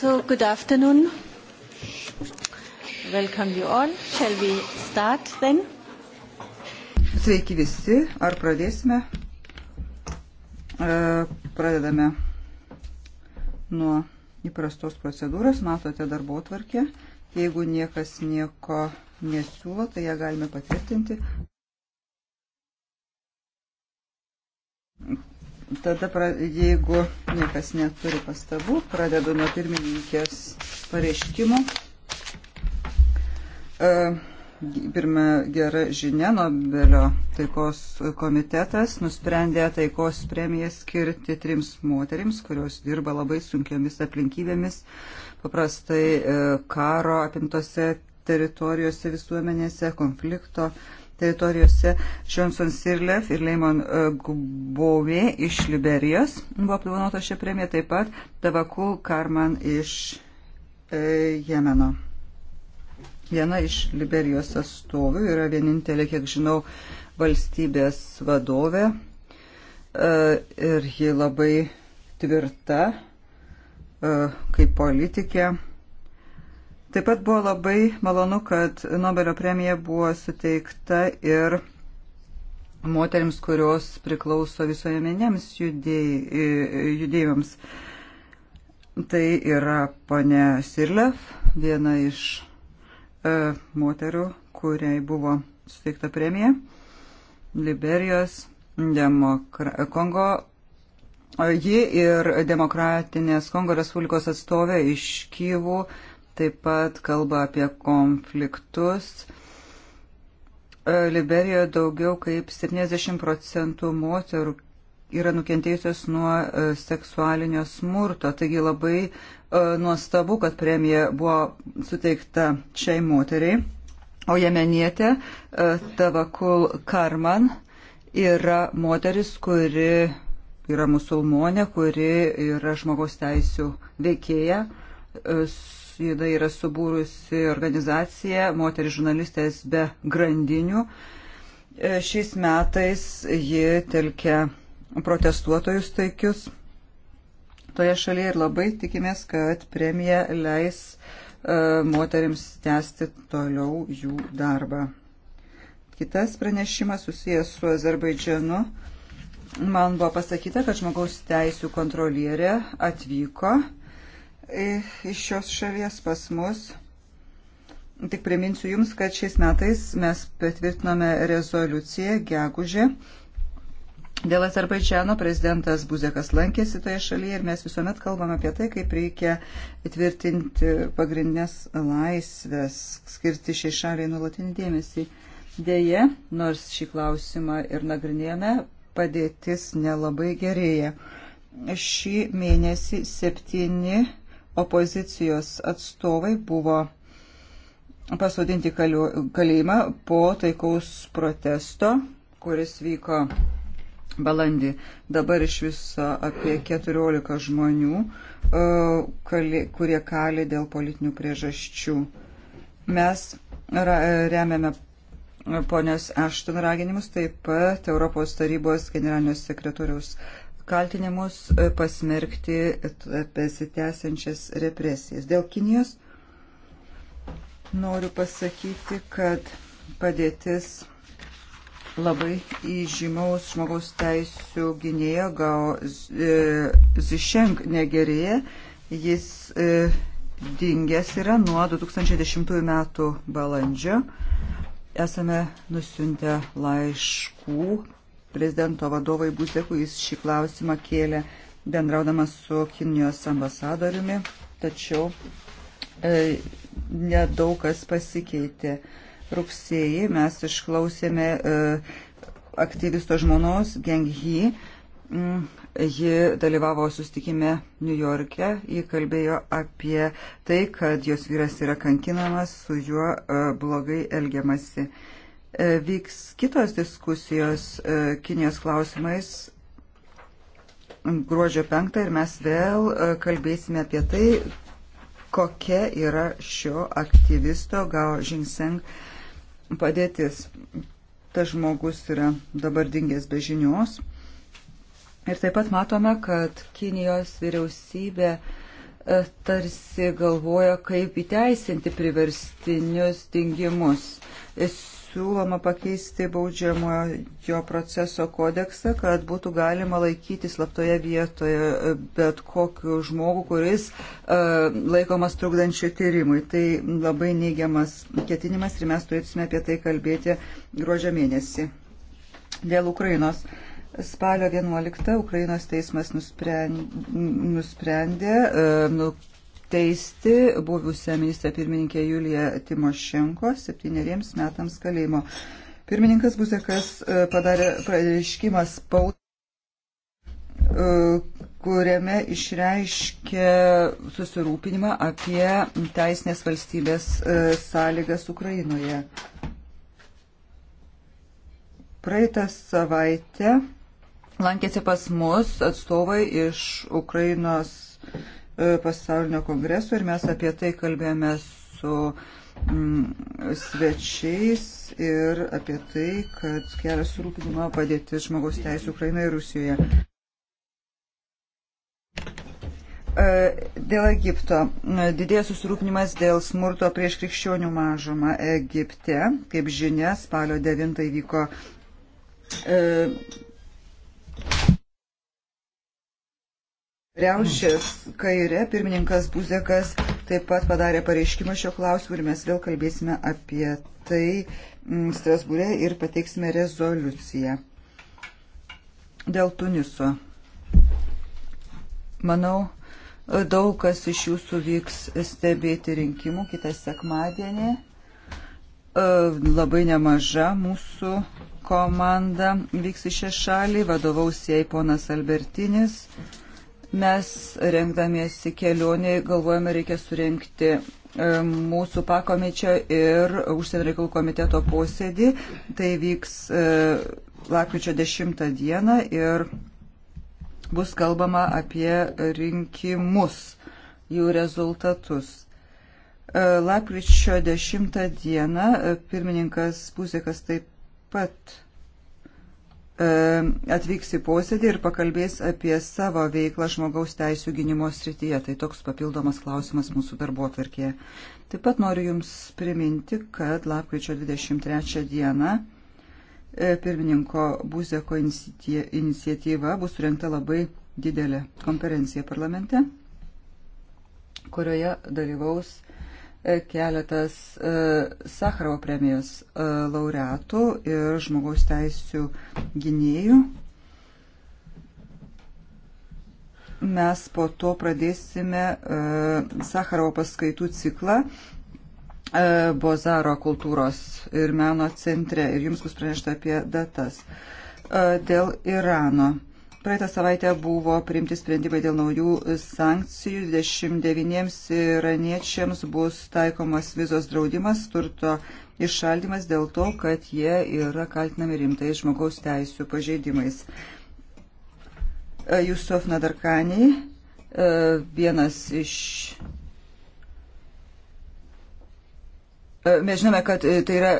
So, good afternoon. Welcome you all. Shall we start then? Sveiki visi, ar pradėsime? E, pradedame nuo įprastos procedūros, matote darbo tvarkę. Jeigu niekas nieko nesiūlo, tai ją galime patvirtinti. Tada, jeigu niekas neturi pastabų, pradedu nuo pirmininkės pareiškimų. E, pirma gera žinia, Nobelio taikos komitetas nusprendė taikos premiją skirti trims moterims, kurios dirba labai sunkiomis aplinkybėmis, paprastai e, karo apimtose teritorijose visuomenėse, konflikto teritorijose Johnson Sirlef ir Leimon e, Gbovė iš Liberijos buvo apdovanota šią premiją, taip pat Tavakul Karman iš e, Jemeno. Viena iš Liberijos atstovių yra vienintelė, kiek žinau, valstybės vadovė e, ir ji labai tvirta e, kaip politikė Taip pat buvo labai malonu, kad Nobelio premija buvo suteikta ir moteriams, kurios priklauso visuomenėms judėjimams. Tai yra ponė Sirlev, viena iš e, moterų, kuriai buvo suteikta premija. Liberijos, demokra Kongo e, Ji ir Demokratinės Kongo Respublikos atstovė iš Kyvų taip pat kalba apie konfliktus. E, Liberijoje daugiau kaip 70 procentų moterų yra nukentėjusios nuo e, seksualinio smurto. Taigi labai e, nuostabu, kad premija buvo suteikta šiai moteriai. O jemenietė Tavakul Karman yra moteris, kuri yra musulmonė, kuri yra žmogaus teisų veikėja jinai yra subūrusi organizaciją Moteris žurnalistės be grandinių. E, šiais metais ji telkia protestuotojus taikius toje šalyje ir labai tikimės, kad premija leis e, moteriams tęsti toliau jų darbą. Kitas pranešimas susijęs su Azerbaidžianu. Man buvo pasakyta, kad žmogaus teisų kontrolierė atvyko iš šios šalies pas mus. Tik priminsiu Jums, kad šiais metais mes patvirtinome rezoliuciją gegužę. Dėl Azerbaidžiano prezidentas Buzekas lankėsi toje šalyje ir mes visuomet kalbame apie tai, kaip reikia tvirtinti pagrindinės laisvės, skirti šiai šaliai nulatinį dėmesį. Deja, nors šį klausimą ir nagrinėjame, padėtis nelabai gerėja. Šį mėnesį septyni opozicijos atstovai buvo pasodinti kalėjimą po taikaus protesto, kuris vyko balandį. Dabar iš viso apie 14 žmonių, e, kurie kali dėl politinių priežasčių. Mes remiame ponios Ešton raginimus, taip pat Europos tarybos generalinio sekretoriaus kaltinimus e, pasmerkti besitęsiančias represijas. Dėl Kinijos noriu pasakyti, kad padėtis labai įžymaus žmogaus teisų gynėjo Gao e, Zišeng Negerėje. Jis e, dingęs yra nuo 2010 metų balandžio. Esame nusiuntę laiškų prezidento vadovai Busekui jis šį klausimą kėlė bendraudamas su Kinijos ambasadoriumi, tačiau e, nedaug kas pasikeitė. Rugsėjį mes išklausėme e, aktyvisto žmonos Genghi. Mm, ji dalyvavo sustikime New York'e, ji kalbėjo apie tai, kad jos vyras yra kankinamas, su juo e, blogai elgiamasi. E, E, vyks kitos diskusijos e, Kinijos klausimais gruodžio 5 ir mes vėl e, kalbėsime apie tai, kokia yra šio aktyvisto Gao Žingseng padėtis. Tas žmogus yra dabar dingęs be žinios. Ir taip pat matome, kad Kinijos vyriausybė tarsi galvoja, kaip įteisinti priverstinius dingimus siūloma pakeisti baudžiamojo proceso kodeksą, kad būtų galima laikyti slaptoje vietoje e, bet kokiu žmogu, kuris uh, laikomas trukdančiu tyrimui. Tai labai neigiamas ketinimas ir mes turėtume apie tai kalbėti gruodžio mėnesį. Dėl Ukrainos. Spalio 11 Ukrainos teismas nusprendė, e, nusprendė uh, teisti buvusią ministrę pirmininkę Juliją Timošenko septyneriems metams kalėjimo. Pirmininkas Buzekas e, padarė pareiškimą spaudai e, kuriame išreiškė susirūpinimą apie teisinės valstybės e, sąlygas Ukrainoje. Praeitą savaitę lankėsi pas mus atstovai iš Ukrainos E, pasaulinio kongreso ir mes apie tai kalbėjome su mm, svečiais ir apie tai, kad kelia surūpinimą padėti žmogaus teisų Ukrainoje ir Rusijoje. E, dėl Egipto. Didėja susirūpinimas dėl smurto prieš krikščionių mažumą Egipte. Kaip žinia, spalio 9 vyko e, Riaušės kairė, pirmininkas Buzekas taip pat padarė pareiškimą šio klausimu ir mes vėl kalbėsime apie tai mm, Strasbūrė ir pateiksime rezoliuciją dėl Tuniso. Manau, daug kas iš jūsų vyks stebėti rinkimų kitą sekmadienį. E, labai nemaža mūsų komanda vyks į šią šalį, vadovaus jai ponas Albertinis. Mes rengdamiesi kelionėje galvojame, reikia surenkti e, mūsų pakomičio ir užsienio reikalų komiteto posėdį. Tai vyks e, lakryčio 10 dieną ir bus kalbama apie rinkimus, jų rezultatus. E, lapkričio 10 dieną pirmininkas Puzikas taip pat E, atvyks į posėdį ir pakalbės apie savo veiklą žmogaus teisų gynimo srityje. Tai toks papildomas klausimas mūsų darbo atvarkėje. Taip pat noriu Jums priminti, kad lapkričio 23 dieną e, pirmininko Buzeko iniciatyva bus surinkta labai didelė konferencija parlamente, kurioje dalyvaus keletas e, Sakarovo premijos e, laureatų ir žmogaus teisų gynėjų. Mes po to pradėsime e, Sakarovo paskaitų ciklą Bozaro kultūros ir meno centre ir jums bus pranešta apie datas. Dėl Irano Praeitą savaitę buvo priimti sprendimai dėl naujų sankcijų. 29 iraniečiams bus taikomas vizos draudimas, turto išaldymas dėl to, kad jie yra kaltinami rimtai žmogaus teisų pažeidimais. E, Jusuf Nadarkani, e, vienas iš e, Mes žinome, kad tai yra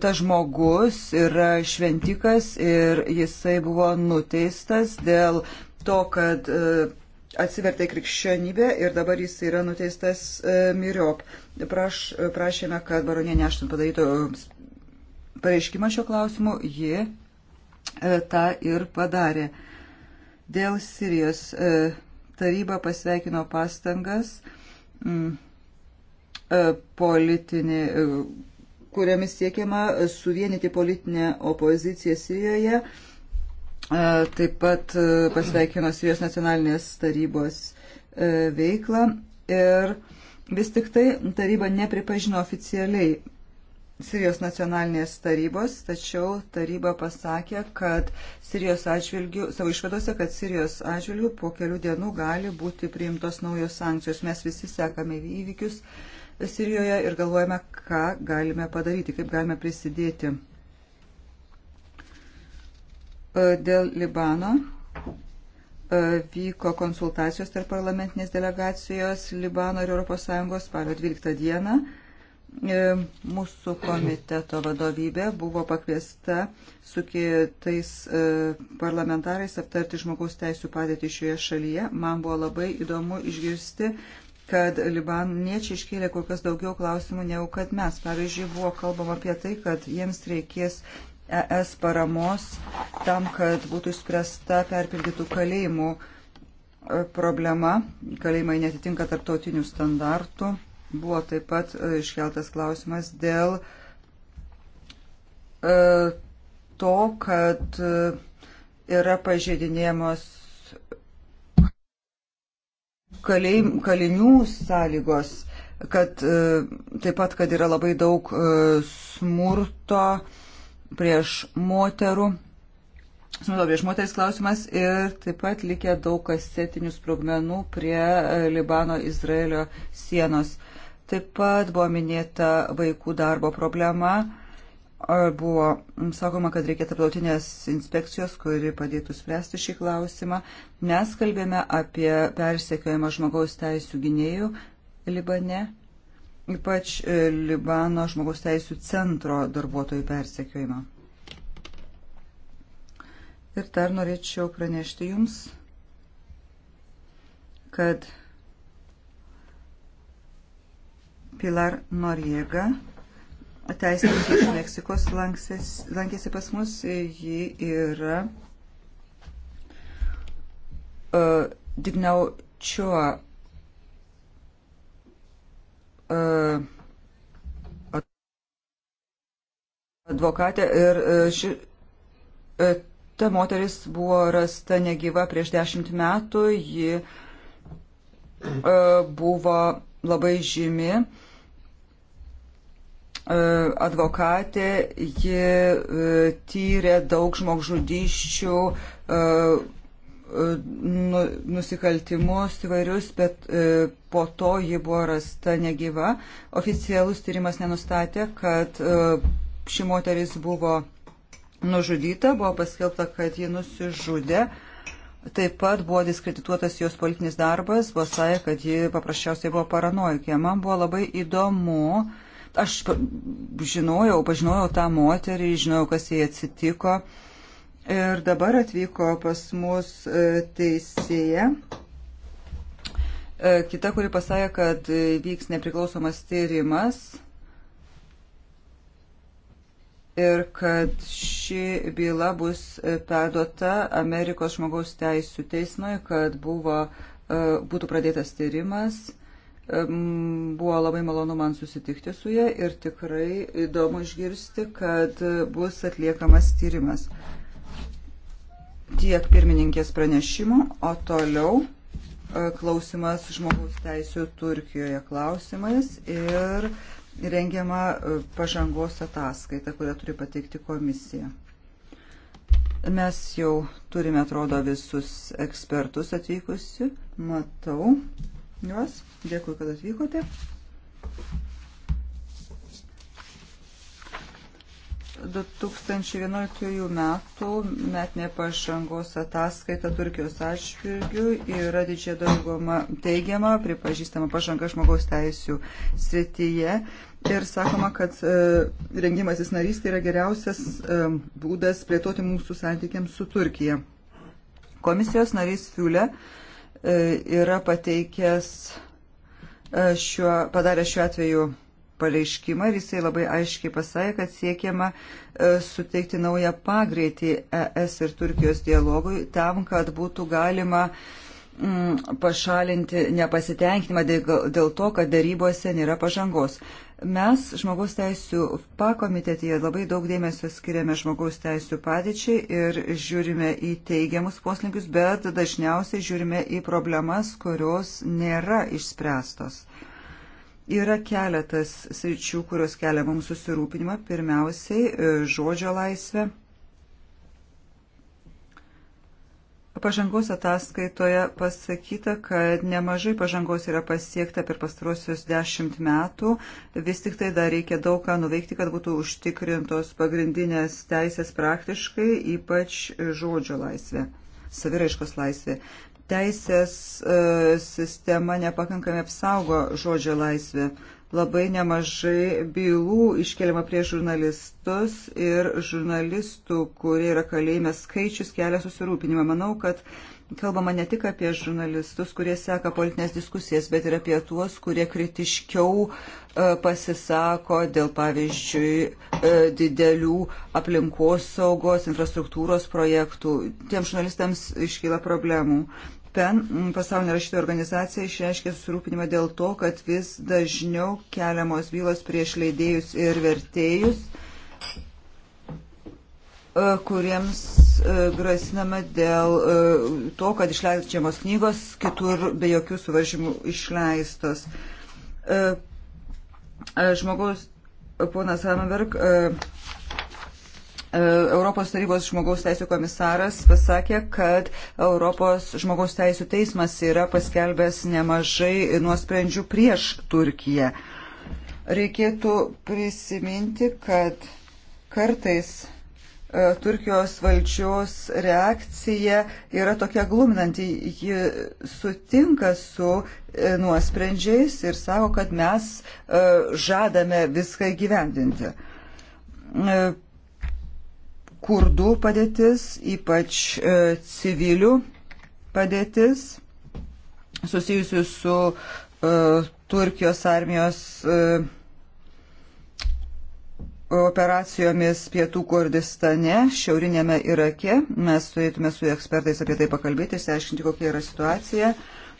tas žmogus yra šventikas ir jisai buvo nuteistas dėl to, kad e, atsivertė krikščionybė ir dabar jis yra nuteistas e, myriop. Praš, prašėme, kad baronė Neštin padarytų pareiškimą šio klausimu, ji e, tą ir padarė. Dėl Sirijos taryba pasveikino pastangas politinį kuriamis siekiama suvienyti politinę opoziciją Sirijoje. Taip pat pasveikino Sirijos nacionalinės tarybos veiklą ir vis tik tai taryba nepripažino oficialiai Sirijos nacionalinės tarybos, tačiau taryba pasakė, kad Sirijos atžvilgių, savo išvadose, kad Sirijos atžvilgių po kelių dienų gali būti priimtos naujos sankcijos. Mes visi sekame įvykius. Uh, Sirijoje ir galvojame, ką galime padaryti, kaip galime prisidėti. E, dėl Libano e, vyko konsultacijos tarp parlamentinės delegacijos Libano ir ES spalio 12 dieną. E, mūsų komiteto vadovybė buvo pakviesta su kitais parlamentarais aptarti žmogaus teisų padėtį šioje šalyje. Man buvo labai įdomu išgirsti kad libaniečiai iškėlė kur kas daugiau klausimų negu kad mes. Pavyzdžiui, buvo kalbama apie tai, kad jiems reikės ES paramos tam, kad būtų išspręsta perpildytų kalėjimų e, problema. Kalėjimai netitinka tarptautinių standartų. Buvo taip pat e, iškeltas klausimas dėl e, to, kad yra pažeidinėjamos kalėjim, kalinių sąlygos, kad e, taip pat, kad yra labai daug e, smurto prieš moterų. Smurto prieš moteris klausimas ir taip pat likė daug kasetinių sprogmenų prie e, Libano-Izraelio sienos. Taip pat buvo minėta vaikų darbo problema Buvo sakoma, kad reikia tarptautinės inspekcijos, kuri padėtų spręsti šį klausimą. Mes kalbėjome apie persekiojimą žmogaus teisų gynėjų Libane, ypač e, Libano žmogaus teisų centro darbuotojų persekiojimą. Ir dar norėčiau pranešti Jums, kad Pilar Noriega teisininkė iš Meksikos lankėsi pas mus, ji yra uh, Dignau Čioa uh, e, advokatė ir e, ši, ta moteris buvo rasta negyva prieš dešimt metų, ji buvo labai žymi E, advokatė, ji e, tyrė daug žmogžudyščių, e, nu, nusikaltimus įvairius, bet po to ji buvo rasta negyva. Oficialus tyrimas nenustatė, kad ši moteris buvo nužudyta, buvo paskelbta, kad ji nusižudė. Taip pat buvo diskredituotas jos politinis darbas, buvo sąja, kad ji paprasčiausiai buvo paranojikė. Man buvo labai įdomu, uh, Aš žinojau, pažinojau tą moterį, žinojau, kas jai atsitiko. Ir dabar atvyko pas mus e, teisėja, e, kita, kuri pasakė, kad e, vyks nepriklausomas tyrimas ir kad ši byla bus perduota Amerikos žmogaus teisų teismui, kad buvo, būtų pradėtas tyrimas Buvo labai malonu man susitikti su jie ir tikrai įdomu išgirsti, kad bus atliekamas tyrimas. Tiek pirmininkės pranešimų, o toliau e, klausimas žmogaus teisų Turkijoje klausimais ir rengiama e, pažangos ataskaita, kurią turi pateikti komisija. Mes jau turime, atrodo, visus ekspertus atvykusi. Matau juos. Dėkui, kad atvykote. Du 2011 metų metinė pažangos ataskaita Turkijos atšvilgių yra didžiai daugoma teigiama, pripažįstama pažanga žmogaus teisų srityje ir sakoma, kad e, rengimasis narystė tai yra geriausias e, būdas plėtoti mūsų santykiams su Turkija. Komisijos narys Fiulė e, E, yra pateikęs e, šiuo, padarė šiuo atveju pareiškimą ir jisai labai aiškiai pasakė, kad siekiama e, suteikti naują pagreitį ES ir Turkijos dialogui tam, kad būtų galima mm, pašalinti nepasitenkinimą dėl to, kad darybose nėra pažangos. Mes žmogaus teisų pakomitetėje labai daug dėmesio skiriame žmogaus teisų padėčiai ir žiūrime į teigiamus poslinkius, bet dažniausiai žiūrime į problemas, kurios nėra išspręstos. Yra keletas sričių, kurios kelia mums susirūpinimą. Pirmiausiai e, žodžio laisvė Pažangos ataskaitoje pasakyta, kad nemažai pažangos yra pasiekta per pastarosius dešimt metų, vis tik tai dar reikia daug ką nuveikti, kad būtų užtikrintos pagrindinės teisės praktiškai, ypač žodžio laisvė, saviraiškos laisvė. Teisės e, sistema nepakankamai apsaugo žodžio laisvę. E, labai nemažai bylų iškeliama prie žurnalistus ir žurnalistų, kurie yra kalėjime skaičius kelia susirūpinimą. Manau, kad kalbama ne tik apie žurnalistus, kurie seka politinės diskusijas, bet ir apie tuos, kurie kritiškiau e, pasisako dėl, pavyzdžiui, e, didelių aplinkos saugos, infrastruktūros projektų. Tiems žurnalistams iškyla problemų. PEN, mm, pasaulinė rašytojų organizacija, išreiškė susirūpinimą dėl to, kad vis dažniau keliamos bylos prieš leidėjus ir vertėjus, e, kuriems e, grasinama dėl e, to, kad išleidžiamos knygos kitur be jokių suvaržymų išleistos. Žmogaus, ponas Hamenberg, E, Europos tarybos žmogaus teisų komisaras pasakė, kad Europos žmogaus teisų teismas yra paskelbęs nemažai nuosprendžių prieš Turkiją. Reikėtų prisiminti, kad kartais e, Turkijos valdžios reakcija yra tokia gluminanti. Ji sutinka su e, nuosprendžiais ir sako, kad mes žadame viską įgyvendinti kurdų padėtis, ypač e, civilių padėtis susijusių su uh, Turkijos armijos uh, operacijomis pietų Kurdistane, šiaurinėme Irake. Mes turėtume su ekspertais apie tai pakalbėti, išsiaiškinti, kokia yra situacija.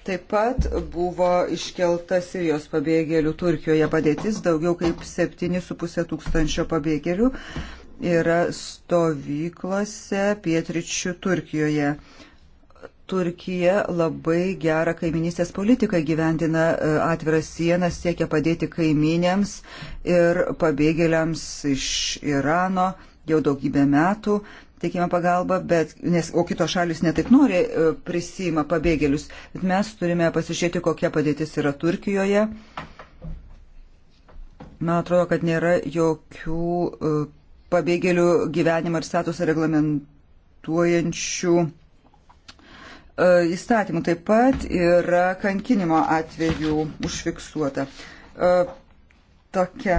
Taip pat buvo iškelta Sirijos pabėgėlių Turkijoje padėtis, daugiau kaip 7,5 tūkstančio pabėgėlių. Uh, yra stovyklose pietričių Turkijoje. Turkija labai gerą kaiminystės politiką gyvendina e, atviras sienas, siekia padėti kaiminėms ir pabėgėliams iš Irano jau daugybę metų teikiama pagalba, bet, nes, o kitos šalis netaip nori e, prisima pabėgėlius. Bet mes turime pasižiūrėti, kokia padėtis yra Turkijoje. Man atrodo, kad nėra jokių e, pabėgėlių gyvenimą ir statusą reglamentuojančių e, įstatymų. Taip pat yra kankinimo atvejų užfiksuota. E, tokia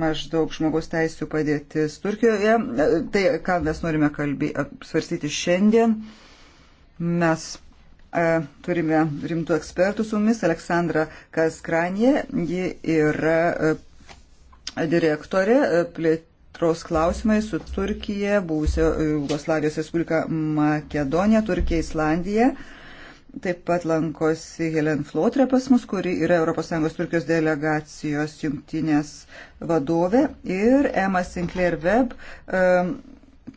maždaug žmogaus teisų padėtis Turkijoje. E, tai, ką mes norime kalbė, svarstyti šiandien, mes e, turime rimtų ekspertų su mumis. Aleksandra Kaskranė, ji yra e, direktorė e, plėt Traus klausimai su Turkija, buvusio e, Jugoslavijos Respublika Makedonija, Turkija, Islandija. Taip pat lankosi Helen Flotre pas mus, kuri yra ES Turkijos delegacijos jungtinės vadovė ir Emma Sinclair Webb, e,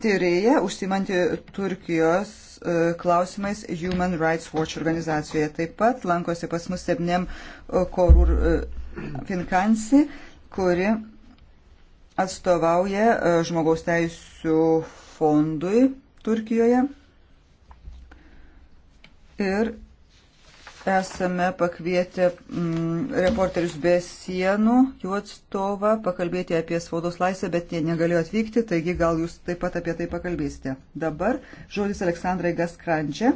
tyrėja užsimanti Turkijos e, klausimais Human Rights Watch organizacijoje. Taip pat lankosi pas mus Sebnem Korur Finkansi, kuri atstovauja e, žmogaus teisų fondui Turkijoje. Ir esame pakvietę mm, reporterius be sienų, jų atstovą, pakalbėti apie spaudos laisvę, bet jie negalėjo atvykti, taigi gal jūs taip pat apie tai pakalbėsite. Dabar žodis Aleksandrai Gaskrančia.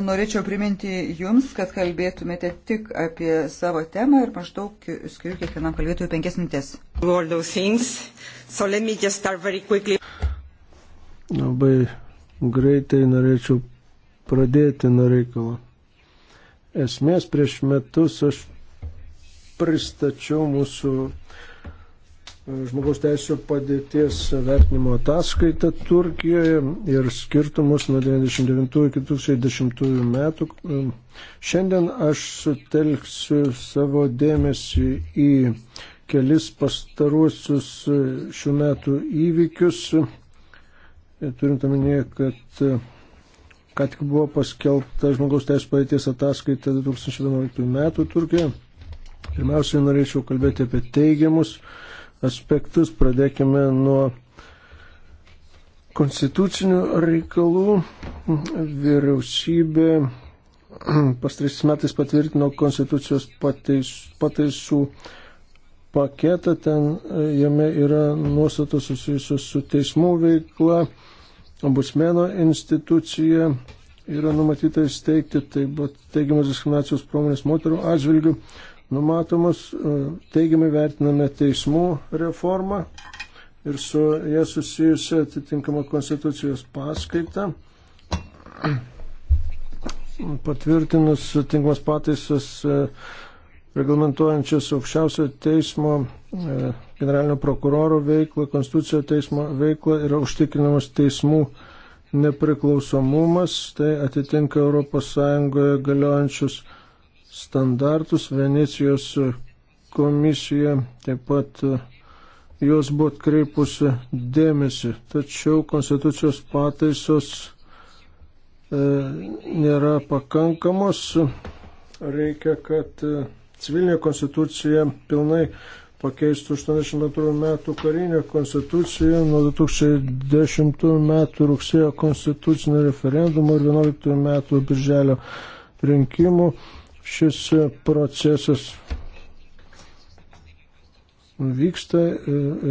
Norėčiau priminti Jums, kad kalbėtumėte tik apie savo temą ir maždaug skiriu kiekvienam kalbėtojui penkias minutės. So Labai greitai norėčiau pradėti nuo reikalo. Esmės prieš metus aš pristačiau mūsų žmogaus teisų padėties vertinimo ataskaitą Turkijoje ir skirtumus nuo 1999 iki 2010 metų. Šiandien aš sutelksiu savo dėmesį į kelis pastaruosius šių metų įvykius, turint omenyje, kad ką tik buvo paskelbta žmogaus teisų padėties ataskaita 2011 metų Turkijoje. Pirmiausiai norėčiau kalbėti apie teigiamus aspektus. Pradėkime nuo konstitucinių reikalų. Vyriausybė pastarysis metais patvirtino konstitucijos patais, pataisų paketą, ten e, jame yra nuostatos susijusios su teismų veikla, ombudsmeno institucija yra numatyta įsteigti, taip pat teigiamas diskriminacijos promonės moterų atžvilgių numatomas. E, teigiamai vertiname teismų reformą ir su jie susijusią atitinkamą konstitucijos paskaitą. Patvirtinus tinkamas pataisas e, reglamentuojančias aukščiausio teismo e, generalinio prokuroro veiklą, konstitucijo teismo veiklą yra užtikrinamas teismų nepriklausomumas, tai atitinka ES galiojančius standartus. Venecijos komisija taip pat e, juos buvo atkreipusi dėmesį. Tačiau konstitucijos pataisos e, nėra pakankamos. Reikia, kad e, civilinė konstitucija pilnai pakeistų 82 metų karinę konstituciją, nuo 2010 metų rugsėjo konstitucinio referendumo ir 11 metų birželio rinkimų. Šis procesas vyksta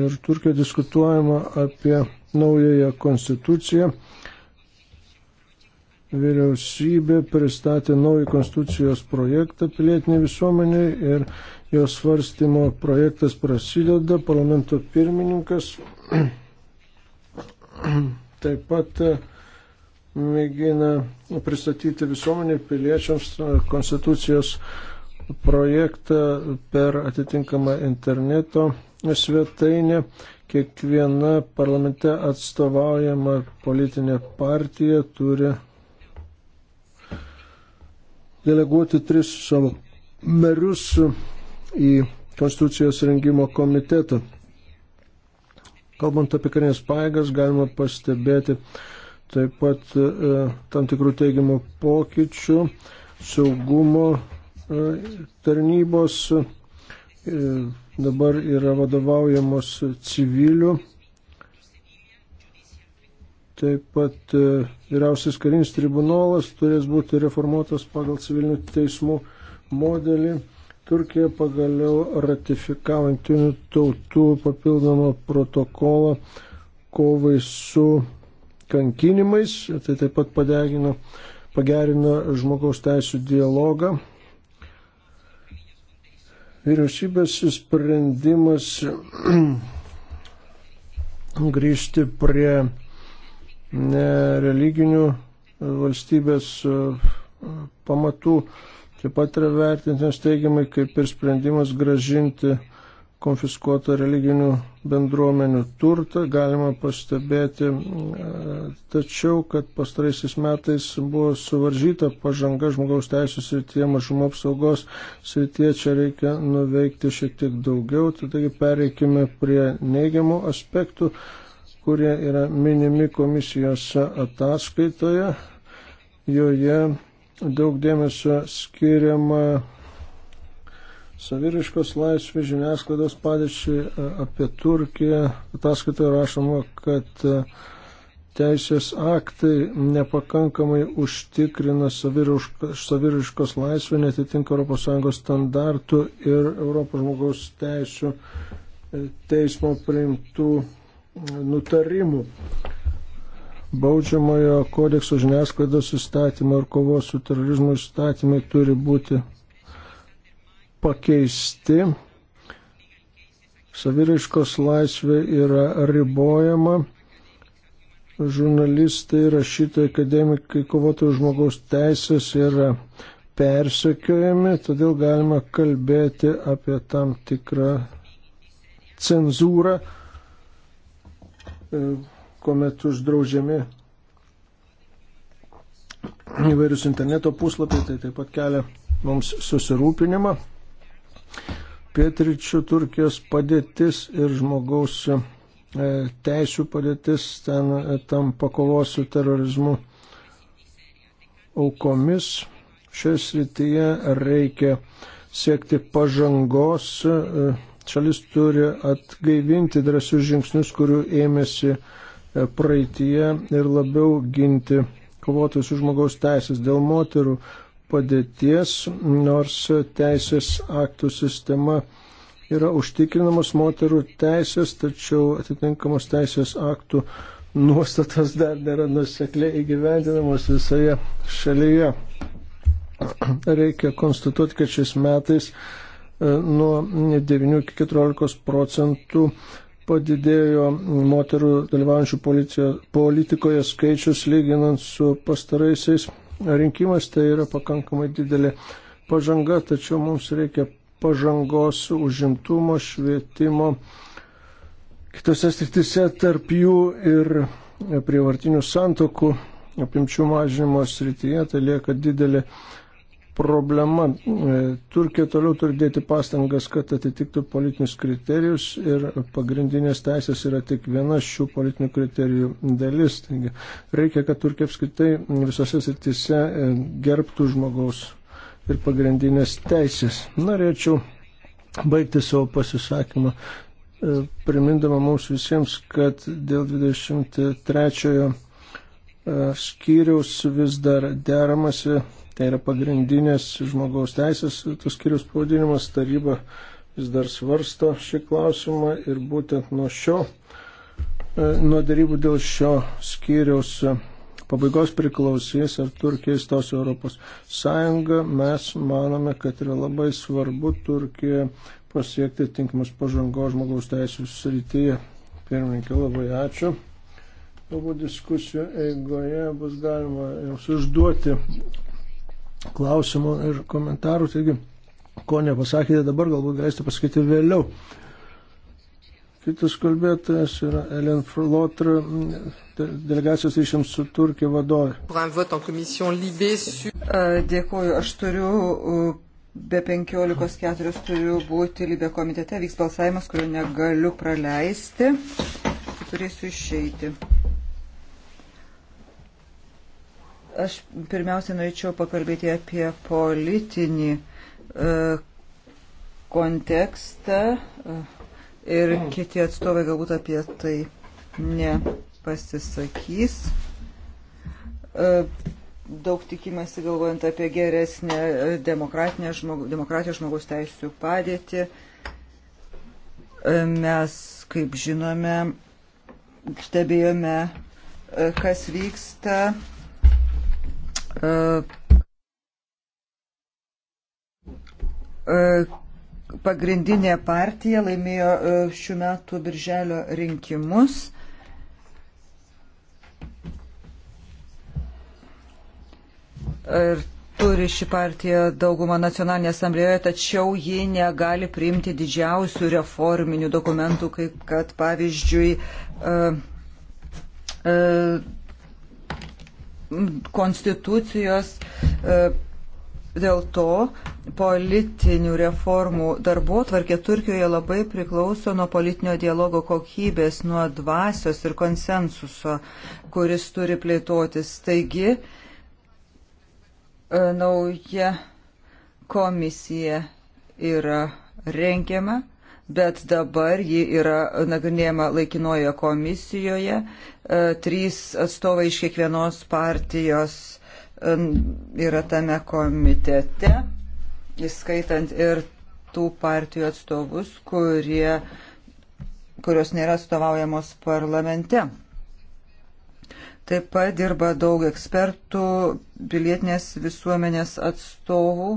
ir Turkijoje diskutuojama apie naująją konstituciją. Vyriausybė pristatė naują konstitucijos projektą pilietinė visuomenė ir jos svarstymo projektas prasideda. Parlamento pirmininkas taip pat mėgina pristatyti visuomenį piliečiams e, konstitucijos projektą per atitinkamą interneto svetainę. Kiekviena parlamente atstovaujama politinė partija turi deleguoti tris savo narius į konstitucijos rengimo komitetą. Kalbant apie karinės paėgas, galima pastebėti, Taip pat e, tam tikrų teigiamų pokyčių saugumo e, tarnybos e, dabar yra vadovaujamos civilių. Taip pat vyriausias karinis tribunolas turės būti reformuotas pagal civilinių teismų modelį. Turkija pagaliau ratifikavo jungtinių tautų papildomą protokolą kovai su kankinimais, tai taip pat padegino, pagerino žmogaus teisų dialogą. Vyriausybės sprendimas grįžti prie religinių valstybės uh, pamatų taip pat yra vertintinas teigiamai kaip ir sprendimas gražinti konfiskuotą religinių bendruomenių turtą galima pastebėti, e, tačiau, kad pastaraisiais metais buvo suvaržyta pažanga žmogaus teisų srityje, mažumo apsaugos srityje, čia reikia nuveikti šiek tiek daugiau, taigi pereikime prie neigiamų aspektų, kurie yra minimi komisijos ataskaitoje, joje daug dėmesio skiriama saviriškos laisvės žiniasklaidos padėčiai e, apie Turkiją. Ataskaitoje rašoma, kad e, teisės aktai nepakankamai užtikrina saviriškos laisvę, netitinka ES standartų ir ES teisų e, teismo priimtų nutarimų. Baudžiamojo kodekso žiniasklaidos įstatymo ir kovos su terorizmu įstatymai turi būti pakeisti. Saviraiškos laisvė yra ribojama. Žurnalistai, rašytojai, akademikai, kovotojų žmogaus teisės yra persekiojami, todėl galima kalbėti apie tam tikrą cenzūrą, e, kuomet uždraudžiami įvairius interneto puslapiai, tai taip pat kelia mums susirūpinimą. Pietričių Turkijos padėtis ir žmogaus e, teisų padėtis ten e, tampa kovos su terorizmu aukomis. Šioje srityje reikia siekti pažangos. E, šalis turi atgaivinti drąsius žingsnius, kurių ėmėsi praeitie ir labiau ginti kovotojus už žmogaus teisės dėl moterų padėties, nors teisės aktų sistema yra užtikrinamos moterų teisės, tačiau atitinkamos teisės aktų nuostatas dar nėra nusekliai įgyvendinamos visoje šalyje. Reikia konstatuoti, kad šiais metais e, nuo 9 iki 14 procentų padidėjo moterų dalyvaujančių politikoje skaičius lyginant su pastaraisiais rinkimas, tai yra pakankamai didelė pažanga, tačiau mums reikia pažangos užimtumo, švietimo, kitose srityse tarp jų ir prievartinių santokų apimčių mažinimo srityje, tai lieka didelė problema. E, Turkija toliau turi dėti pastangas, kad atitiktų politinius kriterijus ir pagrindinės teisės yra tik viena šių politinių kriterijų dalis. Taigi, reikia, kad Turkija apskritai visose srityse e, gerbtų žmogaus ir pagrindinės teisės. Norėčiau baigti savo pasisakymą, e, primindama mums visiems, kad dėl 23 skyriaus vis dar deramasi Tai yra pagrindinės žmogaus teisės, tas skirius pavadinimas, taryba vis dar svarsto šį klausimą ir būtent nuo šio, e, nuo darybų dėl šio skyriaus e, pabaigos priklausys, ar Turkija įstos Europos Sąjungą. Mes manome, kad yra labai svarbu Turkija pasiekti tinkamus pažangos žmogaus teisų srityje. Pirmininkė, labai ačiū. Galbūt diskusijų eigoje bus galima jums užduoti klausimų ir komentarų, taigi ko nepasakėte dabar, galbūt galėsite pasakyti vėliau. Kitas kalbėtojas yra Elen Frotra, delegacijos ryšiams su Turkija vadovė. Dėkuoju, aš turiu be 15.4 turiu būti Libė komitete, vyks balsavimas, kurio negaliu praleisti, turėsiu išeiti. Aš pirmiausia norėčiau pakalbėti apie politinį e, kontekstą e, ir kiti atstovai galbūt apie tai nepasisakys. E, daug tikimasi galvojant apie geresnę žmogu, demokratijos žmogaus teisų padėtį. Mes, kaip žinome, stebėjome, kas vyksta E, e, pagrindinė partija laimėjo e, šių metų birželio rinkimus. Ir turi ši partija daugumą nacionalinėje asamblėjoje, tačiau ji negali priimti didžiausių reforminių dokumentų, kaip kad pavyzdžiui. Uh, uh, konstitucijos. E, dėl to politinių reformų darbo tvarkė Turkijoje labai priklauso nuo politinio dialogo kokybės, nuo dvasios ir konsensuso, kuris turi plėtotis. Taigi, e, nauja komisija yra rengiama bet dabar ji yra nagrinėjama laikinoje komisijoje. E, trys atstovai iš kiekvienos partijos e, yra tame komitete, įskaitant ir tų partijų atstovus, kurie, kurios nėra atstovaujamos parlamente. Taip pat dirba daug ekspertų, pilietinės visuomenės atstovų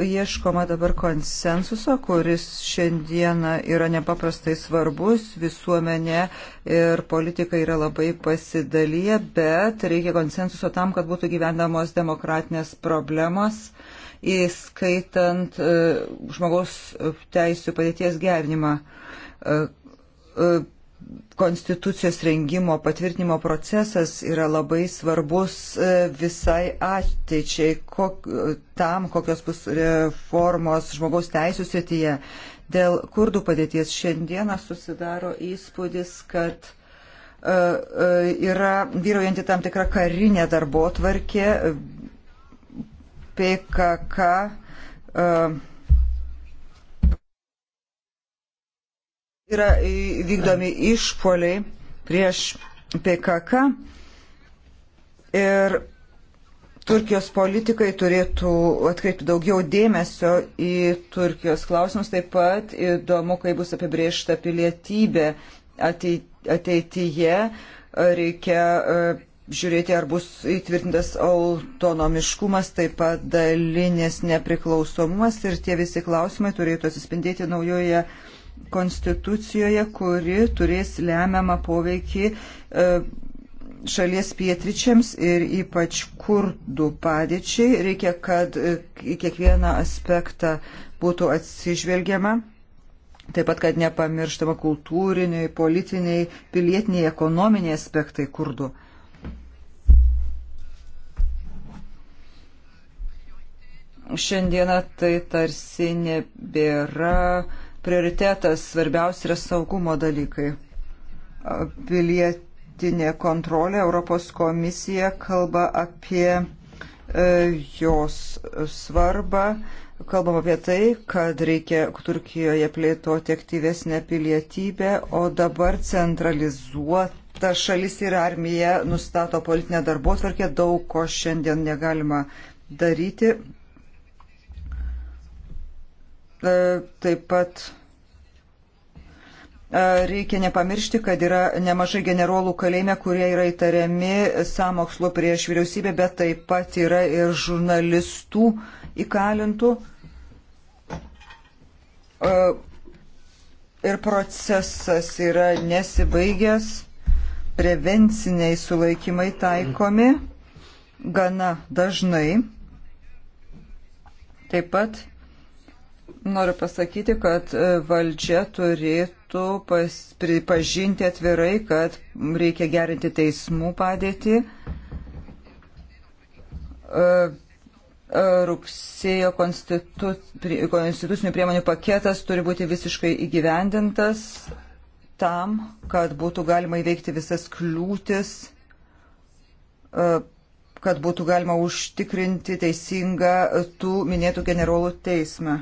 ieškoma dabar konsensuso, kuris šiandieną yra nepaprastai svarbus, visuomenė ir politika yra labai pasidalyje, bet reikia konsensuso tam, kad būtų gyvendamos demokratinės problemos, įskaitant e, žmogaus teisų padėties gerinimą e, e, konstitucijos rengimo patvirtinimo procesas yra labai svarbus e, visai ateičiai, kok, tam, kokios bus reformos žmogaus teisų srityje. Dėl kurdų padėties šiandieną susidaro įspūdis, kad uh, uh, yra vyrojanti tam tikra karinė darbo tvarkė, PKK. Uh, Yra vykdomi išpoliai prieš PKK ir Turkijos politikai turėtų atkreipti daugiau dėmesio į Turkijos klausimus. Taip pat įdomu, kaip bus apibriešta pilietybė ateityje. Reikia e, žiūrėti, ar bus įtvirtintas autonomiškumas, taip pat dalinės nepriklausomumas ir tie visi klausimai turėtų atsispindėti naujoje konstitucijoje, kuri turės lemiamą poveikį e, šalies pietričiams ir ypač kurdų padėčiai. Reikia, kad e, į kiekvieną aspektą būtų atsižvelgiama. Taip pat, kad nepamirštama kultūriniai, politiniai, pilietiniai, ekonominiai aspektai kurdų. Šiandieną tai tarsi nebėra uh, prioritetas, svarbiausia yra saugumo dalykai. Pilietinė kontrolė, Europos komisija kalba apie e, jos svarbą. Kalbam apie tai, kad reikia Turkijoje plėtoti aktyvesnę pilietybę, o dabar centralizuota šalis ir armija nustato politinę darbo tvarkę, daug ko šiandien negalima daryti. E, taip pat Reikia nepamiršti, kad yra nemažai generolų kalėjime, kurie yra įtariami samokslo prieš vyriausybę, bet taip pat yra ir žurnalistų įkalintų. Ir procesas yra nesibaigęs, prevenciniai sulaikymai taikomi gana dažnai. Taip pat noriu pasakyti, kad valdžia turėtų metu pas, pripažinti atvirai, kad reikia gerinti teismų padėtį. E, e, rugsėjo konstitu, konstitucinių priemonių paketas turi būti visiškai įgyvendintas tam, kad būtų galima įveikti visas kliūtis, e, kad būtų galima užtikrinti teisingą tų minėtų generolų teismą.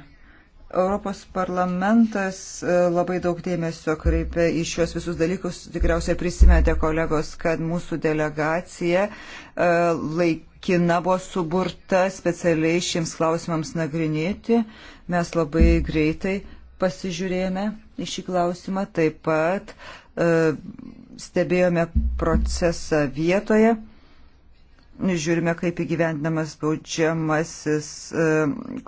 Europos parlamentas e, labai daug dėmesio kreipia į šios visus dalykus. Tikriausiai prisimenate, kolegos, kad mūsų delegacija e, laikina buvo suburta specialiai šiems klausimams nagrinėti. Mes labai greitai pasižiūrėjome į šį klausimą, taip pat e, stebėjome procesą vietoje žiūrime, kaip įgyvendinamas baudžiamasis e,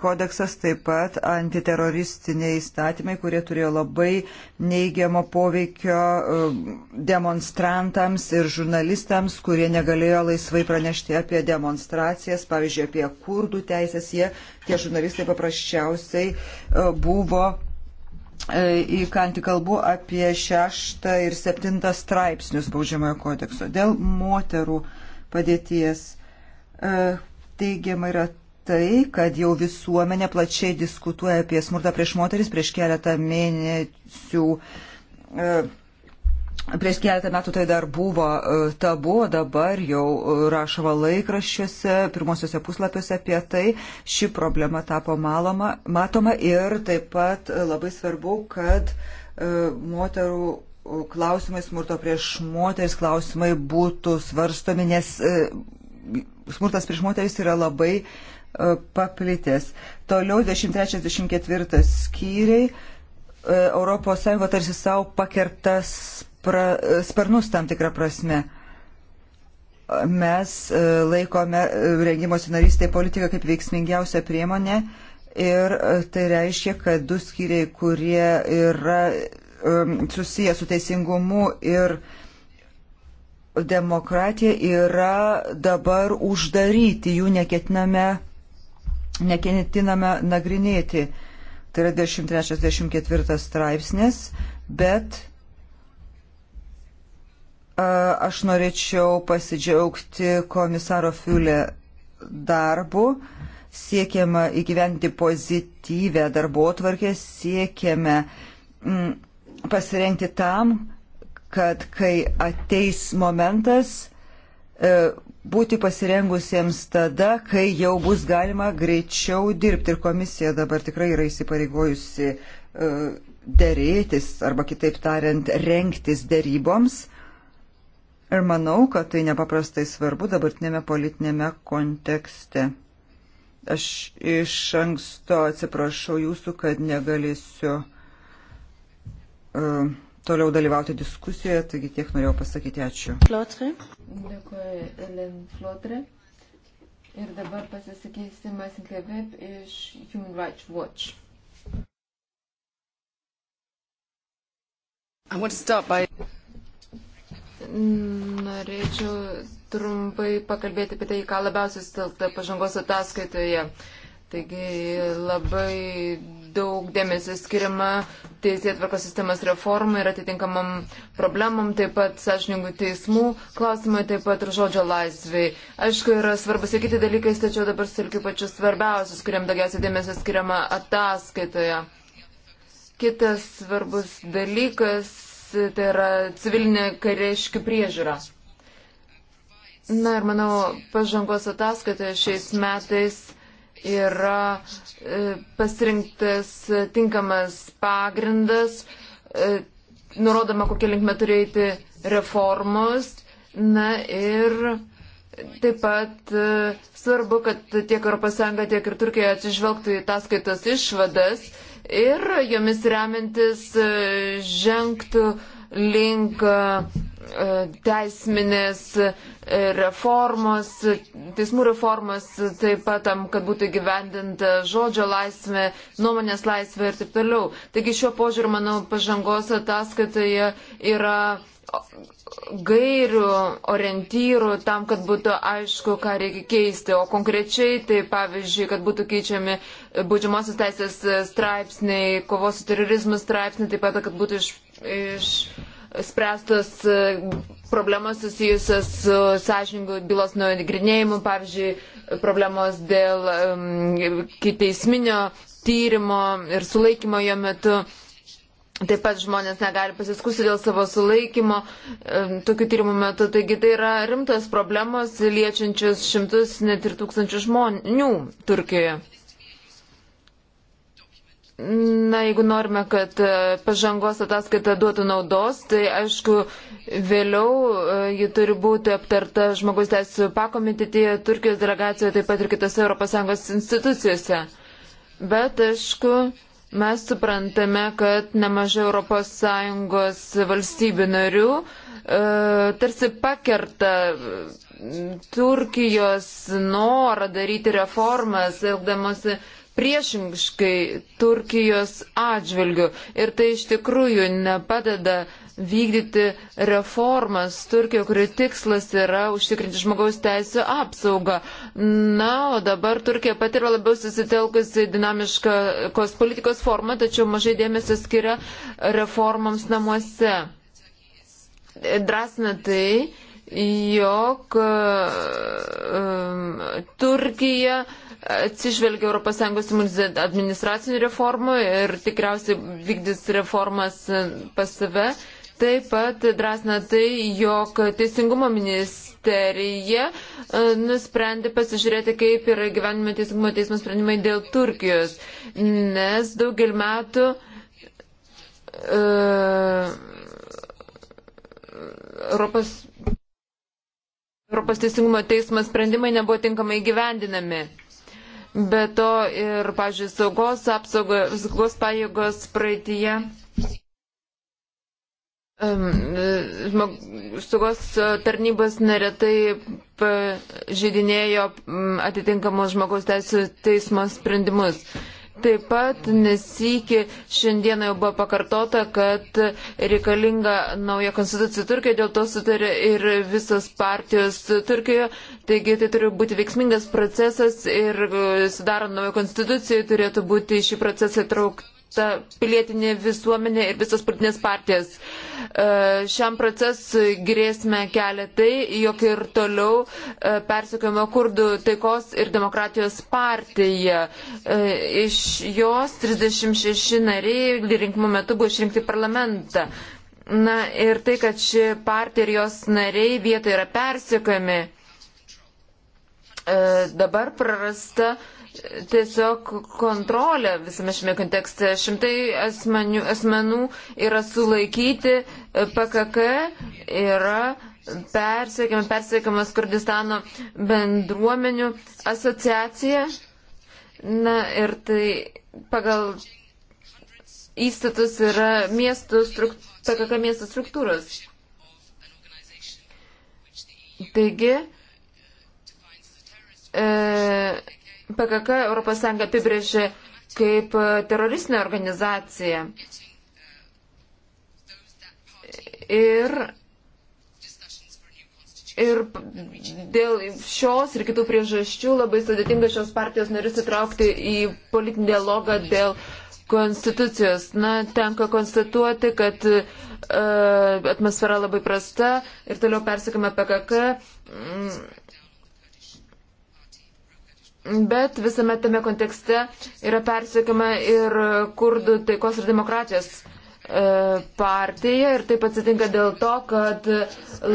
kodeksas, taip pat antiteroristiniai įstatymai, kurie turėjo labai neigiamo poveikio e, demonstrantams ir žurnalistams, kurie negalėjo laisvai pranešti apie demonstracijas, pavyzdžiui, apie kurdų teisės. Jie, tie žurnalistai paprasčiausiai e, buvo įkanti kalbu apie šeštą ir septintą straipsnius baudžiamojo kodekso. Dėl moterų uh, padėties. E, teigiama yra tai, kad jau visuomenė plačiai diskutuoja apie smurtą prieš moteris prieš keletą mėnesių. E, prieš keletą metų tai dar buvo e, tabu, dabar jau rašoma laikraščiuose, pirmosiuose puslapiuose apie tai. Ši problema tapo maloma, matoma ir taip pat labai svarbu, kad moterų klausimai, smurto prieš moteris klausimai būtų svarstomi, nes e, smurtas prieš moteris yra labai e, paplitęs. Toliau 23-24 skyriai. ES tarsi savo pakertas pra, e, sparnus tam tikrą prasme mes laikome rengimo scenaristė politiką kaip veiksmingiausią priemonę ir tai reiškia, kad du skyriai, kurie yra Um, susiję su teisingumu ir demokratija yra dabar uždaryti, jų neketiname, neketiname nagrinėti. Tai yra 134 straipsnis, bet aš norėčiau pasidžiaugti komisaro Fiulė darbu. Siekiama įgyventi pozityvę darbo tvarkę, siekiame mm, pasirengti tam, kad kai ateis momentas, e, būti pasirengusiems tada, kai jau bus galima greičiau dirbti. Ir komisija dabar tikrai yra įsipareigojusi e, dėrėtis, arba kitaip tariant, renktis dėryboms. Ir manau, kad tai nepaprastai svarbu dabartinėme politinėme kontekste. Aš iš anksto atsiprašau jūsų, kad negalėsiu uh, uh, toliau dalyvauti diskusijoje, taigi tiek norėjau pasakyti ačiū. Flotre. Dėkuoju, Elen Flotre. Ir dabar pasisakysi Masinkė Web iš Human Rights Watch. By... Norėčiau trumpai pakalbėti apie tai, ką labiausiai stelta pažangos ataskaitoje. Taigi labai daug dėmesio skiriama teisėtvarkos sistemos reformai ir atitinkamam problemam, taip pat sąžiningų teismų klausimai, taip pat ir žodžio laisvai. Aišku, yra svarbus ir kiti dalykai, tačiau dabar silkiu pačius svarbiausius, kuriam daugiausiai dėmesio skiriama ataskaitoje. Kitas svarbus dalykas tai yra civilinė kareiškių priežiūra. Na ir manau, pažangos ataskaitoje šiais metais yra e, pasirinktas tinkamas pagrindas, e, nurodama, kokia linkme turėti reformos. Na ir taip pat e, svarbu, kad tiek ES, tiek ir Turkija atsižvelgtų į tas skaitos išvadas ir jomis remiantis žengtų link teisminės reformos, teismų reformos, taip pat tam, kad būtų gyvendinta žodžio laisvė, nuomonės laisvė ir taip toliau. Taigi šiuo požiūriu, manau, pažangos ataskaitoje yra gairių, orientyrų tam, kad būtų aišku, ką reikia keisti. O konkrečiai, tai pavyzdžiui, kad būtų keičiami būdžiamosios teisės straipsniai, kovos su terorizmu straipsniai, taip pat, kad būtų iš, iš spręstos e, problemos susijusios su sąžininkų bylos nagrinėjimu, pavyzdžiui, problemos dėl um, kiteisminio tyrimo ir sulaikymo jo metu. Taip pat žmonės negali pasiskusti dėl savo sulaikymo tokių tyrimų metu. Taigi tai yra rimtos problemos liečiančios šimtus, net ir tūkstančių žmonių Turkijoje. Na, jeigu norime, kad e, pažangos ataskaita duotų naudos, tai aišku, vėliau e, ji turi būti aptarta žmogaus teisų pakomitetėje, Turkijos delegacijoje, taip pat ir kitose ES institucijose. Bet, aišku, mes suprantame, kad nemažai ES valstybių narių e, tarsi pakerta Turkijos norą daryti reformas, elgdamosi priešingai Turkijos atžvilgių. Ir tai iš tikrųjų nepadeda vykdyti reformas Turkijoje, kurių tikslas yra užtikrinti žmogaus teisų apsaugą. Na, o dabar Turkija pati yra labiau susitelkusi dinamiškos politikos formą, tačiau mažai dėmesio skiria reformams namuose. Drasna tai, jog um, Turkija uh, atsižvelgia ES administracinių reformų ir tikriausiai vykdys reformas e, pas save. Taip pat drąsina tai, jog Teisingumo ministerija e, nusprendė pasižiūrėti, kaip yra gyvenime Teisingumo teismo sprendimai dėl Turkijos, nes daugelį metų uh, Europos, Europos Teisingumo teismo sprendimai nebuvo tinkamai gyvendinami. Be to ir, pažiūrėjau, saugos apsaugos, saugos pajėgos praeitie. Saugos tarnybos neretai žydinėjo atitinkamos žmogaus teisų teismo sprendimus. Taip pat nesikė šiandieną jau buvo pakartota, kad reikalinga nauja konstitucija Turkijoje, dėl to sutarė ir visos partijos Turkijoje. Taigi tai turi būti veiksmingas procesas ir e, sudarant naują konstituciją turėtų būti šį procesą traukti ta pilietinė visuomenė ir visos politinės partijas. E, šiam procesui grėsmę kelia tai, jog ir toliau e, persikėjama kurdų taikos ir demokratijos partija. E, iš jos 36 nariai rinkimų metu buvo išrinkti parlamentą. Na ir tai, kad ši partija ir jos nariai vietoje yra persikami, dabar prarasta uh, tiesiog kontrolę visame šiame kontekste. Šimtai asmenių, asmenų yra sulaikyti, e, PKK yra persiekiama, persiekiamas Kurdistano bendruomenių asociacija. Na ir tai pagal įstatus yra miestų strukt, PKK miestų struktūros. Taigi, e, PKK ES apibrėžė kaip e, teroristinė organizacija. Ir, ir dėl šios ir kitų priežasčių labai sudėtinga šios partijos narius įtraukti į politinį dialogą dėl konstitucijos. Na, tenka konstatuoti, kad e, atmosfera labai prasta ir toliau persikame PKK. Mm, Bet visame tame kontekste yra persiekama ir kurdų taikos ir demokratijos e, partija ir taip atsitinka dėl to, kad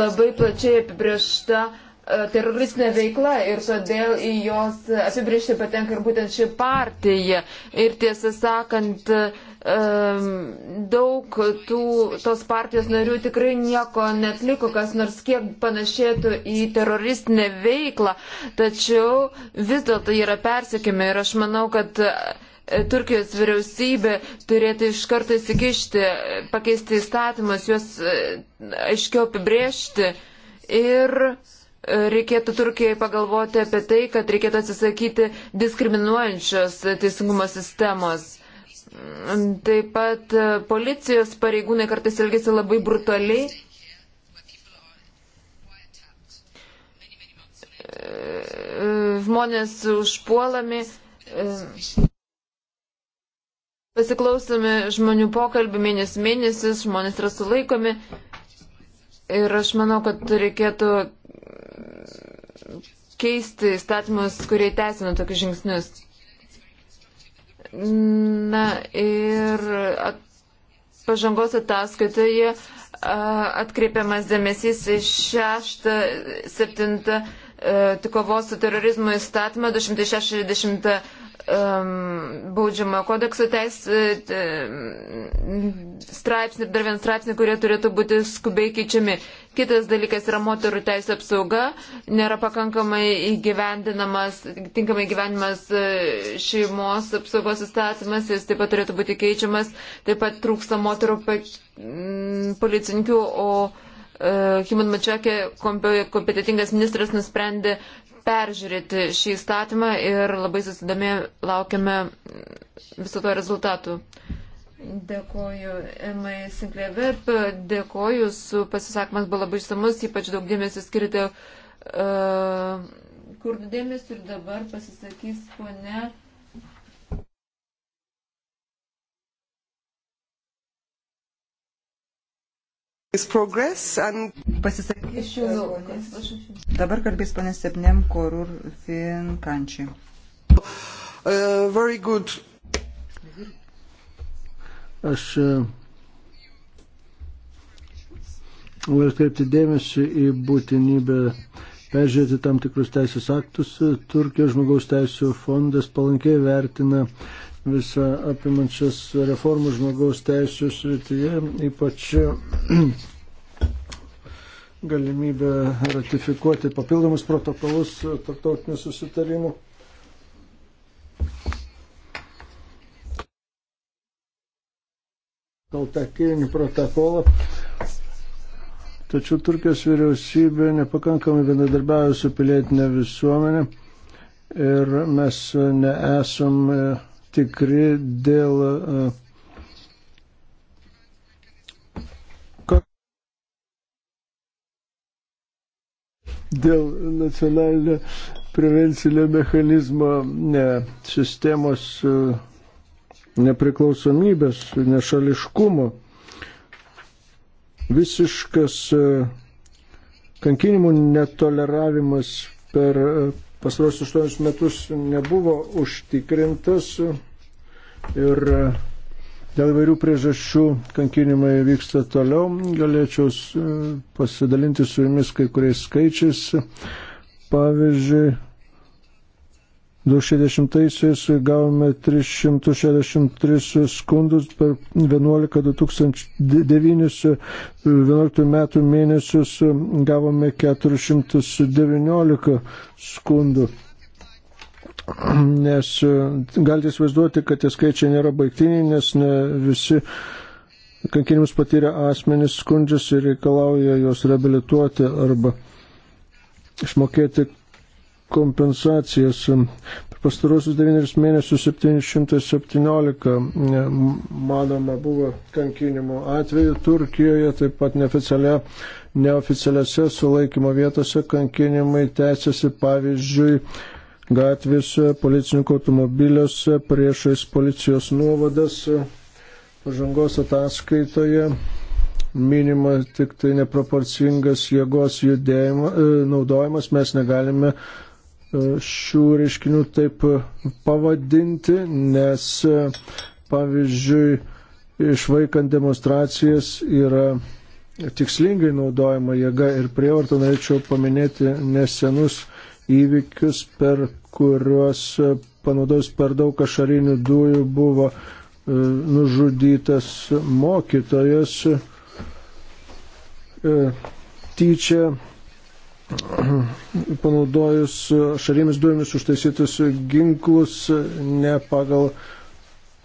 labai plačiai apibriešta E, teroristinė veikla ir todėl į jos apibriežti patenka ir būtent ši partija. Ir tiesą sakant, e, daug tų, tos partijos narių tikrai nieko netliko, kas nors kiek panašėtų į teroristinę veiklą, tačiau vis dėlto yra persiekime ir aš manau, kad e, Turkijos vyriausybė turėtų iš karto įsikišti, pakeisti įstatymus, juos aiškiau apibriežti ir uh, reikėtų Turkijai pagalvoti apie tai, kad reikėtų atsisakyti diskriminuojančios teisingumo sistemos. Taip pat e, policijos pareigūnai kartais elgesi labai brutaliai. E, žmonės užpuolami. E, pasiklausomi žmonių pokalbių mėnesis mėnesis, žmonės yra sulaikomi. Ir aš manau, kad reikėtų keisti statymus, kurie tęsina tokius žingsnius. Na ir at, pažangos ataskaitoje atkreipiamas dėmesys į šeštą, septintą e, kovos su terorizmu įstatymą 260 um, baudžiamo kodekso teis e, e, straipsnį ir dar vieną straipsnį, kurie turėtų būti skubiai keičiami. Kitas dalykas yra moterų teisų apsauga, nėra pakankamai įgyvendinamas, tinkamai įgyvendinamas e, šeimos apsaugos įstatymas, jis taip pat turėtų būti keičiamas, taip pat trūksta moterų policininkų, o Himan Mačiakė, kompetitingas ministras, nusprendė peržiūrėti šį įstatymą ir labai susidomė laukiame viso to rezultatų. Dėkoju, Emai Sinklevep, dėkoju, su pasisakymas buvo labai išsamus, ypač daug dėmesio skirti uh, e, kurdų dėmesio ir dabar pasisakys pone. And... Pasisakysiu. Dabar kalbės ponė Sepnem Korur Finkančiai. Uh, Aš uh, noriu atkreipti dėmesį į būtinybę peržiūrėti tam tikrus teisės aktus. Turkijos žmogaus teisų fondas palankiai vertina uh, visą apimančias reformų žmogaus teisų srityje, ypač galimybę ratifikuoti papildomus protokolus tarptautinių susitarimų. Kaltakinį protokolą. Tačiau Turkijos vyriausybė nepakankamai bendradarbiavo su pilietinė visuomenė ir mes nesam tikri dėl e, dėl nacionalinio prevencinio mechanizmo ne, sistemos e, nepriklausomybės, nešališkumo. Visiškas e, kankinimų netoleravimas per pasaros aštuonis metus nebuvo užtikrintas ir e, dėl vairių priežasčių kankinimai vyksta toliau. Galėčiau pasidalinti su jumis kai kuriais skaičiais. Pavyzdžiui, 2010-aisiais gavome 363 skundus per 11 2009-2011 metų mėnesius gavome 419 skundų. Nes galite įsivaizduoti, kad tie skaičiai nėra baigtiniai, nes ne visi kankinimus patyrę asmenys skundžiasi ir reikalauja juos reabilituoti arba išmokėti kompensacijas. Per pastarosius 9 mėnesius 717 manoma buvo kankinimo atveju Turkijoje, taip pat neoficialia, neoficialiose sulaikymo vietose kankinimai tęsiasi pavyzdžiui gatvėse, policininkų automobiliuose, priešais policijos nuovadas, pažangos ataskaitoje minima tik tai neproporcingas jėgos judėjimo, e, naudojimas, mes negalime šių reiškinių taip pavadinti, nes pavyzdžiui, išvaikant demonstracijas yra tikslingai naudojama jėga ir prievarta norėčiau paminėti nesenus įvykius, per kuriuos panaudojus per daug ašarinių dujų buvo e, nužudytas mokytojas e, tyčia panaudojus šarėmis dujomis užtaisytus ginklus ne pagal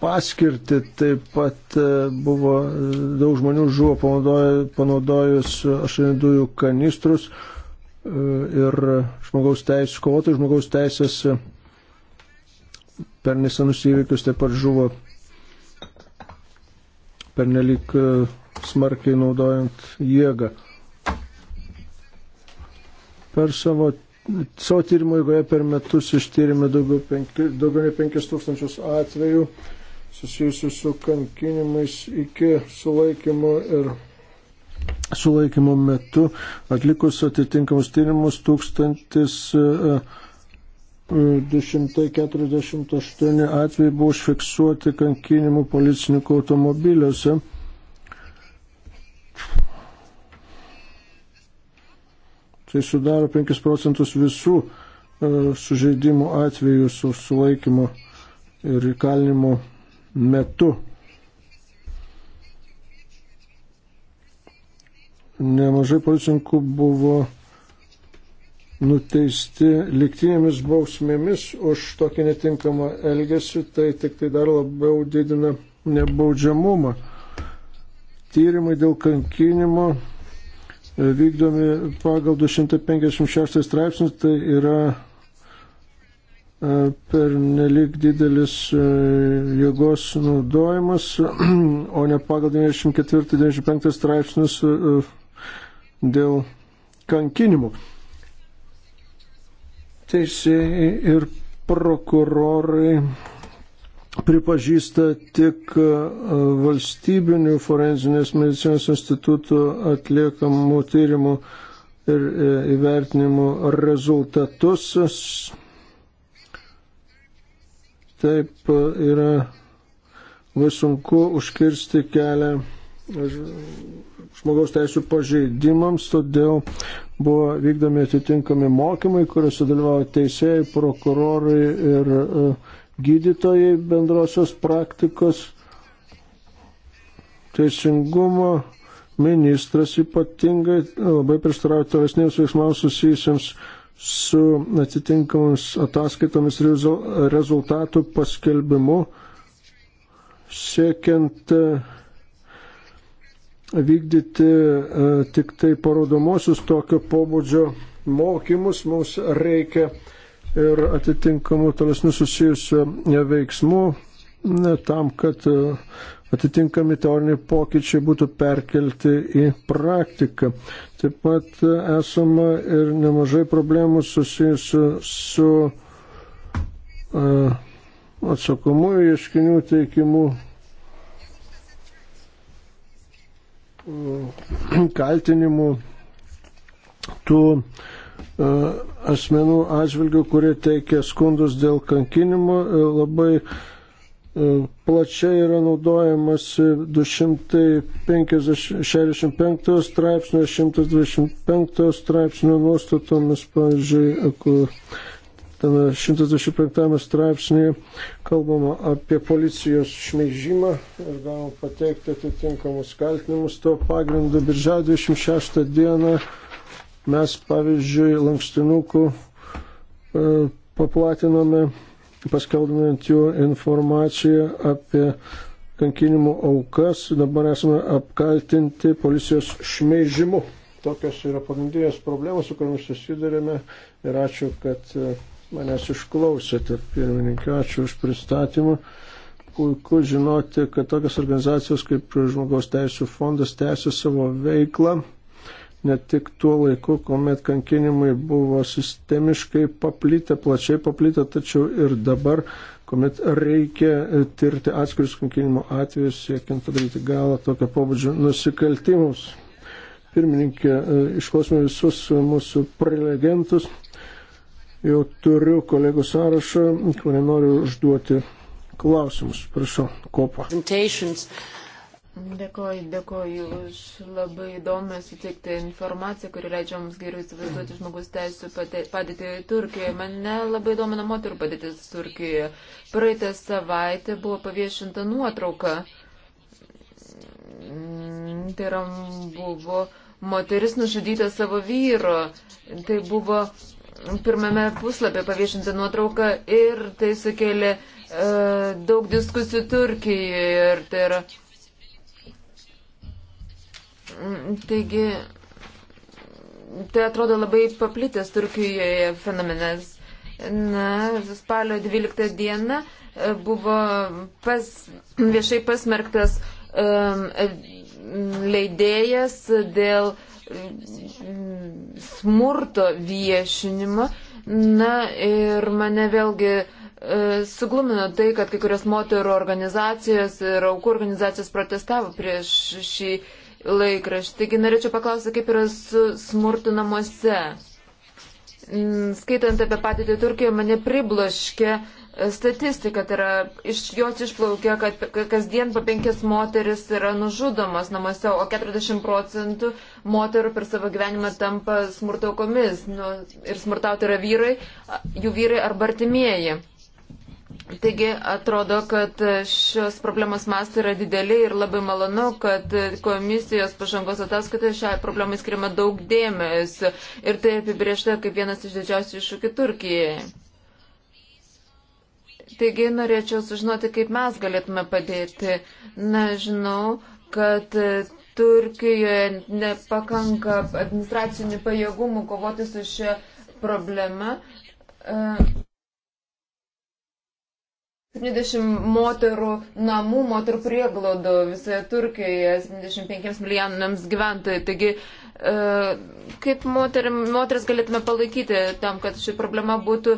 paskirti. Taip pat e, buvo daug žmonių žuvo panaudojus, panaudojus ašarinių dujų kanistrus e, ir žmogaus teisės, kovotojų žmogaus teisės per nesenus įvykius taip pat žuvo per nelik e, smarkiai naudojant jėgą. Per savo, savo tyrimo, jeigu per metus ištyrėme daugiau, penki, daugiau nei 5000 atvejų susijusių su kankinimais iki sulaikymo ir sulaikymo metu atlikus atitinkamus tyrimus 1248 e, e, atvejai buvo užfiksuoti kankinimų policininkų automobiliuose. Tai sudaro 5 procentus visų e, sužeidimų atvejų su sulaikymo ir įkalinimo metu. Nemažai policininkų buvo nuteisti liktinėmis bausmėmis už tokį netinkamą elgesį, tai tik tai dar labiau didina nebaudžiamumą. Tyrimai dėl kankinimo vykdomi pagal 256 straipsnius, tai yra e, per nelik didelis e, jėgos naudojimas, o ne pagal 94-95 straipsnius e, dėl kankinimų. Teisėjai ir prokurorai pripažįsta tik e, valstybinių forenzinės medicinos institutų atliekamų tyrimų ir e, įvertinimų rezultatus. Taip e, yra labai sunku užkirsti kelią žmogaus teisų pažeidimams, todėl buvo vykdomi atitinkami mokymai, kuriuose dalyvavo teisėjai, prokurorai ir gydytojai bendrosios praktikos teisingumo ministras ypatingai labai prieštarauja tolesniems veiksmams susijusiems su atitinkamus ataskaitomis rezultatų paskelbimu, siekiant e, vykdyti e, tik tai parodomosius tokio pobūdžio mokymus, mums reikia ir atitinkamų tolesnių susijusių e, veiksmų tam, kad e, atitinkami teoriniai pokyčiai būtų perkelti į praktiką. Taip pat e, esama ir nemažai problemų susijusių su atsakomųjų ieškinių teikimu, kaltinimu tų uh, E, asmenų atžvilgių, kurie teikia skundus dėl kankinimo. E, labai e, plačiai yra naudojamas 265 straipsnio, 125 straipsnio nuostatomis, pavyzdžiui, kur tame 125 straipsnėje kalbama apie policijos šmeižimą ir galima pateikti atitinkamus kaltinimus. Tuo pagrindu birželio 26 dieną Mes, pavyzdžiui, lankstinukų e, paplatinome, paskelbėme ant jų informaciją apie kankinimų aukas, dabar esame apkaltinti policijos šmeižimu. Tokios yra pagrindinės problemos, su kuriamis susidurėme ir ačiū, kad e, manęs išklausėte, pirmininkė, ačiū už pristatymą. Puiku žinoti, kad tokios organizacijos kaip Žmogaus teisų fondas tęsia savo veiklą ne tik tuo laiku, kuomet kankinimai buvo sistemiškai paplitę, plačiai paplitę, tačiau ir dabar, kuomet reikia tirti atskirius kankinimo atvejus, siekiant padaryti galą tokio pobūdžio nusikaltimus. Pirmininkė, e, išklausime visus mūsų prelegentus. Jau turiu kolegų sąrašą, kurie noriu užduoti klausimus. Prašau, kopa. Dėkoju, dėkoju už labai įdomią sutikti informaciją, kuri leidžia mums geriau įsivaizduoti žmogus teisų padėtį Turkijoje. Mane labai domina moterų padėtis Turkijoje. Praeitą savaitę buvo paviešinta nuotrauka. Tai yra buvo moteris nužudyta savo vyro. Tai buvo pirmame puslapė paviešinta nuotrauka ir tai sukėlė uh, daug diskusijų Turkijoje. Ir tai yra Mm, taigi, tai atrodo labai paplitęs Turkijoje fenomenas. Na, spalio 12 dieną e, buvo pas, viešai pasmerktas um, leidėjas dėl mm, smurto viešinimo. Na ir mane vėlgi e, suglumino tai, kad kai kurios moterų organizacijos ir aukų organizacijos protestavo prieš šį laikraštį. Taigi norėčiau paklausti, kaip yra su smurtu namuose. Mm, skaitant apie patirtį tai Turkijoje, mane pribloškė e, statistika, tai yra iš jos išplaukė, kad kasdien po penkias moteris yra nužudomos namuose, o 40 procentų moterų per savo gyvenimą tampa smurtaukomis. Nu, ir smurtauti yra vyrai, jų vyrai arba artimieji. Taigi atrodo, kad šios problemos mastai yra dideli ir labai malonu, kad komisijos pažangos ataskaitoje šiai problemai skiriama daug dėmesio ir tai apibriešta kaip vienas iš didžiausių iššūkių Turkijai. Taigi norėčiau sužinoti, kaip mes galėtume padėti. Na, žinau, kad Turkijoje nepakanka administracinių pajėgumų kovoti su šia problema. Uh, 70 moterų namų, moterų prieglaudų visoje Turkijoje, 75 milijonams gyventojų. Taigi, e, kaip moterim, moteris galėtume palaikyti tam, kad ši problema būtų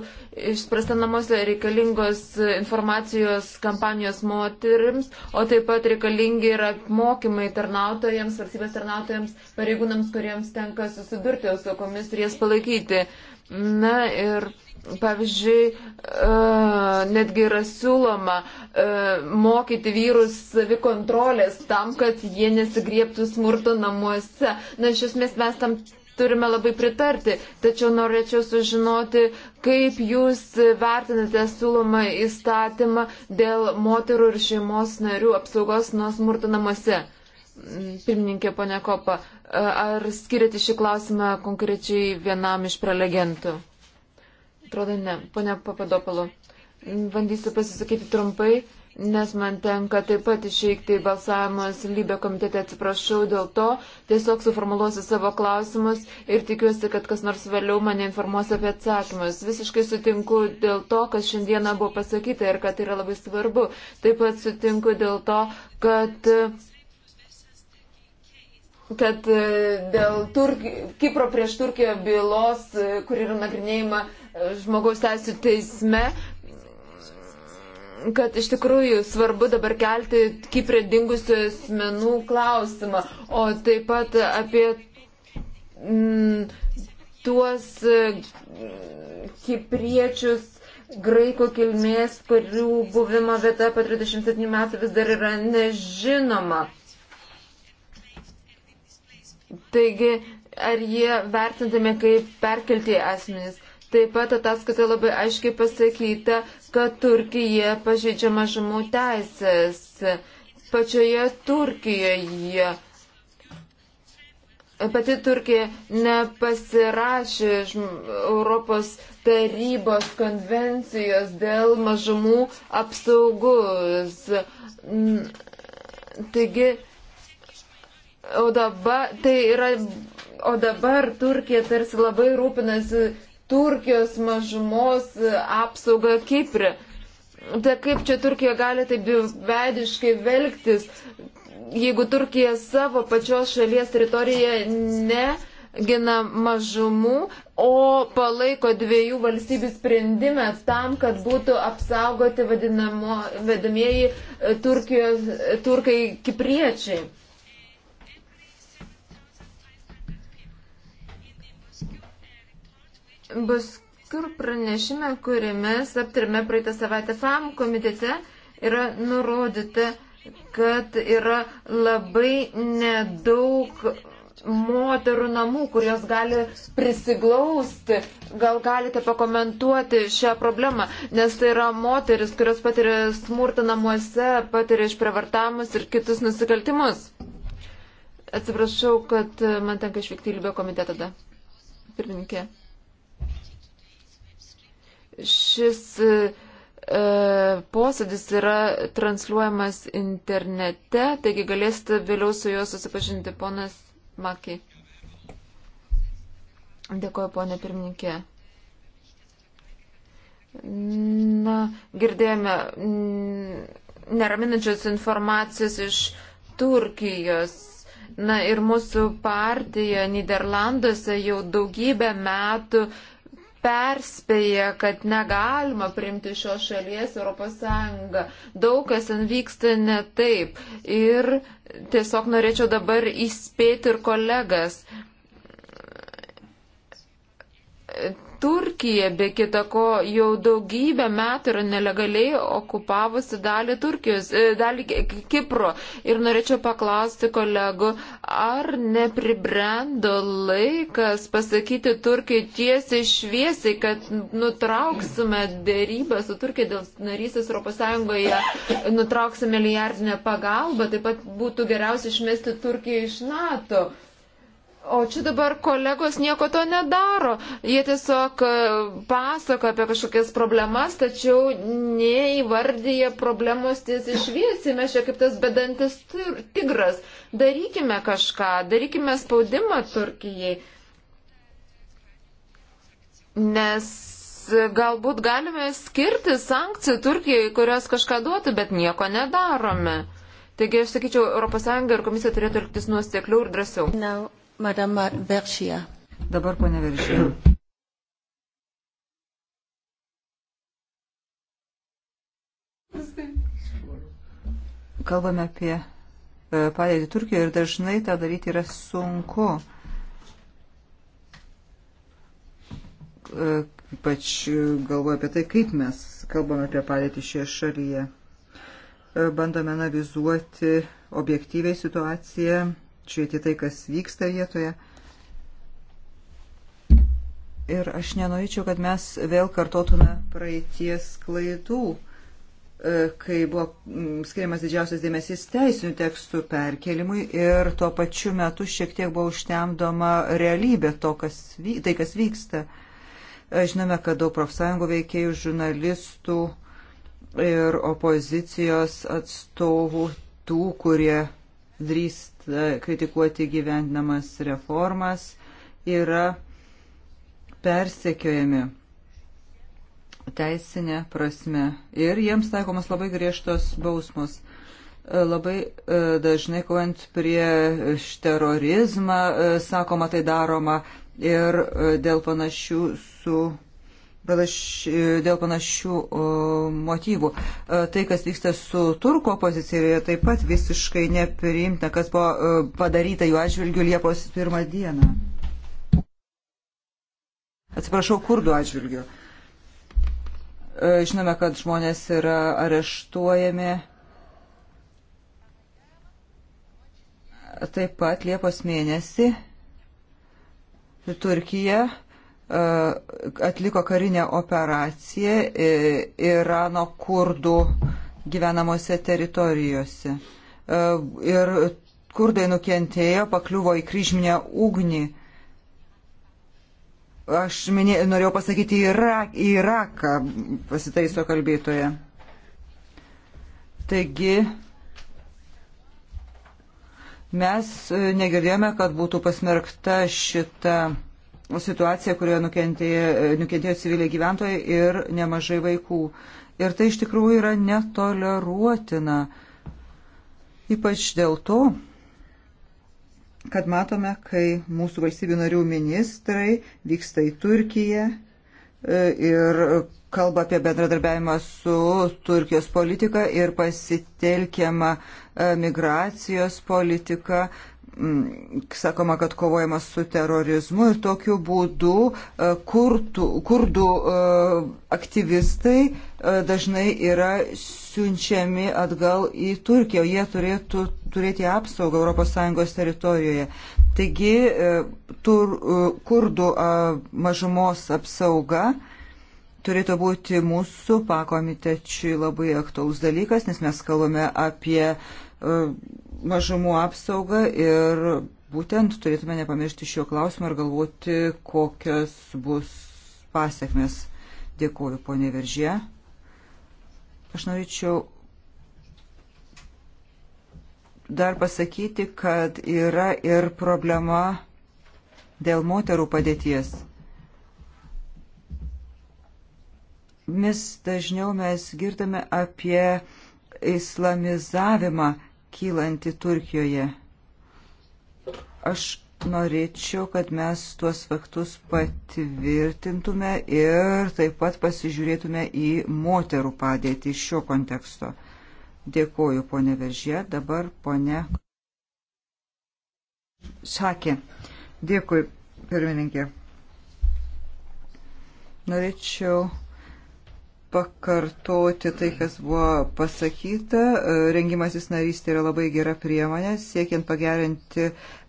išspręsta namuose reikalingos informacijos kampanijos moterims, o taip pat reikalingi yra mokymai tarnautojams, valstybės tarnautojams, pareigūnams, kuriems tenka susidurti su komis ir jas palaikyti. Na ir Pavyzdžiui, e, netgi yra siūloma e, mokyti vyrus savikontrolės tam, kad jie nesigriebtų smurto namuose. Na, iš esmės mes tam turime labai pritarti, tačiau norėčiau sužinoti, kaip jūs vertinate siūlomą įstatymą dėl moterų ir šeimos narių apsaugos nuo smurto namuose. Pirmininkė ponia Kopa, e, ar skiriate šį klausimą konkrečiai vienam iš prelegentų? Atrodo, ne. Pone Papadopalo, bandysiu pasisakyti trumpai, nes man tenka taip pat išeikti į balsavimus lybę komitete, atsiprašau dėl to, tiesiog suformuluosiu savo klausimus ir tikiuosi, kad kas nors vėliau mane informuos apie atsakymus. Visiškai sutinku dėl to, kas šiandieną buvo pasakyta ir kad tai yra labai svarbu. Taip pat sutinku dėl to, kad kad e, dėl Turk... Kipro prieš Turkiją bylos, e, kur yra nagrinėjama žmogaus teisų teisme, kad iš tikrųjų svarbu dabar kelti Kiprė dingusių asmenų klausimą, o taip pat apie m, mm, tuos mm, kipriečius graikų kilmės, kurių buvimo vieta po 37 metų vis dar yra nežinoma. Taigi, ar jie vertintami kaip perkelti asmenys? Taip pat ataskaitoje labai aiškiai pasakyta, kad Turkija pažeidžia mažumų teisės. Pačioje Turkijoje. Pati Turkija nepasirašė Europos tarybos konvencijos dėl mažumų apsaugus. Taigi, o dabar, tai yra, o dabar Turkija tarsi labai rūpinasi Turkijos mažumos e, apsaugą Kiprė. Tai kaip čia Turkija gali taip vediškai velgtis, jeigu Turkija savo pačios šalies teritoriją ne gina mažumų, o palaiko dviejų valstybių sprendimą tam, kad būtų apsaugoti vadinamo, vedamieji e, Turkijos, e, turkai kipriečiai. bus kur pranešime, kuriamis aptarime praeitą savaitę FAM komitete, yra nurodyta, kad yra labai nedaug moterų namų, kurios gali prisiglausti. Gal galite pakomentuoti šią problemą, nes tai yra moteris, kurios patiria smurtą namuose, patiria išprievartamus ir kitus nusikaltimus. Atsiprašau, kad man tenka išvykti į Libio komitetą tada. Pirmininkė. Šis e, e, posėdis yra transliuojamas internete, taigi galėsite vėliau su juo susipažinti, ponas Maki. Dėkuoju, ponė pirmininkė. Na, girdėjome neraminančios informacijos iš Turkijos. Na ir mūsų partija Niderlanduose jau daugybę metų uh, perspėja, kad negalima priimti šios šalies Europos Sąjungą. Daug kas ten vyksta ne taip. Ir tiesiog norėčiau dabar įspėti ir kolegas. Turkija, be kita ko, jau daugybę metų yra nelegaliai okupavusi dalį, Turkijos, e, dalį Kipro. Ir norėčiau paklausti kolegų, ar nepribrendo laikas pasakyti Turkijai tiesiai šviesiai, kad nutrauksime dėrybę su Turkija dėl narysės Europos Sąjungoje, nutrauksime milijardinę pagalbą, taip pat būtų geriausia išmesti Turkiją iš NATO. O čia dabar kolegos nieko to nedaro. Jie tiesiog e, pasako apie kažkokias problemas, tačiau neįvardyje problemos tiesiai išviesime, čia kaip tas bedantis tigras. Darykime kažką, darykime spaudimą Turkijai. Nes galbūt galime skirti sankcijų Turkijai, kurios kažką duotų, bet nieko nedarome. Taigi aš sakyčiau, ES ir komisija turėtų elgtis nuostekliau ir drąsiau. No. Madame Beršija. Dabar ponė Beršija. Kalbame apie e, padėtį Turkijoje ir dažnai tą daryti yra sunku. E, ypač galvoju apie tai, kaip mes kalbame apie padėtį šioje šalyje. E, bandome analizuoti objektyviai situaciją žiūrėti tai, kas vyksta vietoje. Ir aš nenorėčiau, kad mes vėl kartotume praeities klaidų, e, kai buvo skiriamas didžiausias dėmesys teisinių tekstų perkelimui ir tuo pačiu metu šiek tiek buvo užtemdoma realybė to, kas, tai, kas vyksta. E, žinome, kad daug profsąjungų veikėjų, žurnalistų ir opozicijos atstovų, tų, kurie drįsta kritikuoti gyvendinamas reformas, yra persekiojami teisinė prasme ir jiems taikomas labai griežtos bausmos. Labai e, dažnai kovant prie terorizmą, e, sakoma, tai daroma ir e, dėl panašių su panaš, dėl panašių motyvų. E, tai, kas vyksta su Turko pozicijoje, taip pat visiškai nepriimta, kas buvo e, padaryta jų atžvilgių Liepos pirmą dieną. Atsiprašau, kurdų atžvilgių. E, žinome, kad žmonės yra areštuojami. Taip pat Liepos mėnesį Turkija atliko karinę operaciją e, Irano kurdų gyvenamosi teritorijose. E, ir kurdai nukentėjo, pakliuvo į kryžminę ugnį. Aš minė, norėjau pasakyti Irak, Iraką, pasitaiso kalbėtoje. Taigi, mes e, negirdėjome, kad būtų pasmerkta šita situacija, kurioje nukentėjo, e, nukentėjo civiliai gyventojai ir nemažai vaikų. Ir tai iš tikrųjų yra netoleruotina. Ypač dėl to, kad matome, kai mūsų valstybių narių ministrai vyksta į Turkiją e, ir kalba apie bendradarbiavimą su Turkijos politika ir pasitelkiama e, migracijos politika. Mm, sakoma, kad kovojama su terorizmu ir tokiu būdu e, kurtų, kurdų e, aktyvistai e, dažnai yra siunčiami atgal į Turkiją, jie turėtų turėti apsaugą ES teritorijoje. Taigi tur, kurdų mažumos apsauga turėtų būti mūsų pakomitečiui labai aktualus dalykas, nes mes kalbame apie mažumų apsaugą ir būtent turėtume nepamiršti šio klausimo ir galvoti, kokios bus pasiekmes. Dėkuoju, ponė Veržė. Aš norėčiau dar pasakyti, kad yra ir problema dėl moterų padėties. Vis dažniau mes girdame apie islamizavimą kylanti Turkijoje. Aš norėčiau, kad mes tuos faktus patvirtintume ir taip pat pasižiūrėtume į moterų padėtį iš šio konteksto. Dėkoju, ponė Veržė, dabar ponė. Sakė. Dėkui, pirmininkė. Norėčiau pakartoti tai, kas buvo pasakyta. Rengimasis narystė yra labai gera priemonė, siekiant pagerinti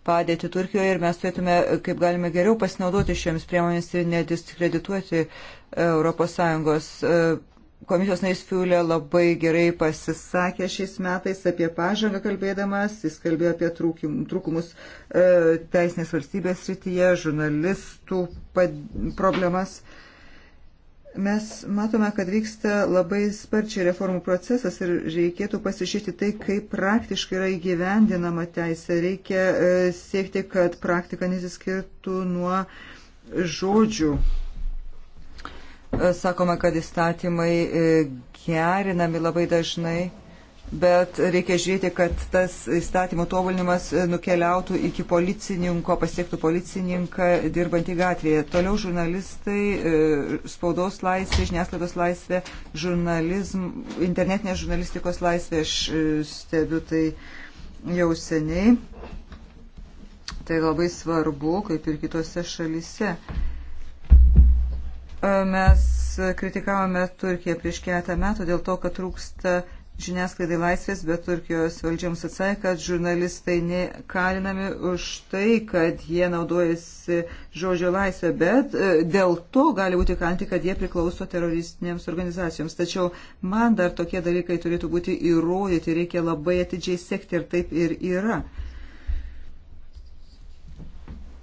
padėtį Turkijoje ir mes turėtume, kaip galime geriau pasinaudoti šiems priemonės ir nediskredituoti ES. Komisijos narys Fiulė labai gerai pasisakė šiais metais apie pažangą kalbėdamas, jis kalbėjo apie trūkumus e, teisinės valstybės srityje, žurnalistų problemas. E, Mes matome, kad vyksta labai sparčiai reformų procesas ir reikėtų pasižiūrėti tai, kaip praktiškai yra įgyvendinama teisė. Reikia e, siekti, kad praktika nesiskirtų nuo žodžių e, sakoma, kad įstatymai e, gerinami labai dažnai bet reikia žiūrėti, kad tas įstatymo tobulinimas e, nukeliautų iki policininko, pasiektų policininką dirbantį gatvėje. Toliau žurnalistai, e, spaudos laisvė, žiniasklaidos laisvė, žurnalizm, internetinės žurnalistikos laisvė, aš e, stebiu tai jau seniai. Tai labai svarbu, kaip ir kitose šalise. Mes kritikavome Turkiją prieš keletą metų dėl to, kad trūksta žiniasklaidai laisvės, bet Turkijos valdžiams atsakė, kad žurnalistai nekalinami už tai, kad jie naudojasi žodžio laisvę, bet e, dėl to gali būti kalti, kad jie priklauso teroristinėms organizacijoms. Tačiau man dar tokie dalykai turėtų būti įrodyti, reikia labai atidžiai sekti ir taip ir yra.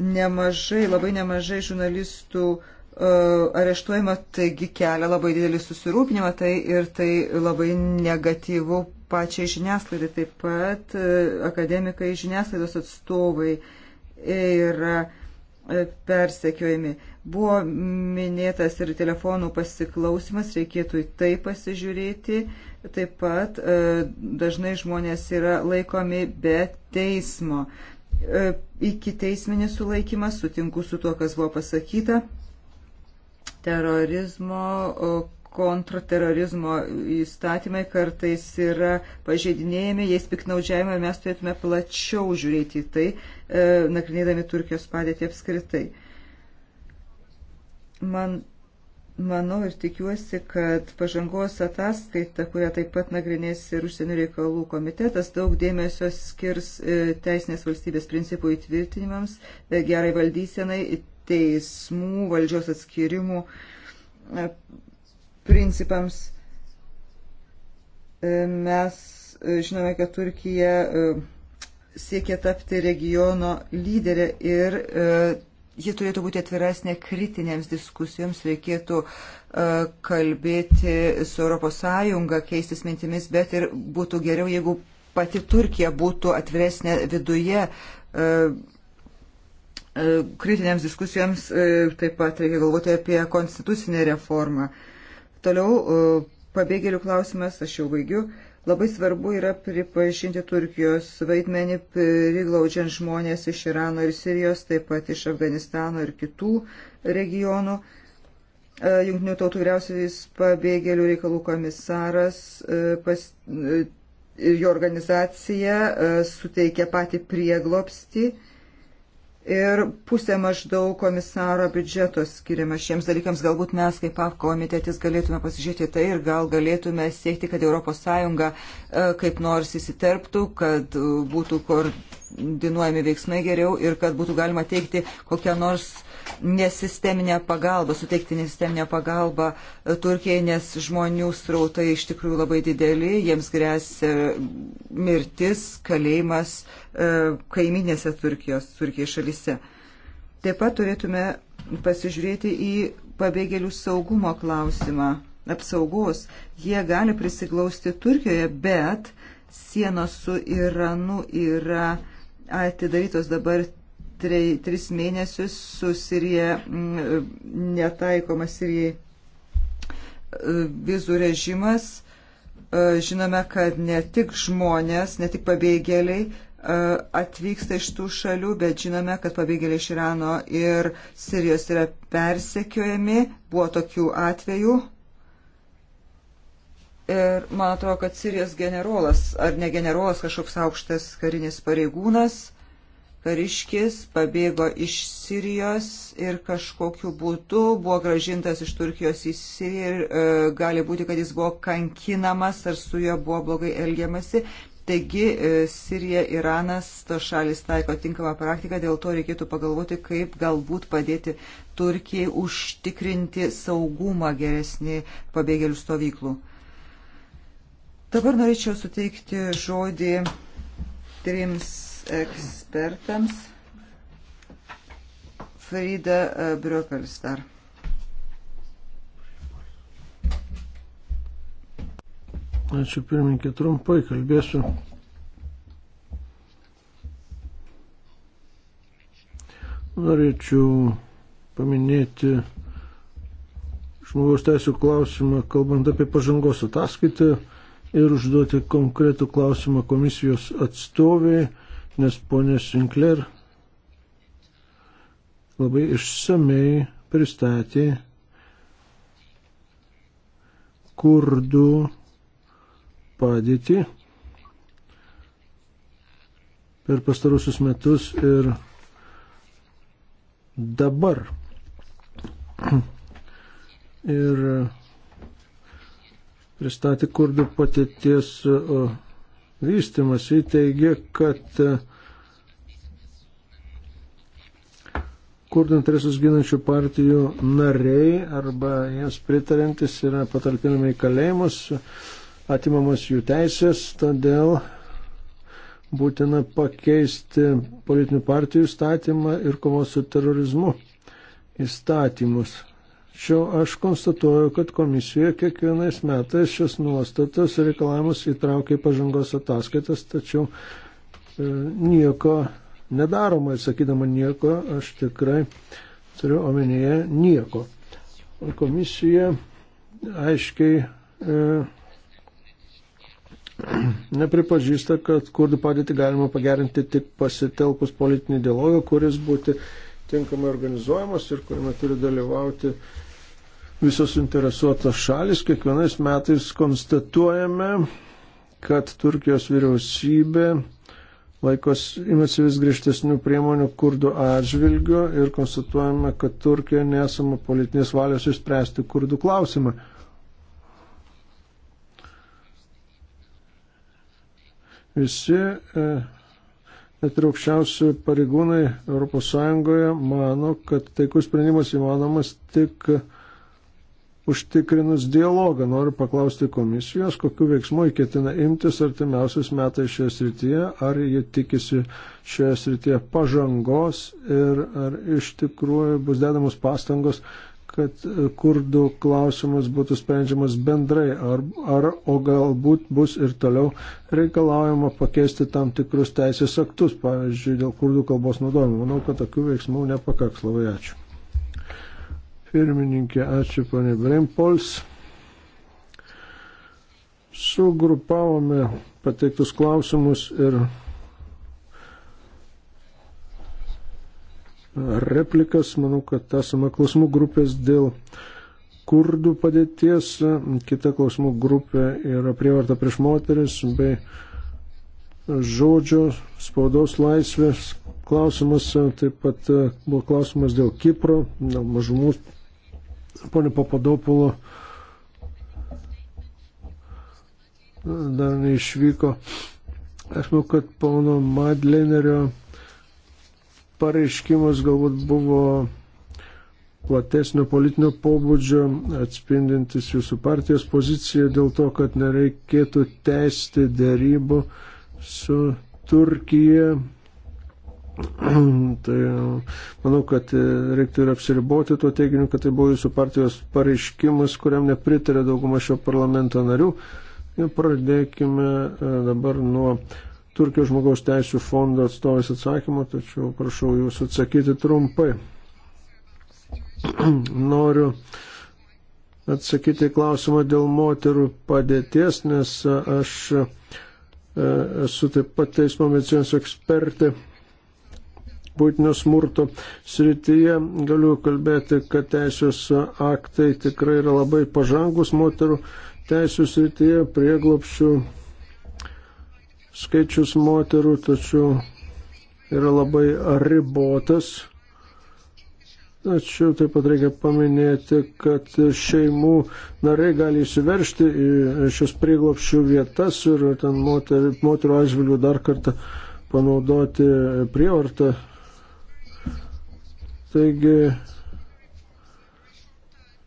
Nemažai, labai nemažai žurnalistų uh, areštuojama, taigi kelia labai didelį susirūpinimą tai ir tai labai negatyvų pačiai žiniasklaidai. Taip pat e, akademikai žiniasklaidos atstovai yra e, persekiojami. Buvo minėtas ir telefonų pasiklausimas, reikėtų į tai pasižiūrėti. Taip pat e, dažnai žmonės yra laikomi be teismo. Iki teisminis sulaikimas, sutinku su tuo, kas buvo pasakyta, terorizmo, kontraterorizmo įstatymai kartais yra pažeidinėjami, jais piknaudžiavimai ir mes turėtume plačiau žiūrėti į tai, e, nagrinėdami Turkijos padėtį apskritai. Man, manau ir tikiuosi, kad pažangos ataskaita, kurią taip pat nagrinės ir užsienio reikalų komitetas, daug dėmesio skirs e, teisinės valstybės principų įtvirtinimams, e, gerai valdysenai, teismų valdžios atskirimų e, principams. E, mes e, žinome, kad Turkija siekia tapti regiono lyderė ir ji turėtų būti atviresnė kritinėms diskusijoms, reikėtų kalbėti su ES, keistis mintimis, bet ir būtų geriau, jeigu pati Turkija būtų atviresnė viduje E, kritinėms diskusijoms e, taip pat reikia galvoti apie konstitucinę reformą. Toliau e, pabėgėlių klausimas, aš jau baigiu. Labai svarbu yra pripažinti Turkijos vaidmenį, priglaučiant žmonės iš Irano ir Sirijos, taip pat iš Afganistano ir kitų regionų. Junktinių tautų vyriausiasis pabėgėlių reikalų komisaras pas, ir jo organizacija suteikia patį prieglopstį ir pusė maždaug komisaro biudžeto skiriama šiems dalykams. Galbūt mes kaip PAP komitėtis galėtume pasižiūrėti tai ir gal galėtume siekti, kad ES e, kaip nors įsiterptų, kad e, būtų koordinuojami veiksmai geriau ir kad būtų galima teikti kokią nors nesisteminę pagalbą, suteikti nesisteminę pagalbą e, Turkijai, nes žmonių srautai iš tikrųjų labai dideli, jiems grėsia mirtis, kalėjimas e, kaiminėse Turkijos, Turkijos šalise. Taip pat turėtume pasižiūrėti į pabėgėlių saugumo klausimą, apsaugos. Jie gali prisiglausti Turkijoje, bet sienos su Iranu yra atidarytos dabar tre, tris mėnesius su Sirija netaikoma Sirijai e, vizų režimas. E, žinome, kad ne tik žmonės, ne tik pabėgėliai e, atvyksta iš tų šalių, bet žinome, kad pabėgėliai iš Irano ir Sirijos yra persekiojami. Buvo tokių atvejų. Ir man atrodo, kad Sirijos generolas, ar ne generolas, kažkoks aukštas karinis pareigūnas, kariškis pabėgo iš Sirijos ir kažkokiu būdu buvo gražintas iš Turkijos į Siriją ir e, gali būti, kad jis buvo kankinamas ar su juo buvo blogai elgiamasi. Taigi e, Sirija, Iranas, to šalis taiko tinkamą praktiką, dėl to reikėtų pagalvoti, kaip galbūt padėti Turkijai užtikrinti saugumą geresnį pabėgėlių stovyklų. Dabar norėčiau suteikti žodį trims ekspertams. Frida e, Briokelis dar. Ačiū pirmininkė, trumpai kalbėsiu. Norėčiau paminėti žmogaus teisų klausimą, kalbant apie pažangos ataskaitą ir užduoti konkretų klausimą komisijos atstoviai nes ponė Sinclair labai išsamei pristatė kurdų padėtį per pastarusius metus ir dabar. Ir pristatė kurdų patirties vystimasi, teigia, kad kurdo interesus ginančių partijų nariai arba jiems pritarantis yra patalpinami į kalėjimus, atimamos jų teisės, todėl būtina pakeisti politinių partijų įstatymą ir kovos su terorizmu įstatymus. Šiuo aš konstatuoju, kad komisijoje kiekvienais metais šios nuostatos reikalavimus įtraukia į pažangos ataskaitas, tačiau e, nieko nedaroma ir sakydama nieko, aš tikrai turiu omenyje nieko. Komisija aiškiai e, nepripažįsta, kad kurdų padėtį galima pagerinti tik pasitelkus politinį dialogą, kuris būti tinkamai organizuojamas ir kuriame turi dalyvauti visos interesuotos šalis. Kiekvienais metais konstatuojame, kad Turkijos vyriausybė laikos imasi vis grįžtesnių priemonių kurdų atžvilgių ir konstatuojame, kad Turkijoje nesama politinės valios išspręsti kurdų klausimą. Visi, e, net ir aukščiausi pareigūnai ES mano, kad taikus sprendimas įmanomas tik užtikrinus dialogą. Noriu paklausti komisijos, kokiu veiksmu jį ketina imtis artimiausius metai šioje srityje, ar jie tikisi šioje srityje pažangos ir ar iš tikrųjų bus dedamos pastangos, kad e, kurdų klausimas būtų sprendžiamas bendrai, ar, ar o galbūt bus ir toliau reikalaujama pakeisti tam tikrus teisės aktus, pavyzdžiui, dėl kurdų kalbos naudojimo. Manau, kad tokių veiksmų nepakaks. Labai ačiū. Pirmininkė, ačiū ponė Brempols. Sugrupavome pateiktus klausimus ir replikas. Manau, kad esame klausimų grupės dėl kurdų padėties. Kita klausimų grupė yra prievarta prieš moteris bei žodžio spaudos laisvės klausimas. Taip pat buvo klausimas dėl Kipro, dėl mažumų Pone Papadopulo dar neišvyko. Aš manau, kad pono Madlenerio pareiškimas galbūt buvo platesnio politinio pobūdžio, atspindintis jūsų partijos poziciją dėl to, kad nereikėtų tęsti dėrybų su Turkija Tai e, manau, kad e, reiktų ir apsiriboti tuo teiginiu, kad tai buvo jūsų partijos pareiškimas, kuriam nepritarė dauguma šio parlamento narių. Ir pradėkime e, dabar nuo Turkijos žmogaus teisų fondo atstovės atsakymo, tačiau prašau jūsų atsakyti trumpai. Noriu atsakyti klausimą dėl moterų padėties, nes aš esu taip pat teismo medicinos ekspertė būtinio smurto srityje. Galiu kalbėti, kad teisės aktai tikrai yra labai pažangus moterų teisų srityje, prieglopščių skaičius moterų, tačiau yra labai ribotas. Tačiau taip pat reikia paminėti, kad šeimų nariai gali įsiveršti į šias prieglopščių vietas ir ten moter, moterų atžvilgių dar kartą panaudoti prievartą Taigi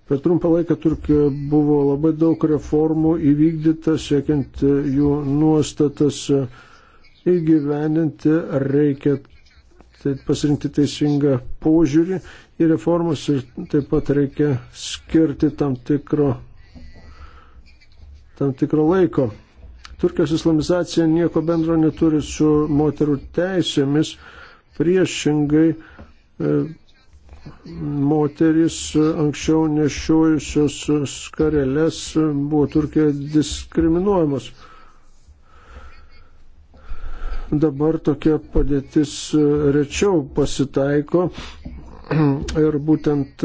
Per trumpą laiką Turkijoje buvo labai daug reformų įvykdyta, siekiant e, jų nuostatas e, įgyveninti, reikia pasirinkti teisingą požiūrį į reformas ir taip pat reikia skirti tam tikro, tam tikro laiko. Turkijos islamizacija nieko bendro neturi su moterų teisėmis, priešingai e, moterys e, anksčiau nešiojusios skareles e, buvo Turkijoje diskriminuojamos. Dabar tokia padėtis e, rečiau pasitaiko ir būtent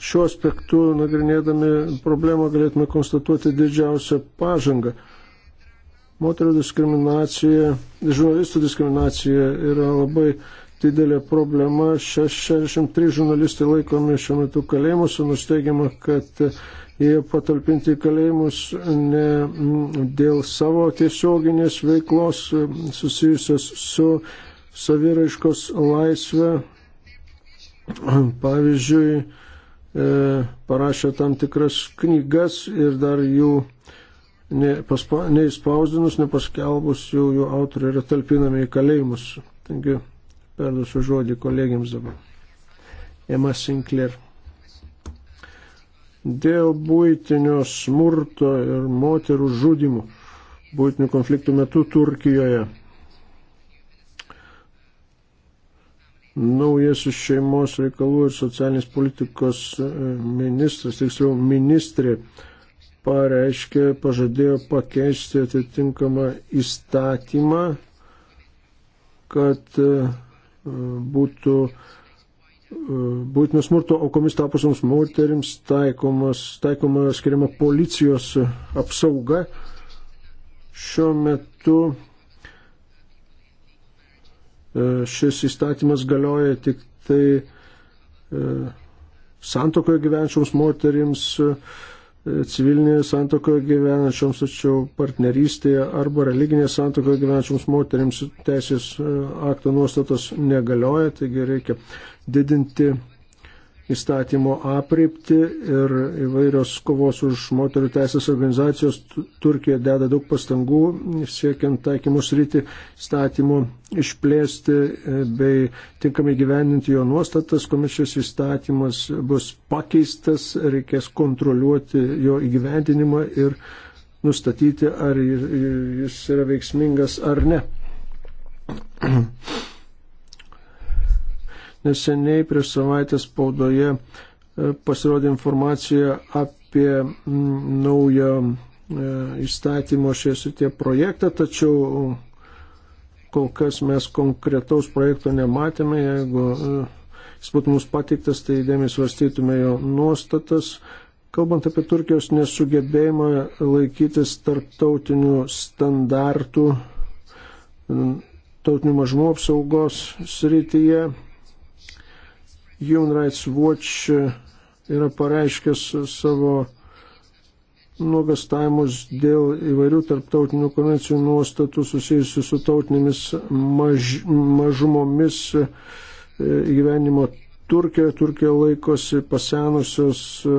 šiuo aspektu nagrinėdami problemą galėtume konstatuoti didžiausią pažangą. Moterio diskriminacija, žurnalistų diskriminacija yra labai didelė problema. 63 žurnalistai laikomi šiuo metu kalėjimuose, nusteigiama, kad jie patalpinti į kalėjimus ne dėl savo tiesioginės veiklos susijusios su saviraiškos laisvė. Pavyzdžiui, e, parašė tam tikras knygas ir dar jų neįspausdinus, nepaskelbus jų, jų autoriai yra talpinami į kalėjimus. Taigi perduosiu žodį kolegiams dabar. Emma Sinclair. Dėl būtinio smurto ir moterų žudimų būtinių konfliktų metu Turkijoje naujasis šeimos reikalų ir socialinės politikos e, ministras, tiksliau ministrė, pareiškė, pažadėjo pakeisti atitinkamą įstatymą, kad uh, būtų e, būtinio smurto aukomis tapusioms moterims taikomas, taikoma skiriama policijos apsauga. Šiuo metu e, šis įstatymas galioja tik tai e, santokoje gyvenčioms moterims, civilinėje santokoje gyvenančioms, tačiau partnerystėje arba religinėje santokoje gyvenančioms moteriams teisės e, akto nuostatos negalioja, taigi reikia didinti įstatymo apripti ir įvairios kovos už moterų teisės organizacijos Turkija deda daug pastangų siekiant taikymus rytį įstatymų išplėsti e, bei tinkamai gyveninti jo nuostatas, kuomet šis įstatymas bus pakeistas, reikės kontroliuoti jo įgyvendinimą ir nustatyti, ar jis yra veiksmingas ar ne. Neseniai prieš savaitę spaudoje e, pasirodė informacija apie naują e, įstatymo šioje srityje projektą, tačiau kol kas mes konkretaus projekto nematėme. Jeigu e, jis būtų mums patiktas, tai įdėmiai svarstytume jo nuostatas. Kalbant apie Turkijos nesugebėjimą laikytis tarptautinių standartų, tautinių mažumų apsaugos srityje, Human Rights Watch yra pareiškęs savo nuogastavimus dėl įvairių tarptautinių konvencijų nuostatų susijusių su tautinėmis maž, mažumomis e, gyvenimo Turkijoje. Turkija laikosi pasenusios e,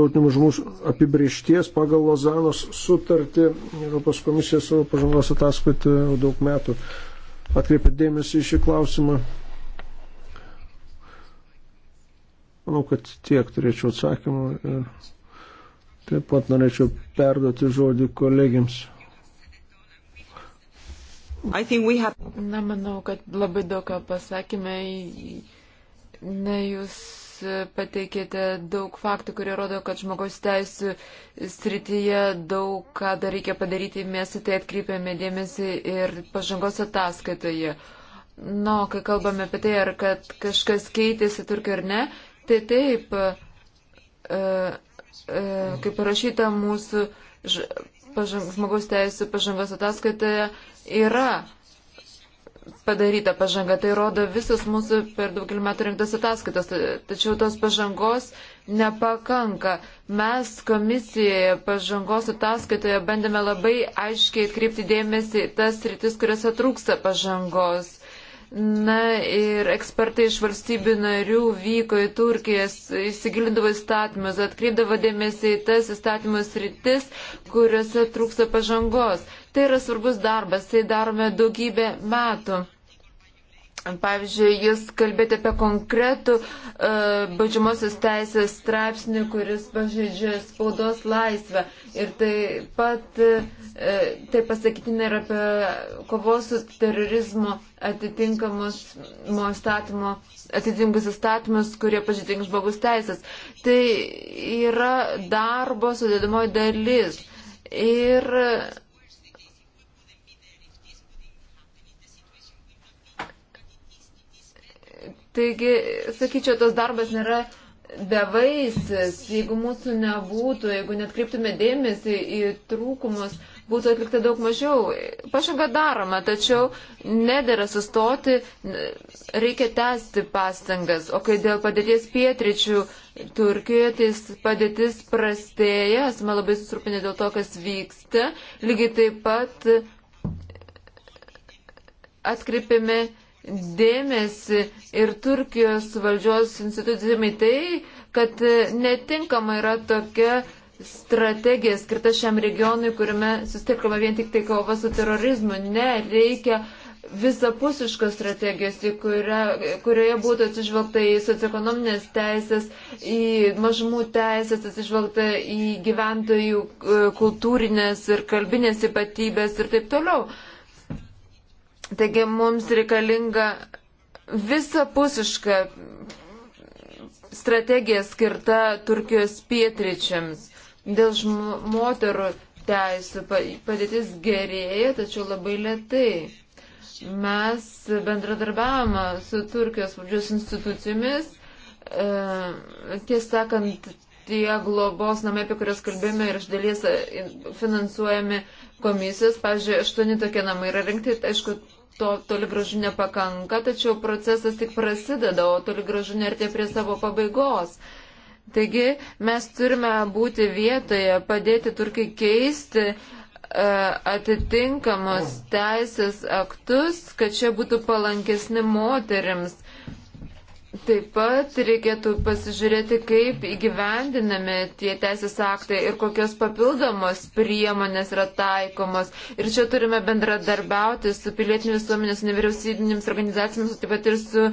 tautinių mažumų apibriešties pagal Lozanos sutartį. Europos komisija savo pažangos ataskaitą daug metų atkreipė dėmesį į šį klausimą. Manau, kad tiek turėčiau atsakymų ir taip pat norėčiau perduoti žodį kolegiams. Have... Na, manau, kad labai daug ką pasakėme. Na, jūs pateikėte daug faktų, kurie rodo, kad žmogaus teisų srityje daug ką dar reikia padaryti, mes į tai atkreipiame dėmesį ir pažangos ataskaitoje. Na, kai kalbame apie tai, ar kad kažkas keitėsi Turkijoje ar ne, Tai taip, e, e, kaip parašyta mūsų žmogaus teisų pažangos ataskaitoje, yra padaryta pažanga. Tai rodo visos mūsų per daugelį metų rinktas ataskaitas. Tačiau tos pažangos nepakanka. Mes komisijoje pažangos ataskaitoje bandėme labai aiškiai atkreipti dėmesį tas rytis, kuriuose trūksta pažangos. Na ir ekspertai iš valstybių narių vyko į Turkijas, įsigilindavo įstatymus, atkreipdavo dėmesį į tas įstatymus rytis, kuriuose trūksta pažangos. Tai yra svarbus darbas, tai darome daugybę metų. Pavyzdžiui, jūs kalbėjote apie konkretų uh, baudžiamosios teisės straipsnį, kuris pažeidžia spaudos laisvę. Ir taip pat uh, tai pasakytina ir apie kovos su terorizmu atitinkamus statymo, atitinkamus įstatymus, kurie pažeidžia žmogus teisės. Tai yra darbo sudėdamoji dalis. Ir uh, Taigi, sakyčiau, tas darbas nėra bevaisis. Jeigu mūsų nebūtų, jeigu net kreiptume dėmesį į trūkumus, būtų atlikta daug mažiau. Pažanga daroma, tačiau nedėra sustoti, reikia tęsti pastangas. O kai dėl padėties pietričių Turkijoje, tai padėtis prastėja, esame labai susirūpinę dėl to, kas vyksta. Lygiai taip pat atkreipėme dėmesį ir Turkijos valdžios institucijami tai, kad netinkama yra tokia strategija skirta šiam regionui, kuriame sustiprama vien tik tai kova su terorizmu. Ne, reikia visapusiškos strategijos, kuria, kurioje būtų atsižvelgta į socioekonominės teisės, į mažumų teisės, atsižvelgta į gyventojų e, kultūrinės ir kalbinės ypatybės ir taip toliau. Uh, Taigi mums reikalinga visapusiška strategija skirta Turkijos pietričiams. Dėl moterų teisų padėtis gerėja, tačiau labai lietai. Mes bendradarbiavame su Turkijos valdžios institucijomis. E, Tiesą sakant, tie globos namai, apie kurias kalbėjome ir iš dalies e, finansuojami komisijos, pavyzdžiui, aštuoni tokie namai yra rinkti, aišku, to toli gražu nepakanka, tačiau procesas tik prasideda, o toli gražu nertė prie savo pabaigos. Taigi mes turime būti vietoje, padėti Turkiai keisti e, atitinkamus teisės aktus, kad čia būtų palankesni moteriams Taip pat reikėtų pasižiūrėti, kaip įgyvendinami tie teisės aktai ir kokios papildomos priemonės yra taikomos. Ir čia turime bendradarbiauti su pilietiniu visuomenės nevyriausybinėms organizacijoms, taip pat ir su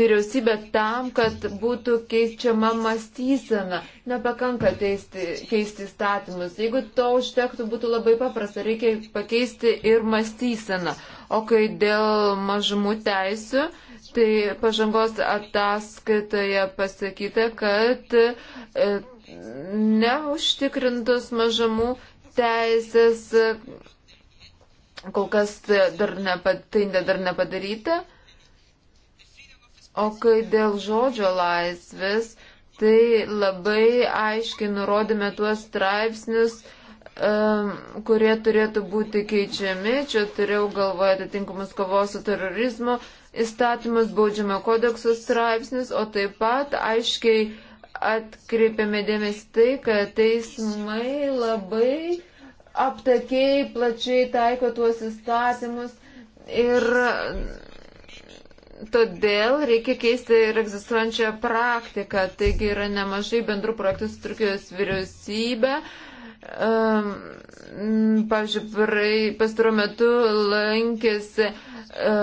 vyriausybė tam, kad būtų keičiama mąstysena. Nepakanka teisti, keisti įstatymus. Jeigu to užtektų, būtų labai paprasta. Reikia pakeisti ir mąstyseną. O kai dėl mažumų teisų Štai pažangos ataskaitoje pasakyta, kad e, neužtikrintos mažamų teisės kol kas tai dar nepatai, dar nepadaryta. O kai dėl žodžio laisvės, tai labai aiškiai nurodėme tuos straipsnius, um, kurie turėtų būti keičiami. Čia turėjau galvoje atitinkamus kovos su terorizmu įstatymus, baudžiamo kodeksus straipsnius, o taip pat aiškiai atkreipiame dėmesį tai, kad teismai labai aptakiai plačiai taiko tuos įstatymus ir todėl reikia keisti ir egzistuojančią praktiką. Taigi yra nemažai bendrų projektų su Turkijos vyriausybė. Um, pavyzdžiui, pastaruo metu lankėsi uh, E,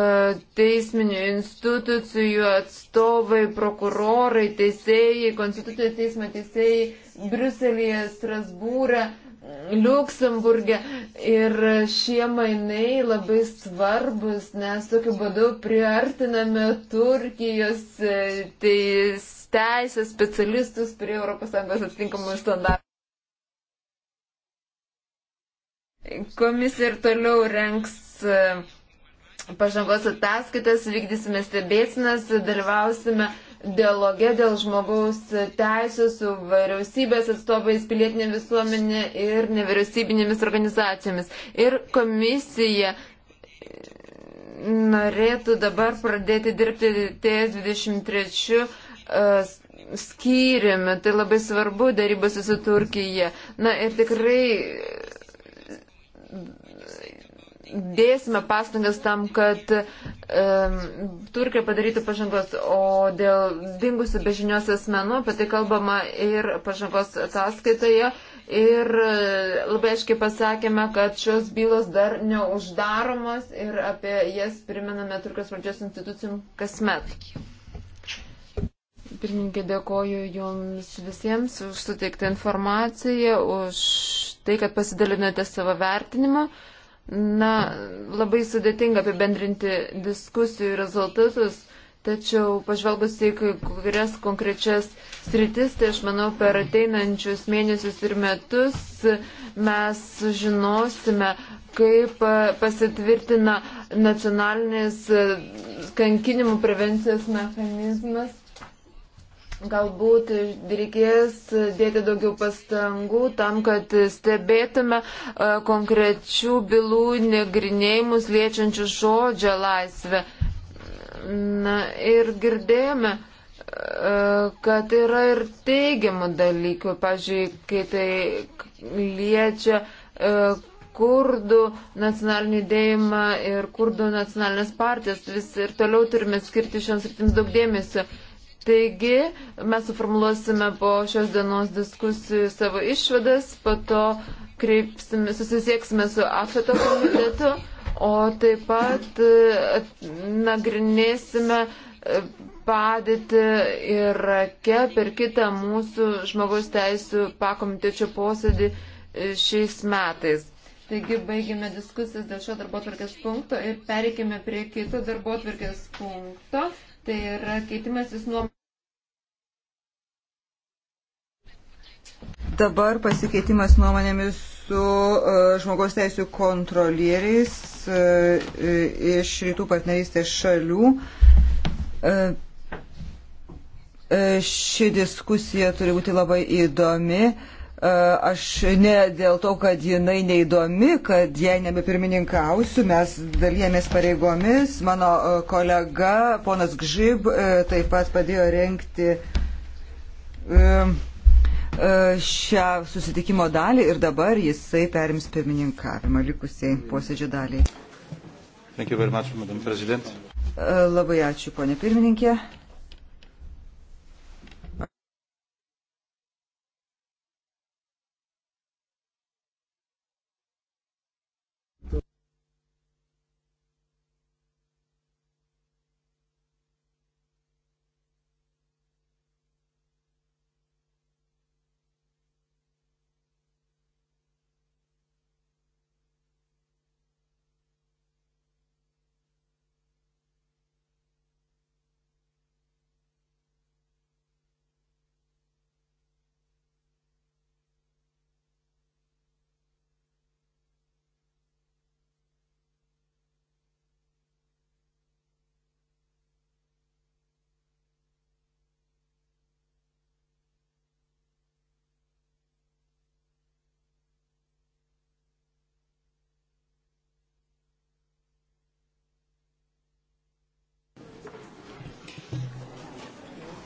teisminių institucijų atstovai, prokurorai, teisėjai, konstitucijos teismo teisėjai Bruselėje, Strasbūrė, Luksemburgė. Ir šie mainai labai svarbus, nes tokiu būdu priartiname Turkijos e, teis, teisės specialistus prie ES atitinkamų standartų. Komisija ir toliau renks e, pažangos ataskaitas, vykdysime stebėsinas, dalyvausime dialoge dėl žmogaus teisų su vyriausybės atstovais, pilietinė visuomenė ir nevyriausybinėmis organizacijomis. Ir komisija norėtų dabar pradėti dirbti ties 23 uh, skyriumi, tai labai svarbu darybose su Turkija. Na ir tikrai dėsime pastangas tam, kad um, Turkija padarytų pažangos, o dėl dingusių bežinios asmenų, apie tai kalbama ir pažangos ataskaitoje. Ir e, labai aiškiai pasakėme, kad šios bylos dar neuždaromos ir apie jas priminame Turkijos valdžios institucijom kasmet. Pirmininkė, dėkoju Jums visiems už suteiktą informaciją, už tai, kad pasidalinote savo vertinimu. Na, labai sudėtinga apibendrinti diskusijų rezultatus, tačiau pažvelgus į kurias konkrečias sritis, tai aš manau, per ateinančius mėnesius ir metus mes žinosime, kaip pasitvirtina nacionalinis kankinimų prevencijos mechanizmas Galbūt reikės dėti daugiau pastangų tam, kad stebėtume e, konkrečių bylų negrinėjimus liečiančių žodžio laisvę. Na ir girdėjome, e, kad yra ir teigiamų dalykų, pažiūrėjau, kai tai liečia e, kurdų nacionalinį judėjimą ir kurdų nacionalinės partijas. Vis ir toliau turime skirti šioms rytims daug dėmesio. Taigi mes suformuluosime po šios dienos diskusijų savo išvadas, po to kreipsime, susisieksime su AFETO komitetu, o taip pat e, nagrinėsime e, padėti Irake per kitą mūsų žmogaus teisų pakomitečio posėdį e, šiais metais. Taigi baigėme diskusijas dėl šio darbo tvarkės punkto ir pereikime prie kito darbo tvarkės punkto. Tai yra keitimasis nuo. Dabar pasikeitimas nuomonėmis su uh, žmogaus teisų kontrolieriais uh, iš rytų partnerystės šalių. Uh, ši diskusija turi būti labai įdomi. Uh, E, aš ne dėl to, kad jinai neįdomi, kad jai nebepirmininkausiu, mes dalyjėmės pareigomis. Mano e, kolega, ponas Gžib, e, taip pat padėjo renkti šią susitikimo dalį ir dabar jisai perims pirmininkavimą likusiai posėdžio daliai. Much, Labai ačiū, ponė pirmininkė.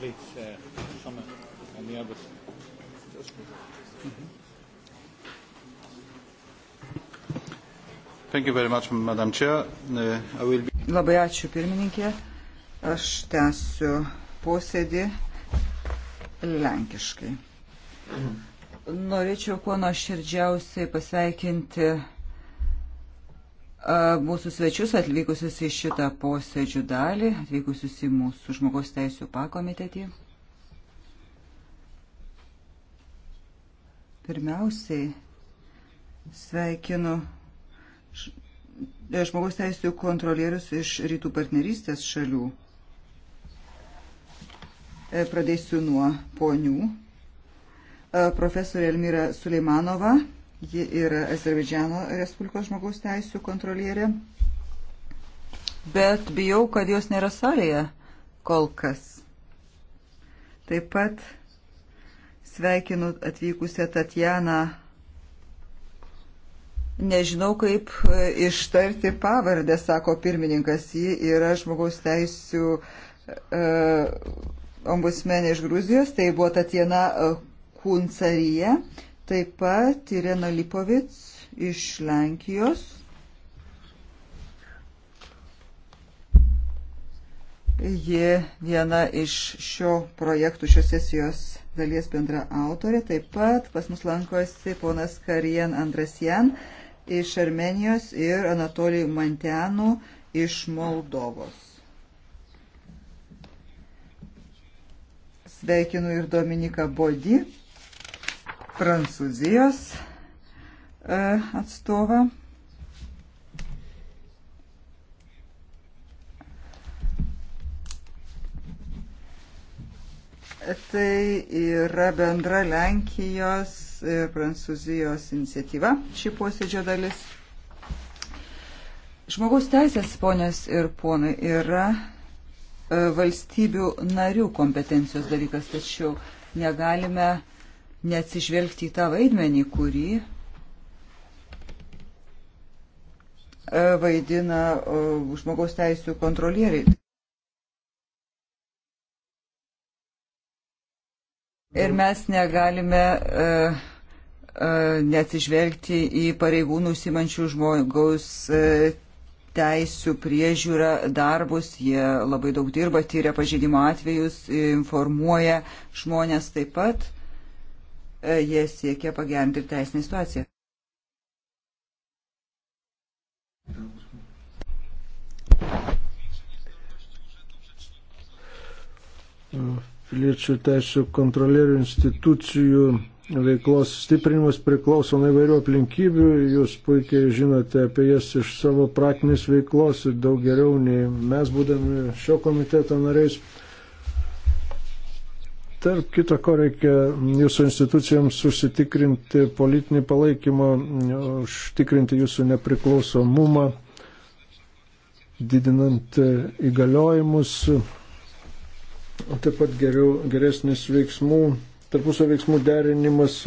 steeds uh, Sanne en die hebben het. Thank you very much, Madam Chair. Uh, I will be... Labai ačiū pirmininkė. Aš tęsiu posėdį lenkiškai. Norėčiau kuo nuoširdžiausiai pasveikinti mūsų svečius atvykusius į šitą posėdžių dalį, atvykusius į mūsų žmogaus teisų pakomitetį. Pirmiausiai sveikinu e, žmogaus teisų kontrolierius iš rytų partnerystės šalių. E, pradėsiu nuo ponių. E, profesorė Elmira Suleimanova Ji yra Azerbaidžiano Respublikos žmogaus teisų kontrolierė. Bet bijau, kad jos nėra salėje kol kas. Taip pat sveikinu atvykusią Tatjaną. Nežinau, kaip e, ištarti pavardę, sako pirmininkas. Ji yra žmogaus teisų e, ombudsmenė iš Gruzijos. Tai buvo Tatjana e, Kuncaryje. Taip pat Irena Lipovic iš Lenkijos. Ji viena iš šio projektų, šios sesijos dalies bendra autorė. Taip pat pas mus lankosi ponas Karijan Andrasjan iš Armenijos ir Anatolijų Mantenų iš Moldovos. Sveikinu ir Dominiką Bodį Prancūzijos e, atstovą. Tai yra bendra Lenkijos ir Prancūzijos iniciatyva šį posėdžio dalis. Žmogaus teisės, ponės ir ponai, yra e, valstybių narių kompetencijos dalykas, tačiau negalime uh, neatsižvelgti į tą vaidmenį, kurį e, vaidina e, žmogaus teisų kontrolieriai. Ir mes negalime uh, neatsižvelgti į pareigūnų simančių žmogaus teisų priežiūrą darbus, jie labai daug dirba, tyria pažeidimo atvejus, informuoja žmonės taip pat. E, jie siekia pagerinti ir teisinę situaciją. Piliečių teisų kontrolierių institucijų veiklos stiprinimas priklauso nuo įvairių aplinkybių, jūs puikiai žinote apie jas iš savo praktinės veiklos ir daug geriau nei mes būdami šio komiteto nariais Tarp kito, ko reikia jūsų institucijoms susitikrinti politinį palaikymą, užtikrinti jūsų nepriklausomumą, didinant įgaliojimus, taip pat geriau, geresnis veiksmų, tarpusio veiksmų derinimas,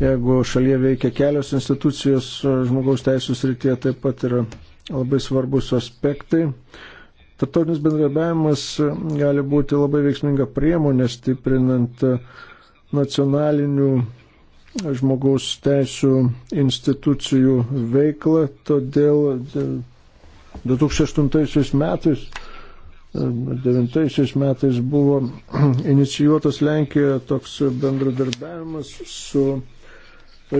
jeigu šalyje veikia kelios institucijos, žmogaus teisų srityje taip pat yra labai svarbus aspektai. Tartautinis bendradarbiavimas e, gali būti labai veiksminga priemonė stiprinant e, nacionalinių žmogaus teisų institucijų veiklą, todėl 2008 e, metais 2009 metais buvo inicijuotas Lenkijoje toks bendradarbiavimas su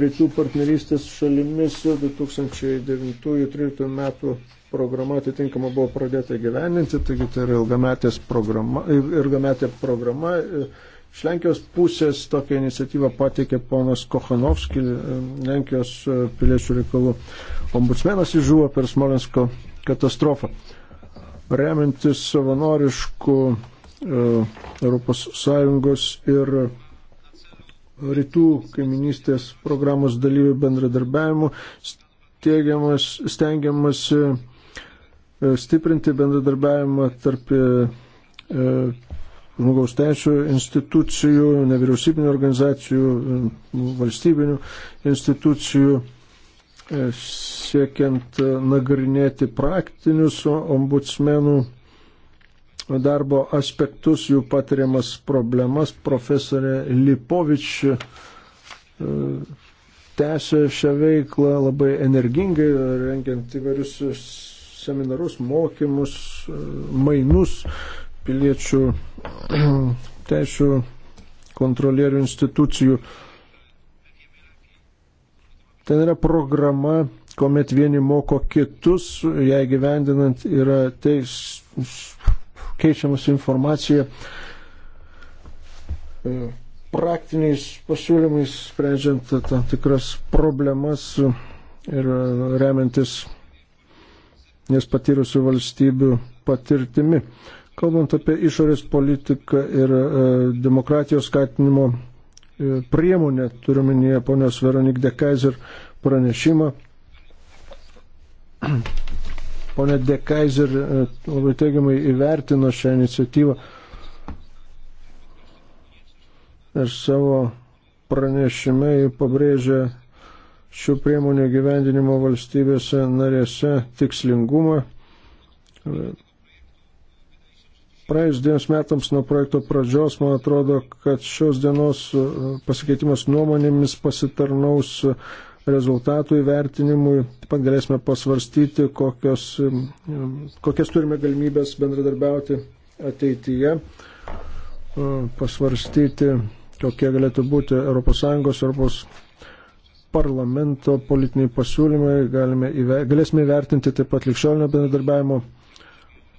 rytų partnerystės šalimis 2009-2013 metų programa atitinkama buvo pradėta gyveninti, taigi tai yra ilgametė programa, ilgametė programa. Iš Lenkijos pusės tokią iniciatyvą pateikė ponas Kochanovski, Lenkijos piliečių reikalų ombudsmenas įžuvo per Smolensko katastrofą. Remiantis savanoriškų ES ir rytų kaiminystės programos dalyvių bendradarbiavimu stengiamasi e, stiprinti bendradarbiavimą tarp e, e, žmogaus teisų institucijų, nevyriausybinių organizacijų, valstybinių institucijų, siekiant nagrinėti praktinius ombudsmenų darbo aspektus, jų patiriamas problemas. Profesorė Lipovič e, tęsė šią veiklą labai energingai, rengiant įvairius seminarus, mokymus, e, mainus piliečių teisų kontrolierių institucijų. Ten yra programa, kuomet vieni moko kitus, ją gyvendinant yra teis, keičiamas informacija e, praktiniais pasiūlymais, sprendžiant tam tikras problemas ir remiantis nes patyrusių valstybių patirtimi. Kalbant apie išorės politiką ir e, demokratijos skatinimo e, priemonę, turiu minėję ponios Veronik de Kaiser pranešimą, Pone Dekaiser e, labai teigiamai įvertino šią iniciatyvą ir savo pranešime pabrėžė šių priemonių gyvendinimo valstybėse narėse tikslingumą. Praėjus dviems metams nuo projekto pradžios, man atrodo, kad šios dienos e, pasikeitimas nuomonėmis pasitarnaus rezultatų įvertinimui. Taip pat galėsime pasvarstyti, kokios, kokias turime galimybės bendradarbiauti ateityje, pasvarstyti, kokie galėtų būti ES, ES parlamento politiniai pasiūlymai, galime, galėsime įvertinti taip pat likščiolinio bendradarbiavimo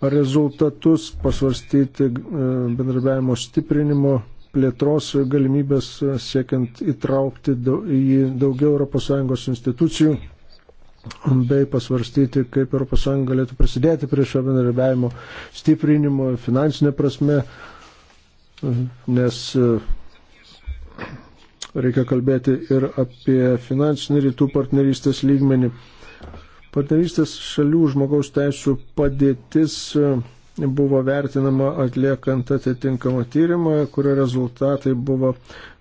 rezultatus, pasvarstyti bendradarbiavimo stiprinimo plėtros galimybės e, siekiant įtraukti į daugiau ES institucijų bei pasvarstyti, kaip ES galėtų prisidėti prie šio bendradarbiavimo stiprinimo finansinė prasme, nes e, reikia kalbėti ir apie finansinį rytų partnerystės lygmenį. Partnerystės šalių žmogaus teisų padėtis e, buvo vertinama atliekant atitinkamą tyrimą, kurio rezultatai buvo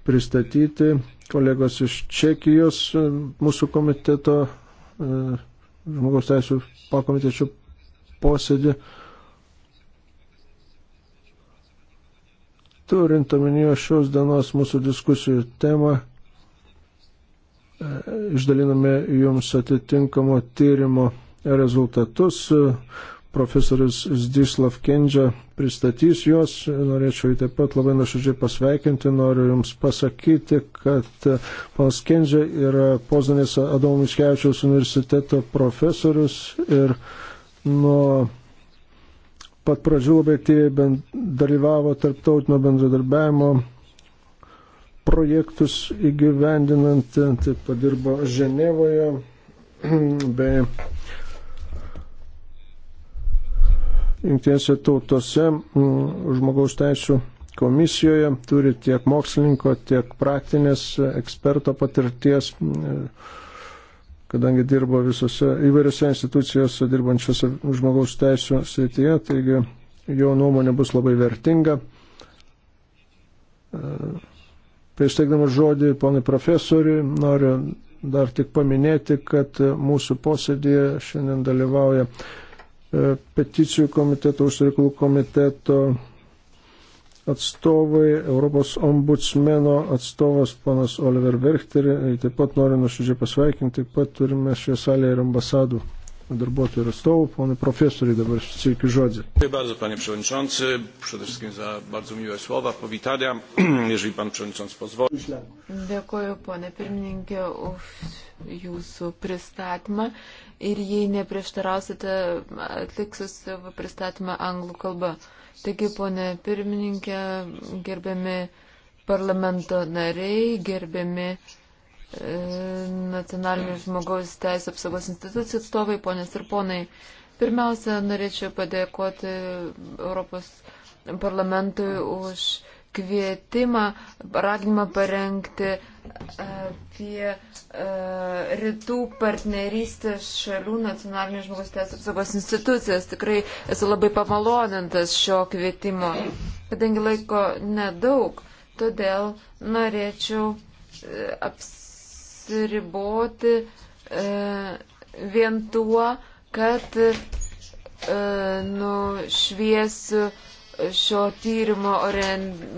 pristatyti kolegos iš Čekijos e, mūsų komiteto e, žmogaus teisų pakomitečių posėdį. Turint omenyje šios dienos mūsų diskusijų temą, e, išdaliname jums atitinkamo tyrimo rezultatus profesorius Zdislav Kendžia pristatys juos. Norėčiau jį taip pat labai nuoširdžiai pasveikinti. Noriu Jums pasakyti, kad e, panas Kendžia yra Poznanės Adomo Miškevičiaus universiteto profesorius ir nuo pat pradžių labai aktyviai dalyvavo tarptautinio bendradarbiavimo projektus įgyvendinant, taip pat dirbo Ženevoje bei jungtinėse tautose mm, žmogaus teisų komisijoje turi tiek mokslininko, tiek praktinės eksperto patirties, mm, kadangi dirbo visose įvairiose institucijose dirbančiose žmogaus teisų srityje, taigi jo nuomonė bus labai vertinga. E, Prieš teikdamas žodį, ponai profesoriui, noriu dar tik paminėti, kad mūsų posėdėje šiandien dalyvauja E, peticijų komiteto, užsireikalų komiteto atstovai, Europos ombudsmeno atstovas panas Oliver Verchteri. E, taip pat noriu nuoširdžiai pasveikinti, taip pat turime šioje salėje ir ambasadų darbuotojų ir atstovų. Ponai profesoriai, dabar sveiki žodžiai. Dziękuję bardzo, panie przewodniczący. Przede wszystkim za bardzo miłe słowa, powitania, jeżeli pan przewodniczący pozwoli. Dėkuoju, pone pirmininkė, už jūsų pristatymą ir jei neprieštarausite, atliksiu savo pristatymą anglų kalba. Taigi, ponė pirmininkė, gerbiami parlamento nariai, gerbiami e, nacionalinių žmogaus teisų apsaugos institucijų atstovai, ponės ir ponai. Pirmiausia, norėčiau padėkoti Europos parlamentui už kvietimą, raginimą parengti apie uh, rytų partnerystės šalių nacionalinės žmogus teisų apsaugos institucijas. Tikrai esu labai pamalonintas šio kvietimo, kadangi laiko nedaug, todėl norėčiau uh, apsiriboti uh, vien tuo, kad uh, nušviesiu uh, šio tyrimo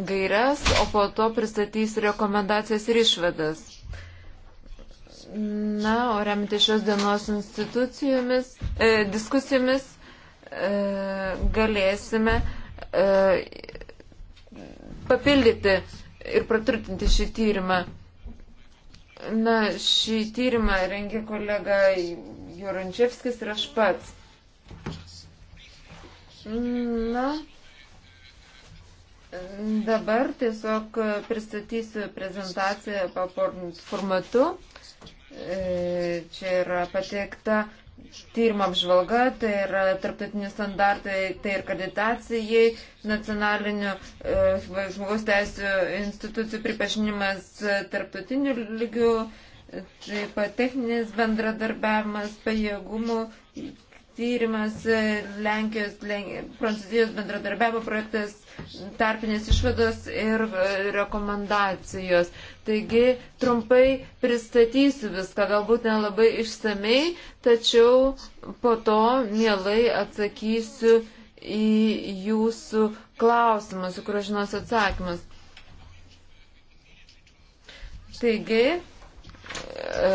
gairias, o po to pristatys rekomendacijas ir išvadas. Na, o remti šios dienos institucijomis, e, diskusijomis e, galėsime e, papildyti ir praturtinti šį tyrimą. Na, šį tyrimą rengė kolega Jurančievskis ir aš pats. Na, Dabar tiesiog pristatysiu prezentaciją formatu. E, čia yra pateikta tyrimo apžvalga, tai yra tarptautiniai standartai, tai ir kreditacijai, nacionalinių e, žmogaus teisų institucijų pripažinimas tarptautinių lygių, taip pat techninis bendradarbiavimas, pajėgumų tyrimas, Lenkijos, Lenk... Prancūzijos bendradarbiavimo projektas tarpinės išvados ir e, rekomendacijos. Taigi trumpai pristatysiu viską, galbūt nelabai išsamei, tačiau po to mielai atsakysiu į jūsų klausimus, į kuriuos žinos atsakymus. Taigi, e,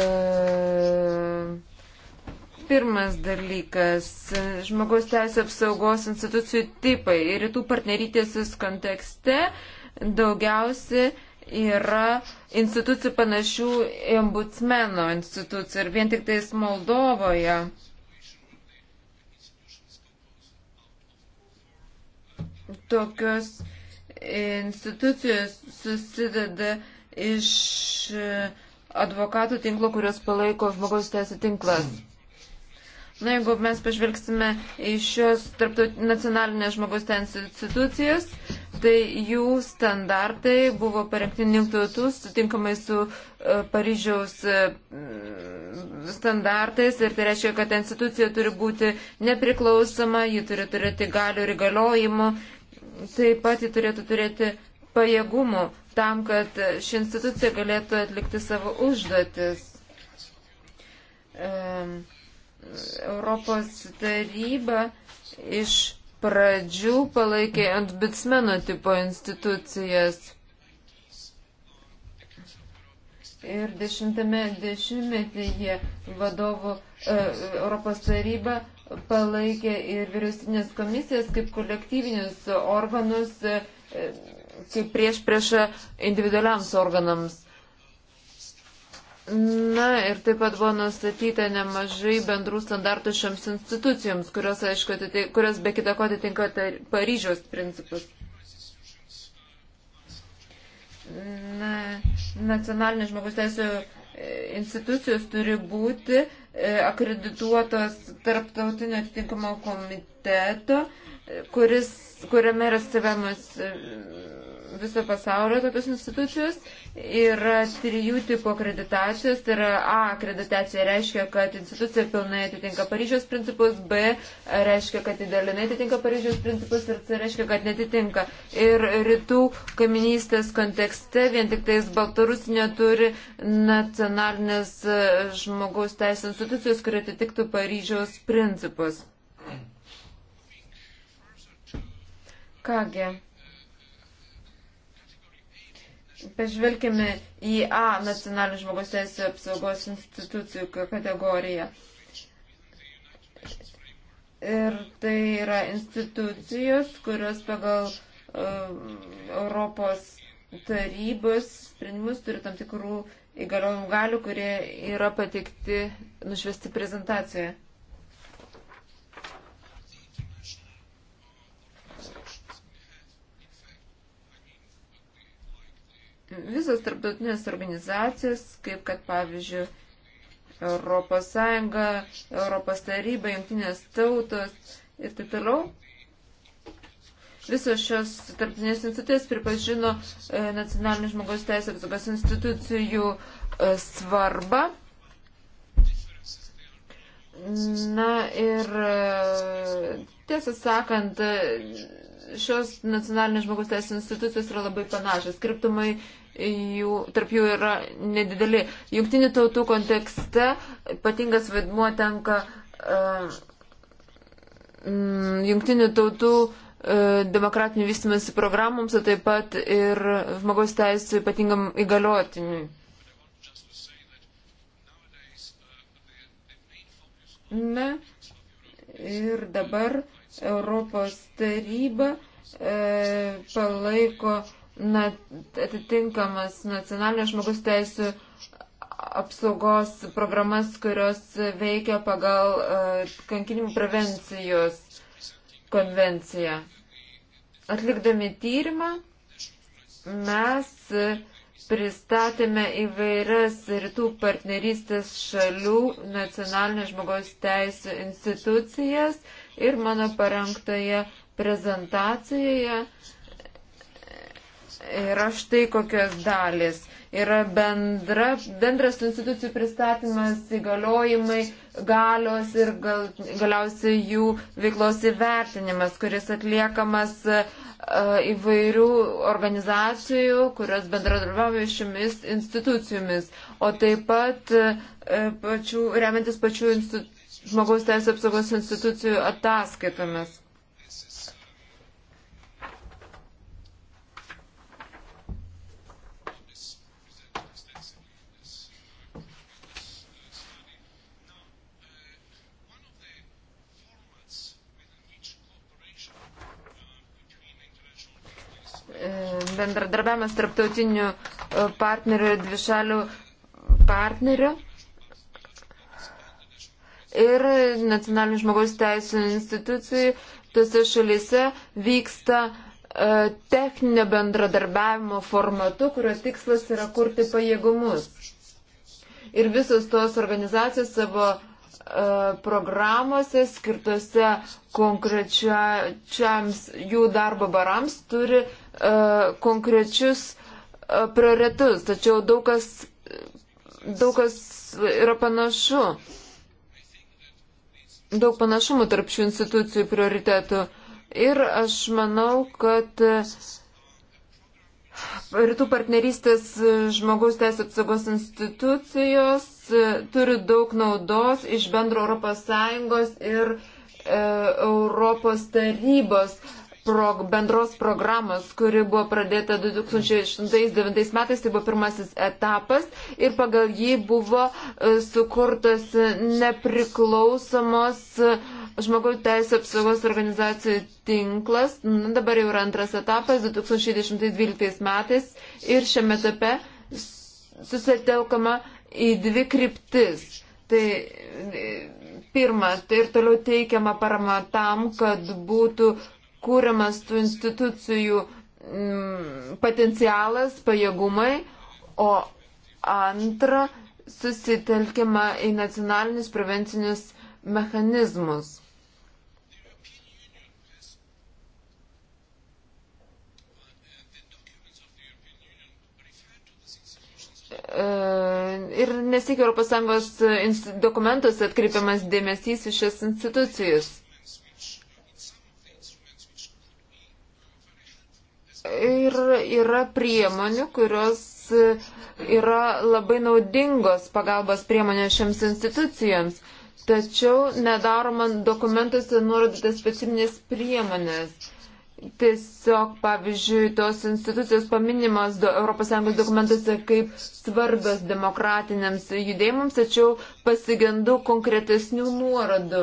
Pirmas dalykas - žmogaus teisų apsaugos institucijų tipai. Ir rytų partnerytėsis kontekste daugiausia yra institucijų panašių į ombudsmeno instituciją. Ir vien tik tais Moldovoje. Tokios institucijos susideda iš advokatų tinklo, kurios palaiko žmogaus teisų tinklas. Mm. Na, jeigu mes pažvelgsime į šios nacionalinės žmogaus teisų institucijas, tai jų standartai buvo parengti jungtautų sutinkamai su uh, Paryžiaus uh, standartais ir tai reiškia, kad institucija turi būti nepriklausoma, ji turi turėti galių ir įgaliojimų, taip pat ji turėtų turėti pajėgumų tam, kad ši institucija galėtų atlikti savo užduotis. Um, uh, Europos taryba iš pradžių palaikė antbitsmeno tipo institucijas. Ir dešimtame dešimtmetyje vadovų e, Europos taryba palaikė ir vyriausybinės komisijas kaip kolektyvinius organus, e, kaip prieš priešą individualiams organams. Na ir taip pat buvo nustatyta nemažai bendrų standartų šioms institucijoms, kurios, aišku, atitink, kurios be kita ko atitinka Paryžiaus principus. Na, nacionalinės žmogus teisų e, institucijos turi būti e, akredituotos tarptautinio atitinkamo komiteto, e, kuris, kuriame yra stebiamas viso pasaulio tokios institucijos. Yra trijų tipų akreditacijos. Tai yra A akreditacija reiškia, kad institucija pilnai atitinka Paryžiaus principus, B reiškia, kad įdalinai atitinka Paryžiaus principus ir C reiškia, kad netitinka. Ir rytų kaiminystės kontekste vien tik tais Baltarusinė turi nacionalinės e, žmogaus teisės institucijos, kurie atitiktų Paryžiaus principus. Kągi, Pažvelkime į A nacionalinių žmogaus teisų apsaugos institucijų kategoriją. Ir tai yra institucijos, kurios pagal uh, Europos tarybos sprendimus turi tam tikrų įgaliojimų galių, kurie yra patikti nušvesti prezentacijoje. Visos tarptautinės organizacijos, kaip kad pavyzdžiui Europos Sąjunga, Europos taryba, jungtinės tautos ir taip toliau, visos šios tarptautinės institucijos pripažino e, nacionalinių žmogaus teisų apsaugos institucijų e, svarbą. Na ir e, tiesą sakant, šios nacionalinės žmogaus teisų institucijos yra labai panašios. Skirtumai jų, tarp jų yra nedideli. Jungtinių tautų kontekste ypatingas vaidmuo tenka uh, jungtinių tautų uh, demokratinių vystimasi programoms, o taip pat ir žmogaus teisų ypatingam įgaliotiniui. Na ir dabar Europos taryba e, palaiko e, na, atitinkamas nacionalinės žmogus teisų apsaugos programas, kurios veikia pagal uh, kankinimų prevencijos konvenciją. Atlikdami tyrimą mes pristatėme įvairias rytų partnerystės šalių nacionalinės žmogaus teisų institucijas ir mano parengtoje prezentacijoje uh, yra štai kokios dalis. Yra bendra, bendras institucijų pristatymas, įgaliojimai, galios ir gal, galiausiai jų veiklos įvertinimas, kuris atliekamas uh, įvairių organizacijų, kurios bendradarbiauja šiomis institucijomis, o taip pat uh, pačių, remiantis pačių institu, žmogaus teisų apsaugos institucijų ataskaitomis. bendradarbiavimas tarptautinių e, partnerių ir dvišalių partnerių ir nacionalinių žmogaus teisų institucijų tose šalyse vyksta e, techninio bendradarbiavimo formatu, kurio tikslas yra kurti pajėgumus. Ir visos tos organizacijos savo e, programuose skirtose konkrečiams jų darbo barams turi E, konkrečius e, prioritetus, tačiau daug kas, daug kas yra panašu. Daug panašumų tarp šių institucijų prioritetų. Ir aš manau, kad e, Rytų partnerystės žmogaus teisų apsaugos institucijos turi daug naudos iš bendro ES ir e, Europos tarybos prog, bendros programos, kuri buvo pradėta 2008-2009 metais, tai buvo pirmasis etapas ir pagal jį buvo e, sukurtos nepriklausomos e, žmogaus teisų apsaugos organizacijų tinklas. Na, dabar jau yra antras etapas 2010-2012 metais ir šiame etape susitelkama į dvi kryptis. Tai e, pirma, tai ir toliau teikiama parama tam, kad būtų kūriamas tų institucijų mm, potencialas, pajėgumai, o antra, susitelkima į nacionalinius prevencinius mechanizmus. E, ir nesikia ES dokumentuose atkreipiamas dėmesys į šias institucijas. Ir yra priemonių, kurios yra labai naudingos pagalbos priemonės šiems institucijoms, tačiau nedaroma dokumentuose nurodytas specifinės priemonės. Tiesiog, pavyzdžiui, tos institucijos paminimos ES dokumentuose kaip svarbios demokratiniams judėjimams, tačiau pasigendu konkretesnių nuorodų.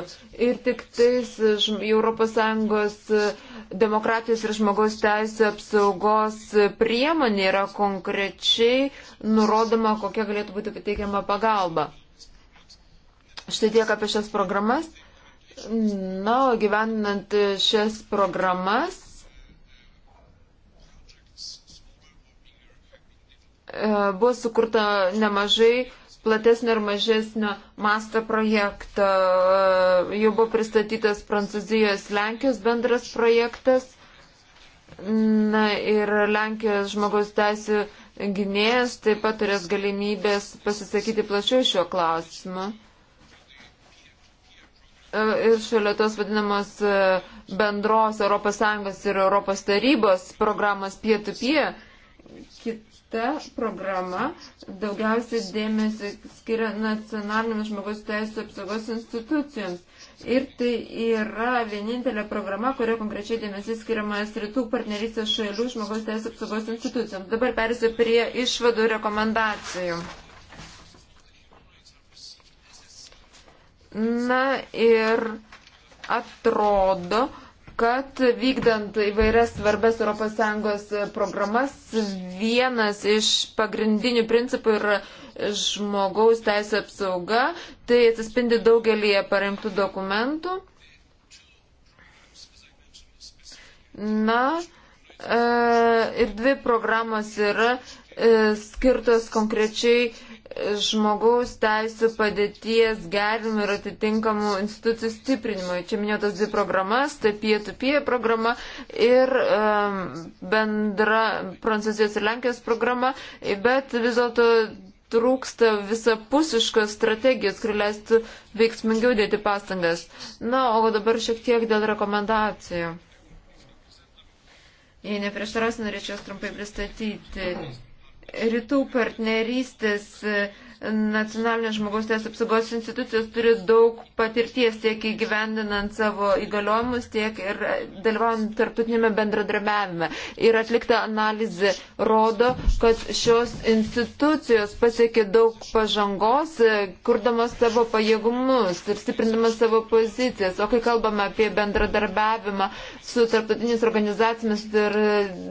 Ir tik tais ES e, demokratijos ir žmogaus teisų apsaugos priemonė yra konkrečiai nurodoma, kokia galėtų būti pateikiama pagalba. Štai tiek apie šias programas. Na, gyvenant šias programas, E, buvo sukurta nemažai platesnio ir mažesnio masto projektą. E, jau buvo pristatytas Prancūzijos Lenkijos bendras projektas. Na ir Lenkijos žmogaus teisų gynėjas taip pat turės galimybės pasisakyti plačiau šiuo klausimu. E, ir šalia tos vadinamos bendros ES ir ES tarybos programos pietų pie. -pie ta programa daugiausiai dėmesio skiria nacionalinėms žmogaus teisų apsaugos institucijoms. Ir tai yra vienintelė programa, kurio konkrečiai dėmesys skiriamas rytų partnerystės šalių žmogaus teisų apsaugos institucijoms. Dabar perėsiu prie išvadų rekomendacijų. Na ir atrodo, kad vykdant įvairias svarbes ES programas, vienas iš pagrindinių principų yra žmogaus teisė apsauga, tai atsispindi daugelį parengtų dokumentų. Na, e, ir dvi programos yra e, skirtos konkrečiai žmogaus teisų padėties gerinimui ir atitinkamų institucijų stiprinimui. Čia minėtos dvi programas, tai pietų-pie programa ir um, bendra Prancūzijos ir Lenkijos programa, bet vis dėlto trūksta visapusiškos strategijos, kuri leistų veiksmingiau dėti pastangas. Na, o dabar šiek tiek dėl rekomendacijų. Jei neprieštaras, norėčiau trumpai pristatyti rytų partnerystės nacionalinės žmogaus teisų apsaugos institucijos turi daug patirties tiek įgyvendinant savo įgaliojimus, tiek ir dalyvaujant tarptautinėme bendradarbiavime. Ir atlikta analizė rodo, kad šios institucijos pasiekė daug pažangos, kurdamas savo pajėgumus ir stiprindamas savo pozicijas. O kai kalbame apie bendradarbiavimą su tarptautinės organizacijomis ir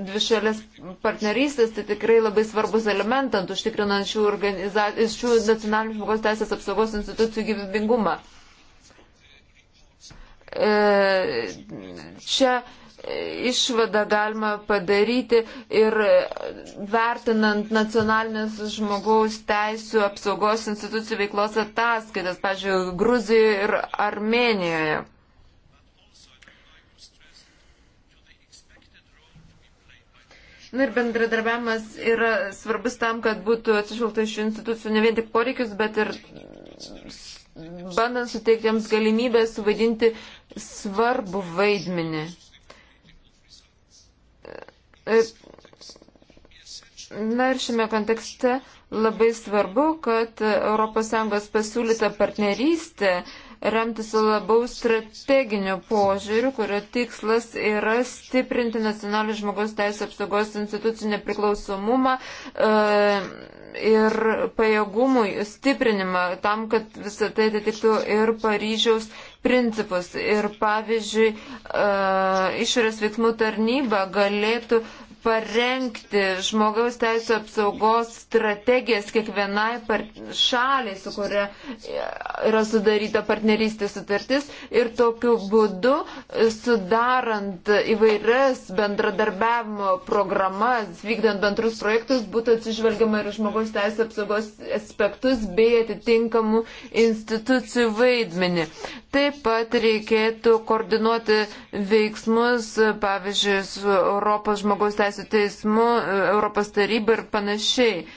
dvišalės partnerystės, tai tikrai labai svarbus elementant užtikrinant šių organizacijų pačių nacionalinių žmogaus teisės apsaugos institucijų gyvybingumą. E, čia išvadą galima padaryti ir vertinant nacionalinės žmogaus teisų apsaugos institucijų veiklos ataskaitas, pažiūrėjau, Gruzijoje ir Armenijoje. Na ir bendradarbiavimas yra svarbus tam, kad būtų atsižvelgta iš institucijų ne vien tik poreikius, bet ir bandant suteikti jiems galimybę suvaidinti svarbų vaidmenį. Na ir šiame kontekste labai svarbu, kad ES pasiūlyta partnerystė uh, remtis labiau strateginiu požiūriu, kurio tikslas yra stiprinti nacionalinį žmogaus teisų apsaugos institucijų nepriklausomumą e, ir pajėgumų stiprinimą tam, kad visą tai atitiktų ir Paryžiaus principus. Ir pavyzdžiui, e, išorės veiksmų tarnyba galėtų parengti žmogaus teisų apsaugos strategijas kiekvienai šaliai, su kuria yra sudaryta partnerystės sutartis ir tokiu būdu e, sudarant įvairias bendradarbiavimo programas, vykdant bendrus projektus, būtų atsižvelgiama ir žmogaus teisų apsaugos aspektus bei atitinkamų institucijų vaidmenį. Taip pat reikėtų koordinuoti veiksmus, pavyzdžiui, su Europos žmogaus teisų teisų teismu, Europos taryba ir panašiai.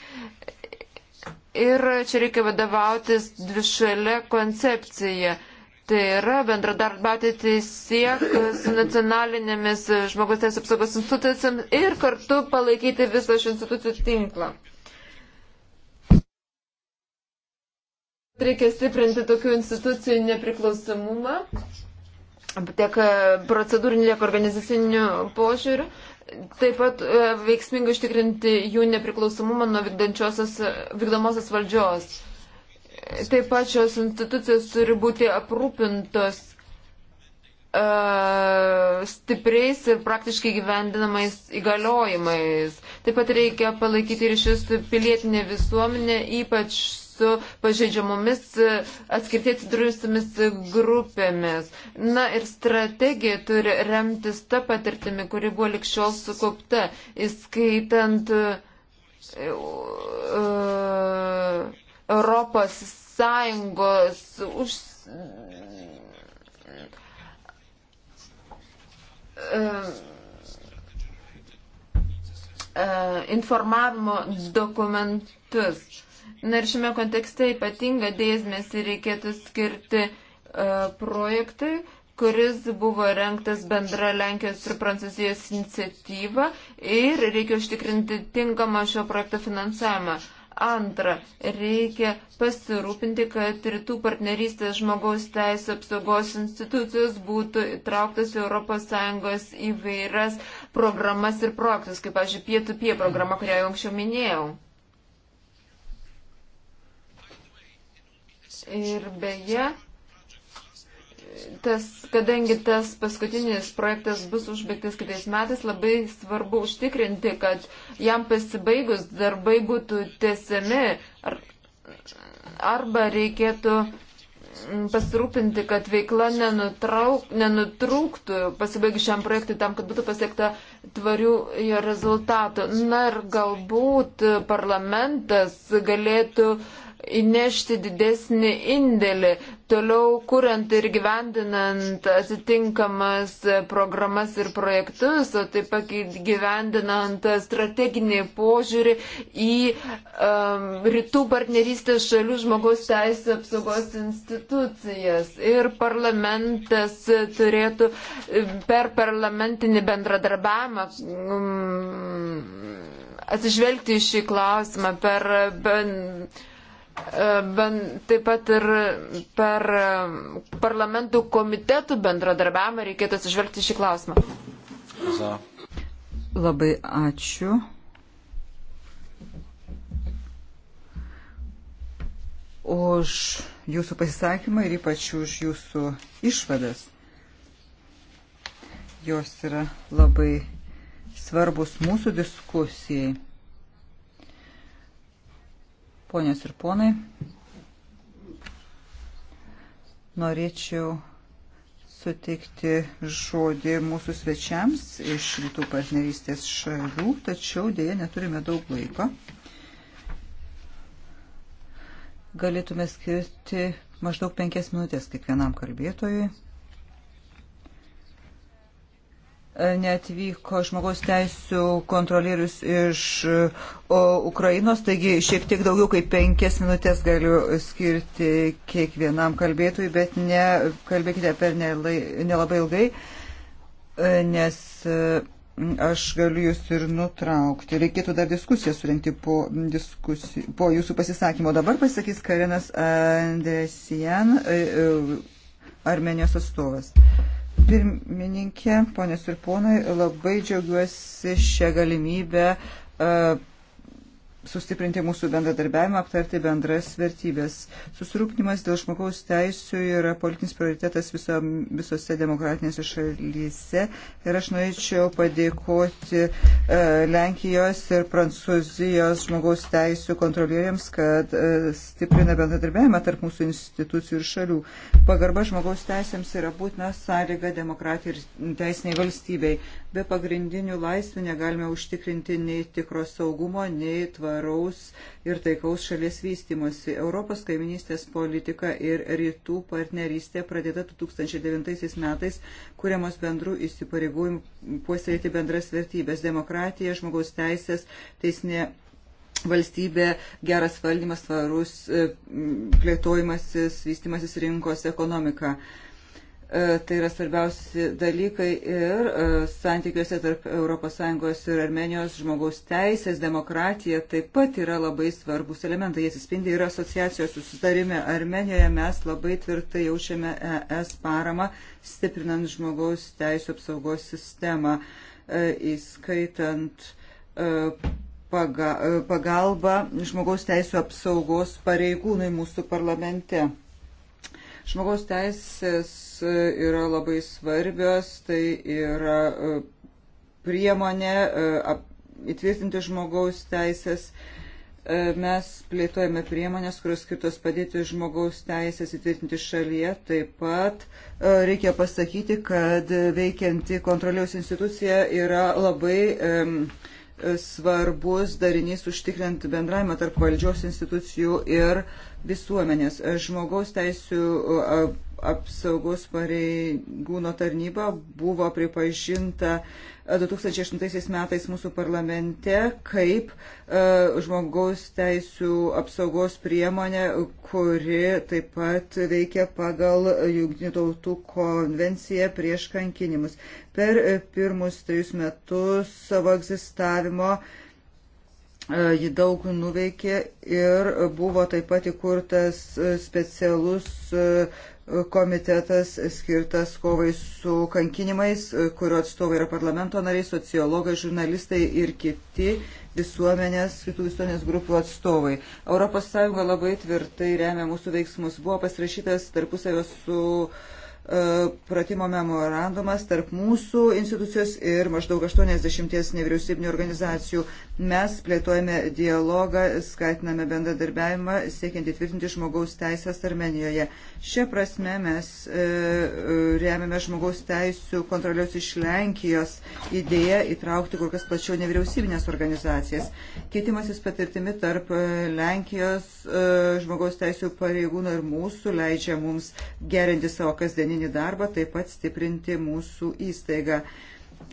Ir čia reikia vadovautis dvišalė koncepcija. Tai yra bendradarbiauti tiesiek su nacionalinėmis žmogus teisų apsaugos institucijomis ir kartu palaikyti visą šių institucijų tinklą. Reikia stiprinti tokių institucijų nepriklausomumą tiek procedūrinių, tiek organizacinių požiūrių. Taip pat e, veiksmingai užtikrinti jų nepriklausomumą nuo vykdomosios valdžios. Taip pat šios institucijos turi būti aprūpintos uh, stipriais ir praktiškai gyvendinamais įgaliojimais. Taip pat reikia palaikyti ryšius su pilietinė visuomenė, ypač su pažeidžiamomis e, atskirti atsidūrusiamis grupėmis. Na ir strategija turi remtis tą patirtimį, kuri buvo likščiol sukaupta, įskaitant uh, Europos Sąjungos už. Uh, informavimo dokumentus. Na ir šiame kontekste ypatinga dėmesį reikėtų skirti uh, projektui, kuris buvo renktas bendra Lenkijos ir Prancūzijos iniciatyva ir reikia užtikrinti tinkamą šio projekto finansavimą. Antra, reikia pasirūpinti, kad rytų partnerystės žmogaus teisų apsaugos institucijos būtų įtrauktas ES įvairias programas ir projektus, kaip, pažiūrėjau, pietų pie programa, kurią jau anksčiau minėjau. Ir beje, tas, kadangi tas paskutinis projektas bus užbaigtas kitais metais, labai svarbu užtikrinti, kad jam pasibaigus darbai būtų tesiami ar, arba reikėtų mm, pasirūpinti, kad veikla nenutrauk, nenutrūktų pasibaigus šiam projektui tam, kad būtų pasiekta tvarių jo rezultatų. Na ir galbūt parlamentas galėtų uh, įnešti didesnį indėlį, toliau kuriant ir gyvendinant atitinkamas programas ir projektus, o taip pat gyvendinant strateginį požiūrį į um, rytų partnerystės šalių žmogaus teisų apsaugos institucijas. Ir parlamentas turėtų per parlamentinį bendradarbiavimą. Um, atsižvelgti į šį klausimą per ben, E, taip pat ir per parlamentų komitetų bendradarbiavimą reikėtų atsižvelgti šį klausimą. Za. Labai ačiū. Už jūsų pasisakymą ir ypač už jūsų išvadas. Jos yra labai svarbus mūsų diskusijai. Ponios ir ponai, norėčiau sutikti žodį mūsų svečiams iš rytų partnerystės šalių, tačiau dėja neturime daug laiko. Galėtume skirti maždaug penkias minutės kiekvienam kalbėtojui. netvyko žmogaus teisų kontrolierius iš Ukrainos, taigi šiek tiek daugiau kaip penkias minutės galiu skirti kiekvienam kalbėtui, bet ne, kalbėkite per nelabai ilgai, nes aš galiu jūs ir nutraukti. Reikėtų dar diskusiją surinkti po, diskusi, po jūsų pasisakymo. Dabar pasakys Karenas Andresian, e, e, Armenijos atstovas. Pirmininkė, ponės ir ponai, labai džiaugiuosi šią galimybę e, sustiprinti mūsų bendradarbiavimą, aptarti bendras vertybės. Susirūpinimas dėl žmogaus teisų yra politinis prioritetas viso, visose demokratinėse šalyse. Ir aš norėčiau padėkoti e, Lenkijos ir Prancūzijos žmogaus teisų kontrolieriams, kad e, stiprina bendradarbiavimą tarp mūsų institucijų ir šalių. Pagarba žmogaus teisėms yra būtina sąlyga demokratijai ir teisiniai valstybei. Be pagrindinių laisvių negalime užtikrinti nei tikro saugumo, nei tvaros tvaraus ir taikaus šalies vystimosi. Europos kaiminystės politika ir rytų partnerystė pradėta 2009 metais, kuriamos bendrų įsipareigojimų puoselėti bendras vertybės - demokratija, žmogaus teisės, teisinė valstybė, geras valdymas, tvarus e, plėtojimasis, vystimasis rinkos ekonomika. E, E, tai yra svarbiausi dalykai ir e, santykiuose tarp ES ir Armenijos žmogaus teisės, demokratija taip pat yra labai svarbus elementai. Jie atsispindi ir asociacijos susitarime Armenijoje. Mes labai tvirtai jaučiame ES paramą, stiprinant žmogaus teisų apsaugos sistemą, e, įskaitant pagalbą žmogaus teisų apsaugos pareigūnai mūsų parlamente. Žmogaus teisės yra labai svarbios, tai yra e, priemonė e, įtvirtinti žmogaus teisės. E, mes plėtojame priemonės, kurios skirtos padėti žmogaus teisės įtvirtinti šalyje. Taip pat reikia pasakyti, kad veikianti kontroliaus institucija yra labai svarbus darinys užtikrint bendravimą tarp valdžios institucijų ir visuomenės. Žmogaus teisų apsaugos pareigūno tarnyba buvo pripažinta 2008 e, metais mūsų parlamente kaip e, žmogaus teisų apsaugos priemonė, kuri taip pat veikia pagal Junktinių tautų konvenciją prieš kankinimus. Per pirmus trejus metus savo egzistavimo e, ji daug nuveikė ir buvo taip pat įkurtas specialus komitetas skirtas kovai su kankinimais, kurio atstovai yra parlamento nariai, sociologai, žurnalistai ir kiti visuomenės, kitų visuomenės grupių atstovai. ES labai tvirtai remia mūsų veiksmus. Buvo pasirašytas tarpusavio su uh, E, pratimo memorandumas tarp mūsų institucijos ir maždaug 80 nevyriausybinio organizacijų. Mes plėtojame dialogą, skatiname bendradarbiavimą, siekiant įtvirtinti žmogaus teisės Armenijoje. Šia prasme mes e, e remiame žmogaus teisų kontrolios iš Lenkijos idėją įtraukti kur kas plačiau nevyriausybinės organizacijas. Keitimasis patirtimi tarp e, Lenkijos e, žmogaus teisų pareigūno ir mūsų leidžia mums gerinti savo kasdieninį akademinį darbą, taip pat stiprinti mūsų įstaigą.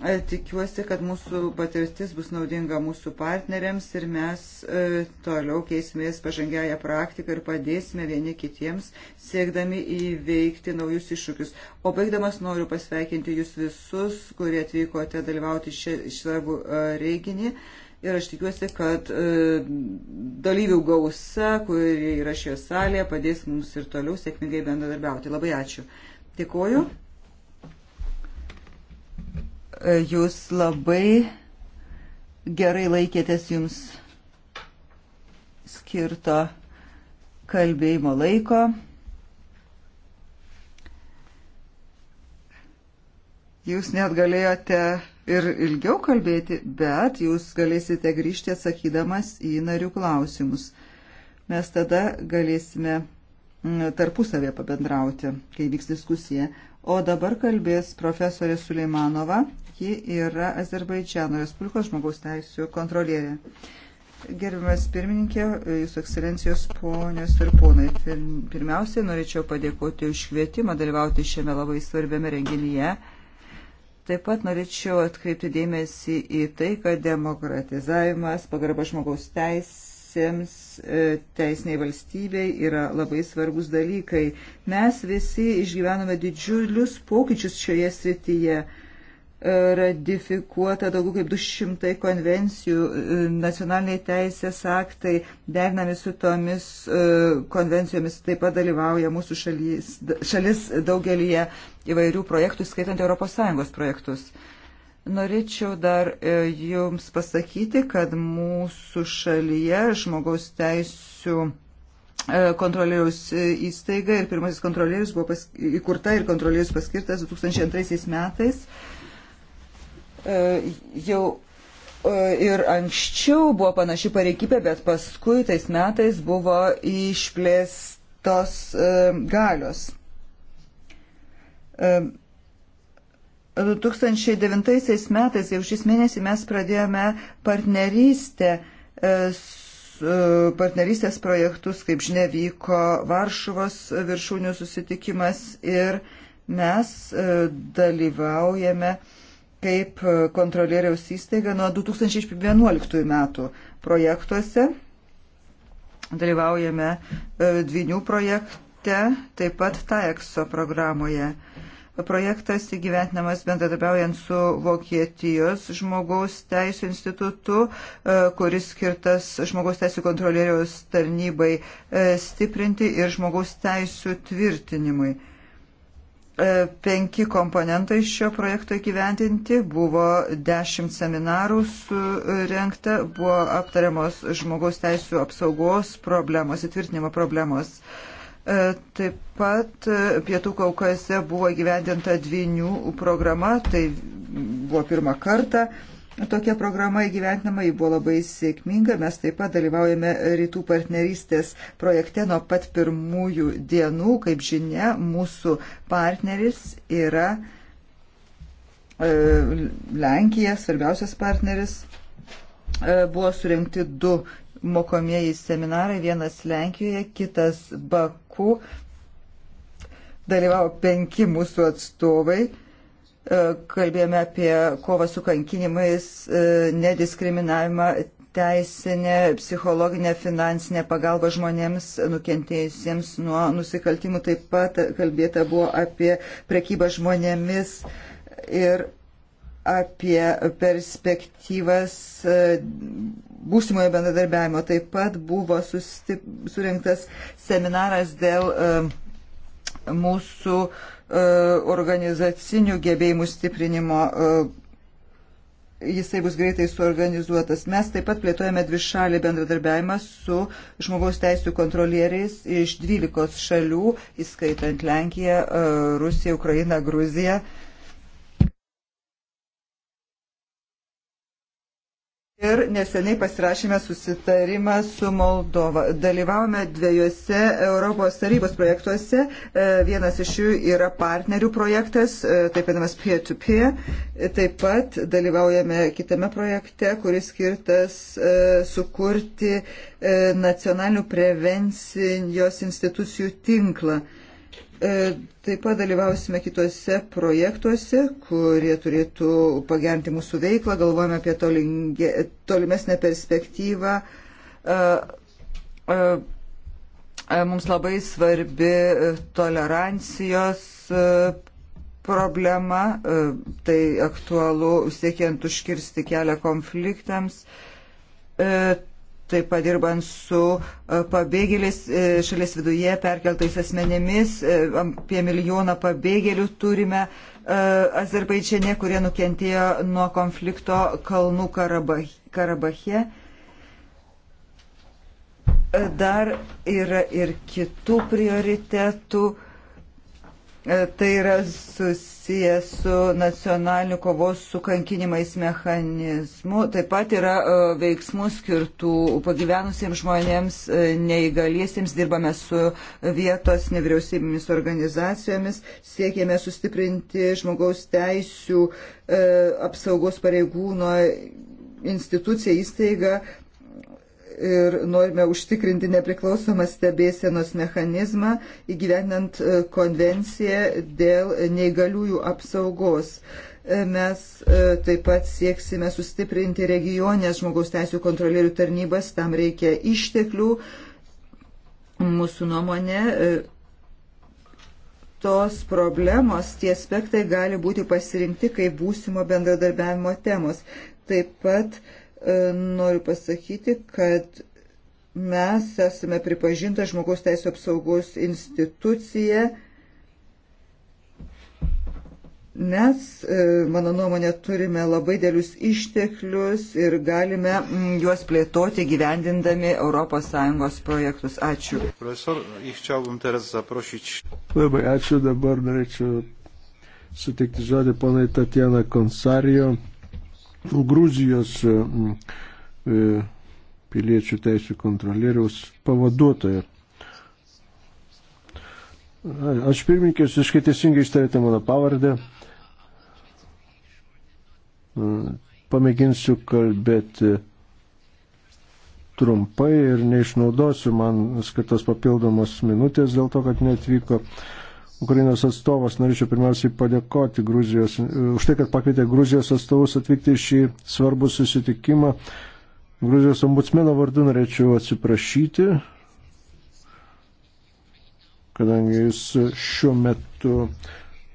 E, tikiuosi, kad mūsų patirtis bus naudinga mūsų partneriams ir mes e, toliau keisimės pažangiają praktiką ir padėsime vieni kitiems, siekdami įveikti naujus iššūkius. O baigdamas noriu pasveikinti jūs visus, kurie atvykote dalyvauti šį svarbų e, reiginį. Ir aš tikiuosi, kad e, dalyvių gausa, kurie yra šioje salėje, padės mums ir toliau sėkmingai bendradarbiauti. Labai ačiū. Dėkuoju. E, jūs labai gerai laikėtės jums skirto kalbėjimo laiko. Jūs net galėjote ir ilgiau kalbėti, bet jūs galėsite grįžti atsakydamas į narių klausimus. Mes tada galėsime tarpusavėje pabendrauti, kai vyks diskusija. O dabar kalbės profesorė Suleimanova, ji yra Azerbaidžiano Respublikos žmogaus teisų kontrolierė. Gerbiamas pirmininkė, Jūsų ekscelencijos ponios ir ponai, pirmiausiai norėčiau padėkoti už kvietimą dalyvauti šiame labai svarbiame renginyje. Taip pat norėčiau atkreipti dėmesį į tai, kad demokratizavimas, pagarba žmogaus teisė, visiems e, teisiniai valstybei yra labai svarbus dalykai. Mes visi išgyvename didžiulius pokyčius šioje srityje. E, Ratifikuota daugiau kaip 200 konvencijų, e, nacionaliniai teisės aktai, derinami su tomis konvencijomis, taip pat dalyvauja mūsų šalis, šalis daugelie įvairių projektų, skaitant ES projektus. Norėčiau dar e, Jums pasakyti, kad mūsų šalyje žmogaus teisų e, kontrolieriaus e, įstaiga ir pirmasis kontrolierius buvo pas, įkurta ir kontrolierius paskirtas 2002 metais. Jau ir anksčiau buvo panaši pareikybė, bet paskui tais metais buvo išplėstos galios 2009 metais, jau šis mėnesį mes pradėjome partnerystę e, e, partnerystės projektus, kaip žinia, vyko Varšuvos viršūnių susitikimas ir mes e, dalyvaujame kaip kontrolieriaus įstaiga nuo 2011 metų projektuose. Dalyvaujame dvinių projekte, taip pat TAEXO programoje. Projektas įgyventinamas bendradarbiaujant su Vokietijos žmogaus teisų institutu, e, kuris skirtas žmogaus teisų kontrolieriaus tarnybai e, stiprinti ir žmogaus teisų tvirtinimui. E, penki komponentai šio projekto įgyvendinti, buvo dešimt seminarų surenkta, buvo aptariamos žmogaus teisų apsaugos problemos, įtvirtinimo problemos. Uh, E, taip pat e, Pietų Kaukaze buvo gyvendinta dvinių programa, tai buvo pirmą kartą tokia programa įgyventinama, ji buvo labai sėkminga. Mes taip pat dalyvaujame rytų partnerystės projekte nuo pat pirmųjų dienų. Kaip žinia, mūsų partneris yra e, Lenkija, svarbiausias partneris. E, buvo surinkti du mokomieji seminarai, vienas Lenkijoje, kitas Baku aukų. Dalyvavo penki mūsų atstovai. E, kalbėjome apie kovą su kankinimais, e, nediskriminavimą, teisinę, psichologinę, finansinę pagalbą žmonėms nukentėjusiems nuo nusikaltimų. Taip pat kalbėta buvo apie prekybą žmonėmis ir apie perspektyvas e, būsimojo bendradarbiavimo. Taip pat buvo sustip, surinktas seminaras dėl e, mūsų e, organizacinių gebėjimų stiprinimo. E, jisai bus greitai suorganizuotas. Mes taip pat plėtojame dvišalį bendradarbiavimą su žmogaus teisų kontrolieriais iš 12 šalių, įskaitant Lenkiją, Rusiją, Ukrainą, Gruziją. Uh, Ir neseniai pasirašėme susitarimą su Moldova. Dalyvavome dviejose Europos tarybos projektuose. E, vienas iš jų yra partnerių projektas, e, taip vadinamas peer-to-peer. E, taip pat dalyvaujame kitame projekte, kuris skirtas sukurti nacionalinių prevencijos institucijų tinklą. E, taip pat dalyvausime kitose projektuose, kurie turėtų pagerinti mūsų veiklą, galvojame apie tolingė, tolimesnę perspektyvą. E, e, mums labai svarbi tolerancijos problema, tai aktualu siekiant užkirsti kelią konfliktams taip pat dirbant su e, pabėgėliais e, šalies viduje perkeltais asmenėmis, e, apie milijoną pabėgėlių turime Azerbaidžiane, kurie nukentėjo nuo konflikto Kalnų Karabache. Dar yra ir kitų prioritetų. Tai yra sus susijęs su nacionaliniu kovos su kankinimais mechanizmu. Taip pat yra e, veiksmų skirtų pagyvenusiems žmonėms, e, neįgaliesiems, dirbame su vietos nevyriausybėmis organizacijomis, siekėme sustiprinti žmogaus teisų e, apsaugos pareigūno institucija, įstaiga ir norime užtikrinti nepriklausomą stebėsienos mechanizmą įgyvenant e, konvenciją dėl neįgaliųjų apsaugos. E, mes e, taip pat sieksime sustiprinti regionės žmogaus teisų kontrolierių tarnybas, tam reikia išteklių. Mūsų nuomonė, tos problemos, tie aspektai gali būti pasirinkti kaip būsimo bendradarbiavimo temos. Taip pat uh, E, noriu pasakyti, kad mes esame pripažinta žmogaus teisų apsaugos institucija. Mes, e, mano nuomonė, turime labai dėlius išteklius ir galime mm, juos plėtoti gyvendindami ES projektus. Ačiū. Profesor, chciałbym teraz zaprosić. Labai ačiū, dabar norėčiau sutikti žodį ponai Tatjana Konsarijo. Nu, Gruzijos e, e, piliečių teisų kontrolieriaus pavaduotoja. Aš pirmininkės, iškai teisingai ištarėte mano pavardę. E, pamėginsiu kalbėti trumpai ir neišnaudosiu man skirtos papildomos minutės dėl to, kad netvyko Ukrainos atstovas. Norėčiau pirmiausiai padėkoti Gruzijos, už tai, kad pakvietė Gruzijos atstovus atvykti į šį svarbų susitikimą. Gruzijos ombudsmeno vardu norėčiau atsiprašyti, kadangi jis šiuo metu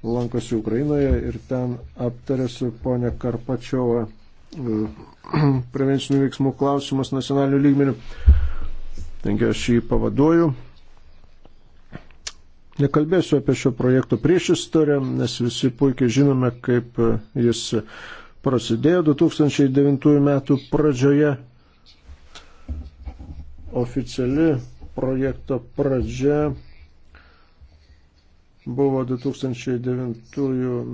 lankosi Ukrainoje ir ten aptarė su ponia Karpačiova e, prevencinių veiksmų klausimus nacionalinių lygmenių. Tengi aš jį pavaduoju. Nekalbėsiu apie šio projekto priešistorę, nes visi puikiai žinome, kaip jis prasidėjo 2009 metų pradžioje. Oficiali projekto pradžia buvo 2009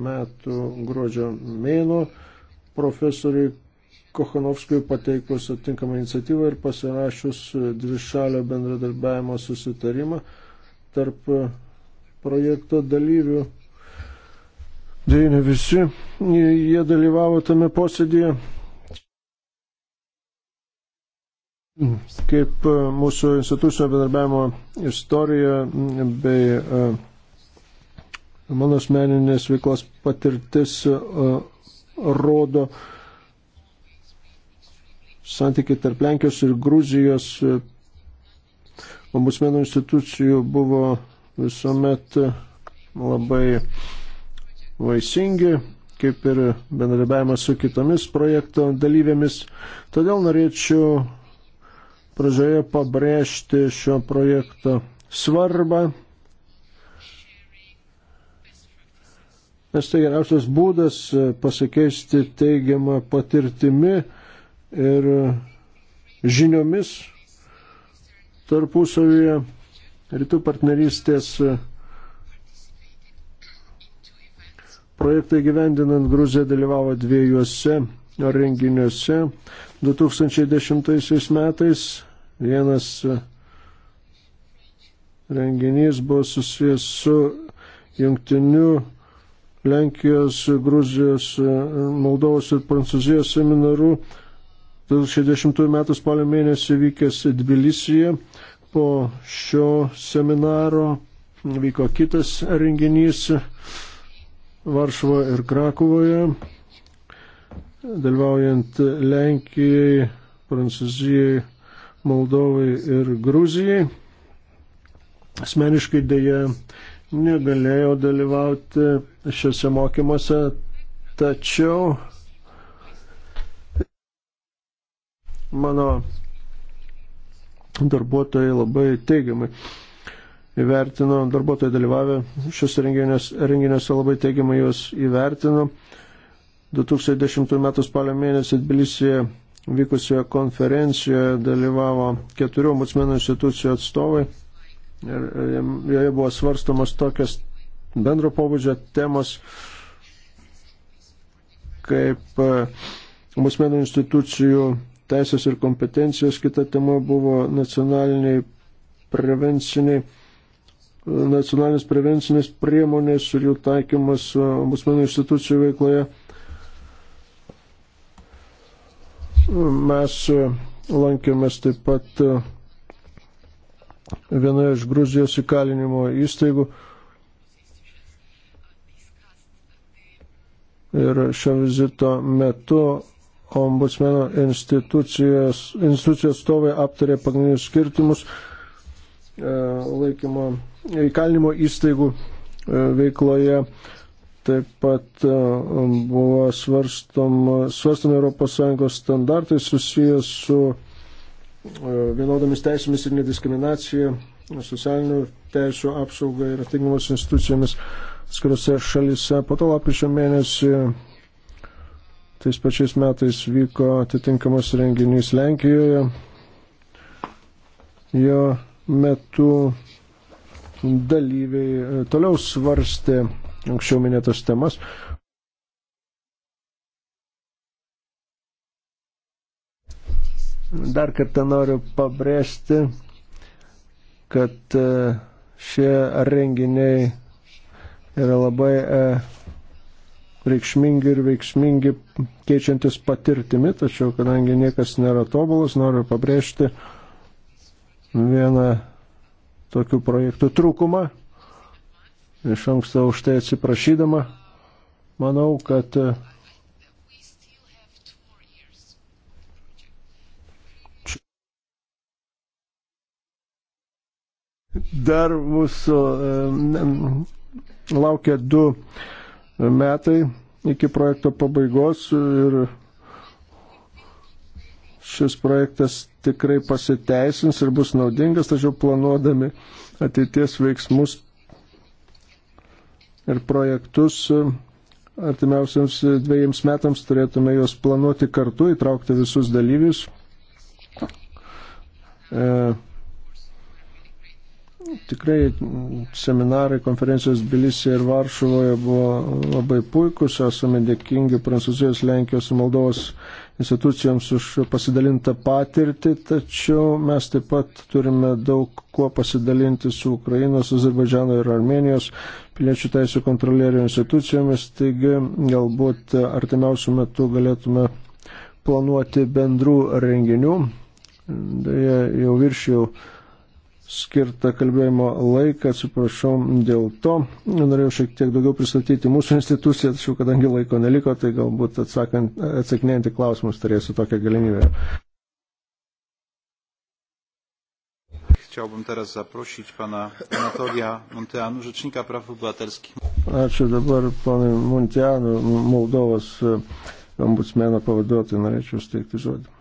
metų gruodžio mėno profesoriui Kochanovskijui pateikus atitinkamą iniciatyvą ir pasirašius dvišalio bendradarbiavimo susitarimą tarp projekto dalyvių. Dėja, ne visi. Jie dalyvavo tame posėdėje. Kaip mūsų institucinio bendarbiavimo istorija bei e, mano asmeninės veiklos patirtis e, rodo, santykiai tarp Lenkijos ir Gruzijos ombudsmenų institucijų buvo visuomet labai vaisingi, kaip ir bendradarbiavimas su kitomis projekto dalyvėmis. Todėl norėčiau pradžioje pabrėžti šio projekto svarbą, nes tai geriausias būdas pasikeisti teigiamą patirtimi ir žiniomis tarpusavyje rytų partnerystės e, projektai gyvendinant Gruziją dalyvavo dviejuose renginiuose. 2010 metais vienas e, renginys buvo susijęs su jungtiniu Lenkijos, Gruzijos, e, Moldovos ir Prancūzijos seminaru 2010 m. spalio mėnesį vykęs Tbilisyje, Po šio seminaro vyko kitas renginys Varšuvoje ir Krakovoje, dalyvaujant Lenkijai, Prancūzijai, Moldovai ir Gruzijai. Asmeniškai dėja negalėjau dalyvauti šiuose mokymuose, tačiau mano darbuotojai labai teigiamai įvertino, darbuotojai dalyvavę šios renginiuose labai teigiamai juos įvertino. 2010 m. spalio mėnesį Tbilisėje vykusioje konferencijoje dalyvavo keturių ombudsmenų institucijų atstovai ir joje buvo svarstamos tokias bendro pobūdžio temos kaip e, ombudsmenų institucijų teisės ir kompetencijos, kita tema buvo nacionaliniai prevenciniai nacionalinės prevencinės priemonės ir jų taikymas e, ombudsmenų institucijų veikloje. Mes e, lankėmės taip pat e, vienoje iš Gruzijos įkalinimo įstaigų. Ir šio vizito metu ombudsmeno institucijos, institucijos stovai aptarė pagrindinius skirtimus e, laikymo įkalinimo įstaigų e, veikloje. Taip pat e, buvo svarstomi svarstom ES standartai susijęs su vienodomis teisėmis ir nediskriminacija, socialinių teisų apsauga ir atitinkamos institucijomis skiriuose šalyse. Po to lapkričio mėnesį Tais pačiais metais vyko atitinkamas renginys Lenkijoje. Jo metu dalyviai e, toliau svarstė anksčiau minėtas temas. Dar kartą noriu pabrėžti, kad e, šie renginiai yra labai e, reikšmingi ir veiksmingi keičiantis patirtimi, tačiau kadangi niekas nėra tobulas, noriu pabrėžti vieną tokių projektų trūkumą. Iš anksto už tai atsiprašydama, manau, kad dar mūsų laukia du metai iki projekto pabaigos ir šis projektas tikrai pasiteisins ir bus naudingas, tačiau planuodami ateities veiksmus ir projektus artimiausiams dviejams metams turėtume juos planuoti kartu, įtraukti visus dalyvius. E, tikrai seminarai, konferencijos Bilisėje ir Varšuvoje buvo labai puikus. Esame dėkingi Prancūzijos, Lenkijos ir Moldovos institucijoms už pasidalintą patirtį, tačiau mes taip pat turime daug kuo pasidalinti su Ukrainos, Azerbaidžiano ir Armenijos piliečių teisų kontrolierių institucijomis. Taigi galbūt artimiausių metų galėtume planuoti bendrų renginių. Deja, jau viršėjau skirtą kalbėjimo laiką, atsiprašau dėl to. Norėjau šiek tiek daugiau pristatyti mūsų instituciją, tačiau kadangi laiko neliko, tai galbūt atsakant, atsakinėjant į klausimus turėsiu tokią galimybę. Chciałbym teraz zaprosić pana Anatolia Monteanu, Rzecznika Praw Obywatelskich. Ačiū dabar panai Monteanu, Moldovos ombudsmeno pavaduotojai, norėčiau steigti žodį.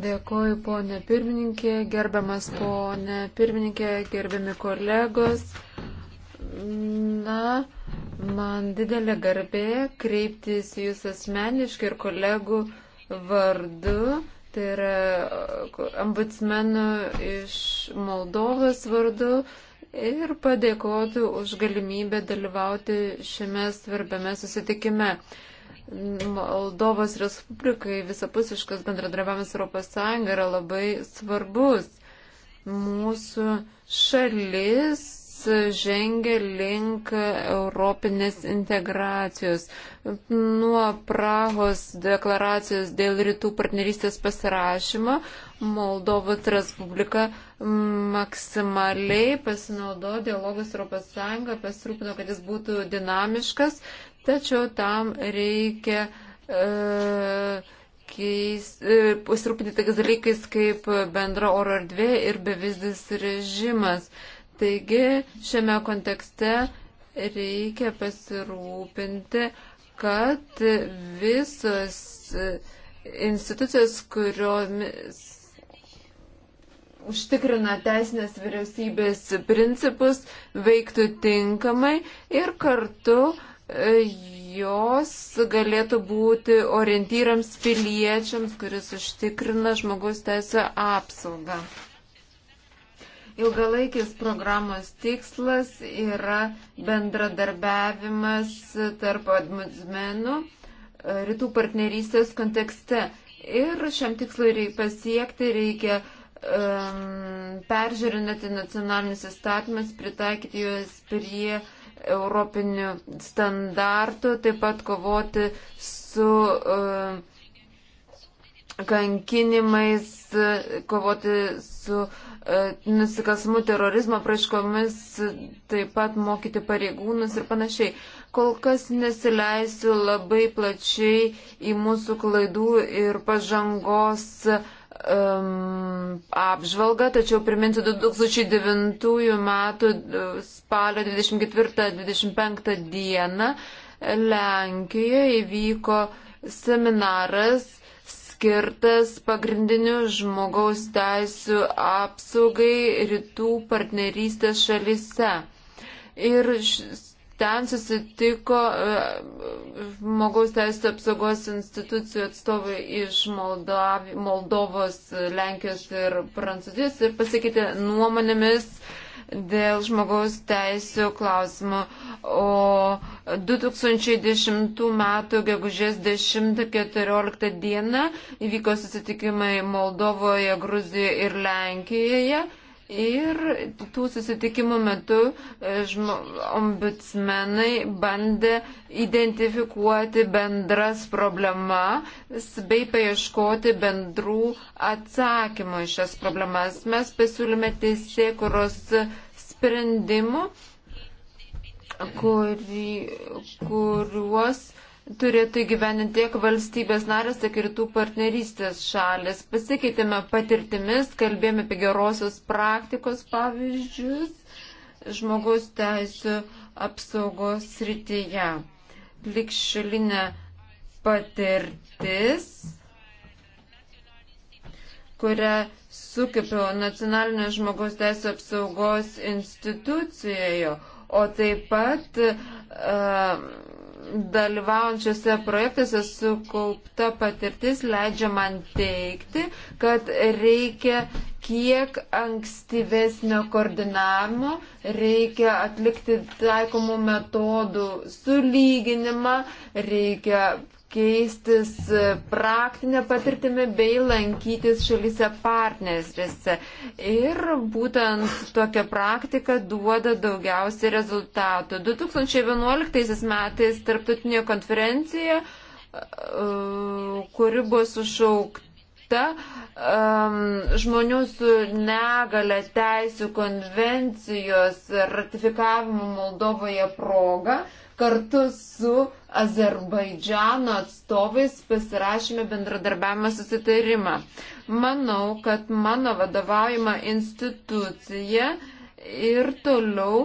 Dėkoju, ponė pirmininkė, gerbiamas ponė pirmininkė, gerbiami kolegos. Na, man didelė garbė kreiptis jūs asmeniškai ir kolegų vardu. Tai yra e, ambudsmenų iš Moldovos vardu ir padėkoti už galimybę dalyvauti šiame svarbiame susitikime. Moldovos Respublikai visapusiškas bendradarbiavimas Europos Sąjunga yra labai svarbus. Mūsų šalis žengia link Europinės integracijos. Nuo Prahos deklaracijos dėl rytų partnerystės pasirašymo Moldovos Respublika maksimaliai pasinaudo dialogas Europos Sąjunga, pasirūpino, kad jis būtų dinamiškas, Tačiau tam reikia e, keis, e, pasirūpinti tokiais dalykais kaip bendra oro erdvė ir bevizdis režimas. Taigi šiame kontekste reikia pasirūpinti, kad visos institucijos, kuriomis užtikrina teisinės vyriausybės principus, veiktų tinkamai ir kartu uh, jos galėtų būti orientyrams piliečiams, kuris užtikrina žmogus teisę apsaugą. Ilgalaikis programos tikslas yra bendradarbiavimas tarp admizmenų rytų partnerystės kontekste. Ir šiam tikslui reikia pasiekti reikia um, peržiūrinėti nacionalinius įstatymus, pritaikyti juos prie uh, europinių standartų, taip pat kovoti su uh, kankinimais, kovoti su uh, e, nusikasmu terorizmo praaiškomis, taip pat mokyti pareigūnus ir panašiai. Kol kas nesileisiu labai plačiai į mūsų klaidų ir pažangos um, apžvalgą, tačiau priminsiu 2009 metų spalio 24-25 dieną Lenkijoje įvyko seminaras skirtas pagrindinių žmogaus teisų apsaugai rytų partnerystės šalise. Ir ten susitiko e, žmogaus teisų apsaugos institucijų atstovai iš Moldavi, Moldovos, Lenkijos ir Prancūzijos ir pasikeitė nuomonėmis dėl žmogaus teisų klausimų. O 2010 m. gegužės 10-14 d. įvyko susitikimai Moldovoje, Gruzijoje ir Lenkijoje. Ir tų susitikimų metu e, žmo, ombudsmenai bandė identifikuoti bendras problemas bei paieškoti bendrų atsakymų į šias problemas. Mes pasiūlėme teisėkuros sprendimų, kuri, kuriuos turėtų įgyveninti tiek valstybės narės, tiek ir tų partnerystės šalis. Pasikeitėme patirtimis, kalbėjome apie gerosios praktikos pavyzdžius žmogaus teisų apsaugos srityje. Likšilinė patirtis, kurią sukipio nacionalinio žmogaus teisų apsaugos institucijoje, o taip pat uh, dalyvaujančiose projektuose sukaupta patirtis leidžia man teikti, kad reikia kiek ankstyvesnio koordinavimo, reikia atlikti taikomų metodų sulyginimą, reikia keistis e, praktinę patirtimį bei lankytis šalyse partnerėse. Ir būtent tokia praktika duoda daugiausiai rezultatų. 2011 metais tarptautinė konferencija, e, kuri buvo sušaukta žmonių su negale teisų konvencijos ratifikavimo Moldovoje proga kartu su Azerbaidžiano atstovais pasirašėme bendradarbiavimo susitarimą. Manau, kad mano vadovaujama institucija ir toliau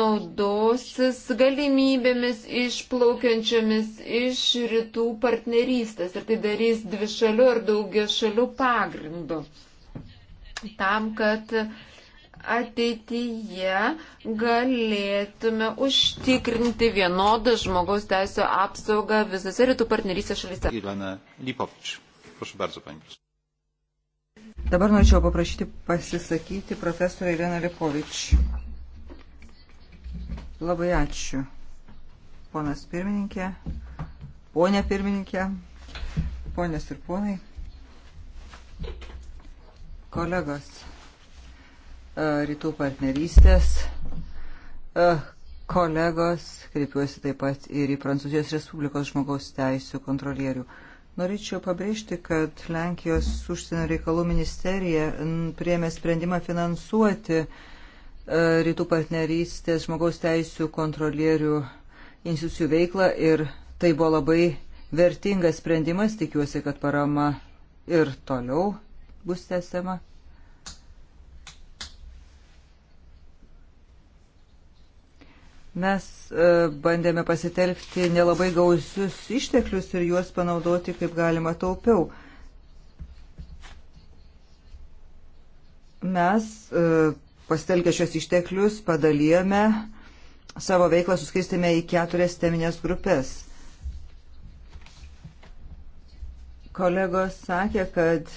naudosis galimybėmis išplaukiančiamis iš rytų partnerystės ir tai darys dvi šalių ar daugia šalių pagrindų. Tam, kad ateityje galėtume užtikrinti vienodą žmogaus teisų apsaugą visose rytų partnerystės šalyse. Dabar norėčiau paprašyti pasisakyti profesorą Ireną Lipovič. Labai ačiū, ponas pirmininkė, ponė pirmininkė, ponės ir ponai, kolegos rytų partnerystės e, kolegos, kreipiuosi taip pat ir į Prancūzijos Respublikos žmogaus teisų kontrolierių. Norėčiau pabrėžti, kad Lenkijos užsienio reikalų ministerija priemė sprendimą finansuoti e, rytų partnerystės žmogaus teisų kontrolierių institucijų veiklą ir tai buvo labai vertingas sprendimas. Tikiuosi, kad parama ir toliau bus tęsiama. Mes e, bandėme pasitelkti nelabai gausius išteklius ir juos panaudoti kaip galima taupiau. Mes e, pasitelkę šios išteklius padalyjome savo veiklą suskirstėme į keturias teminės grupės. Kolegos sakė, kad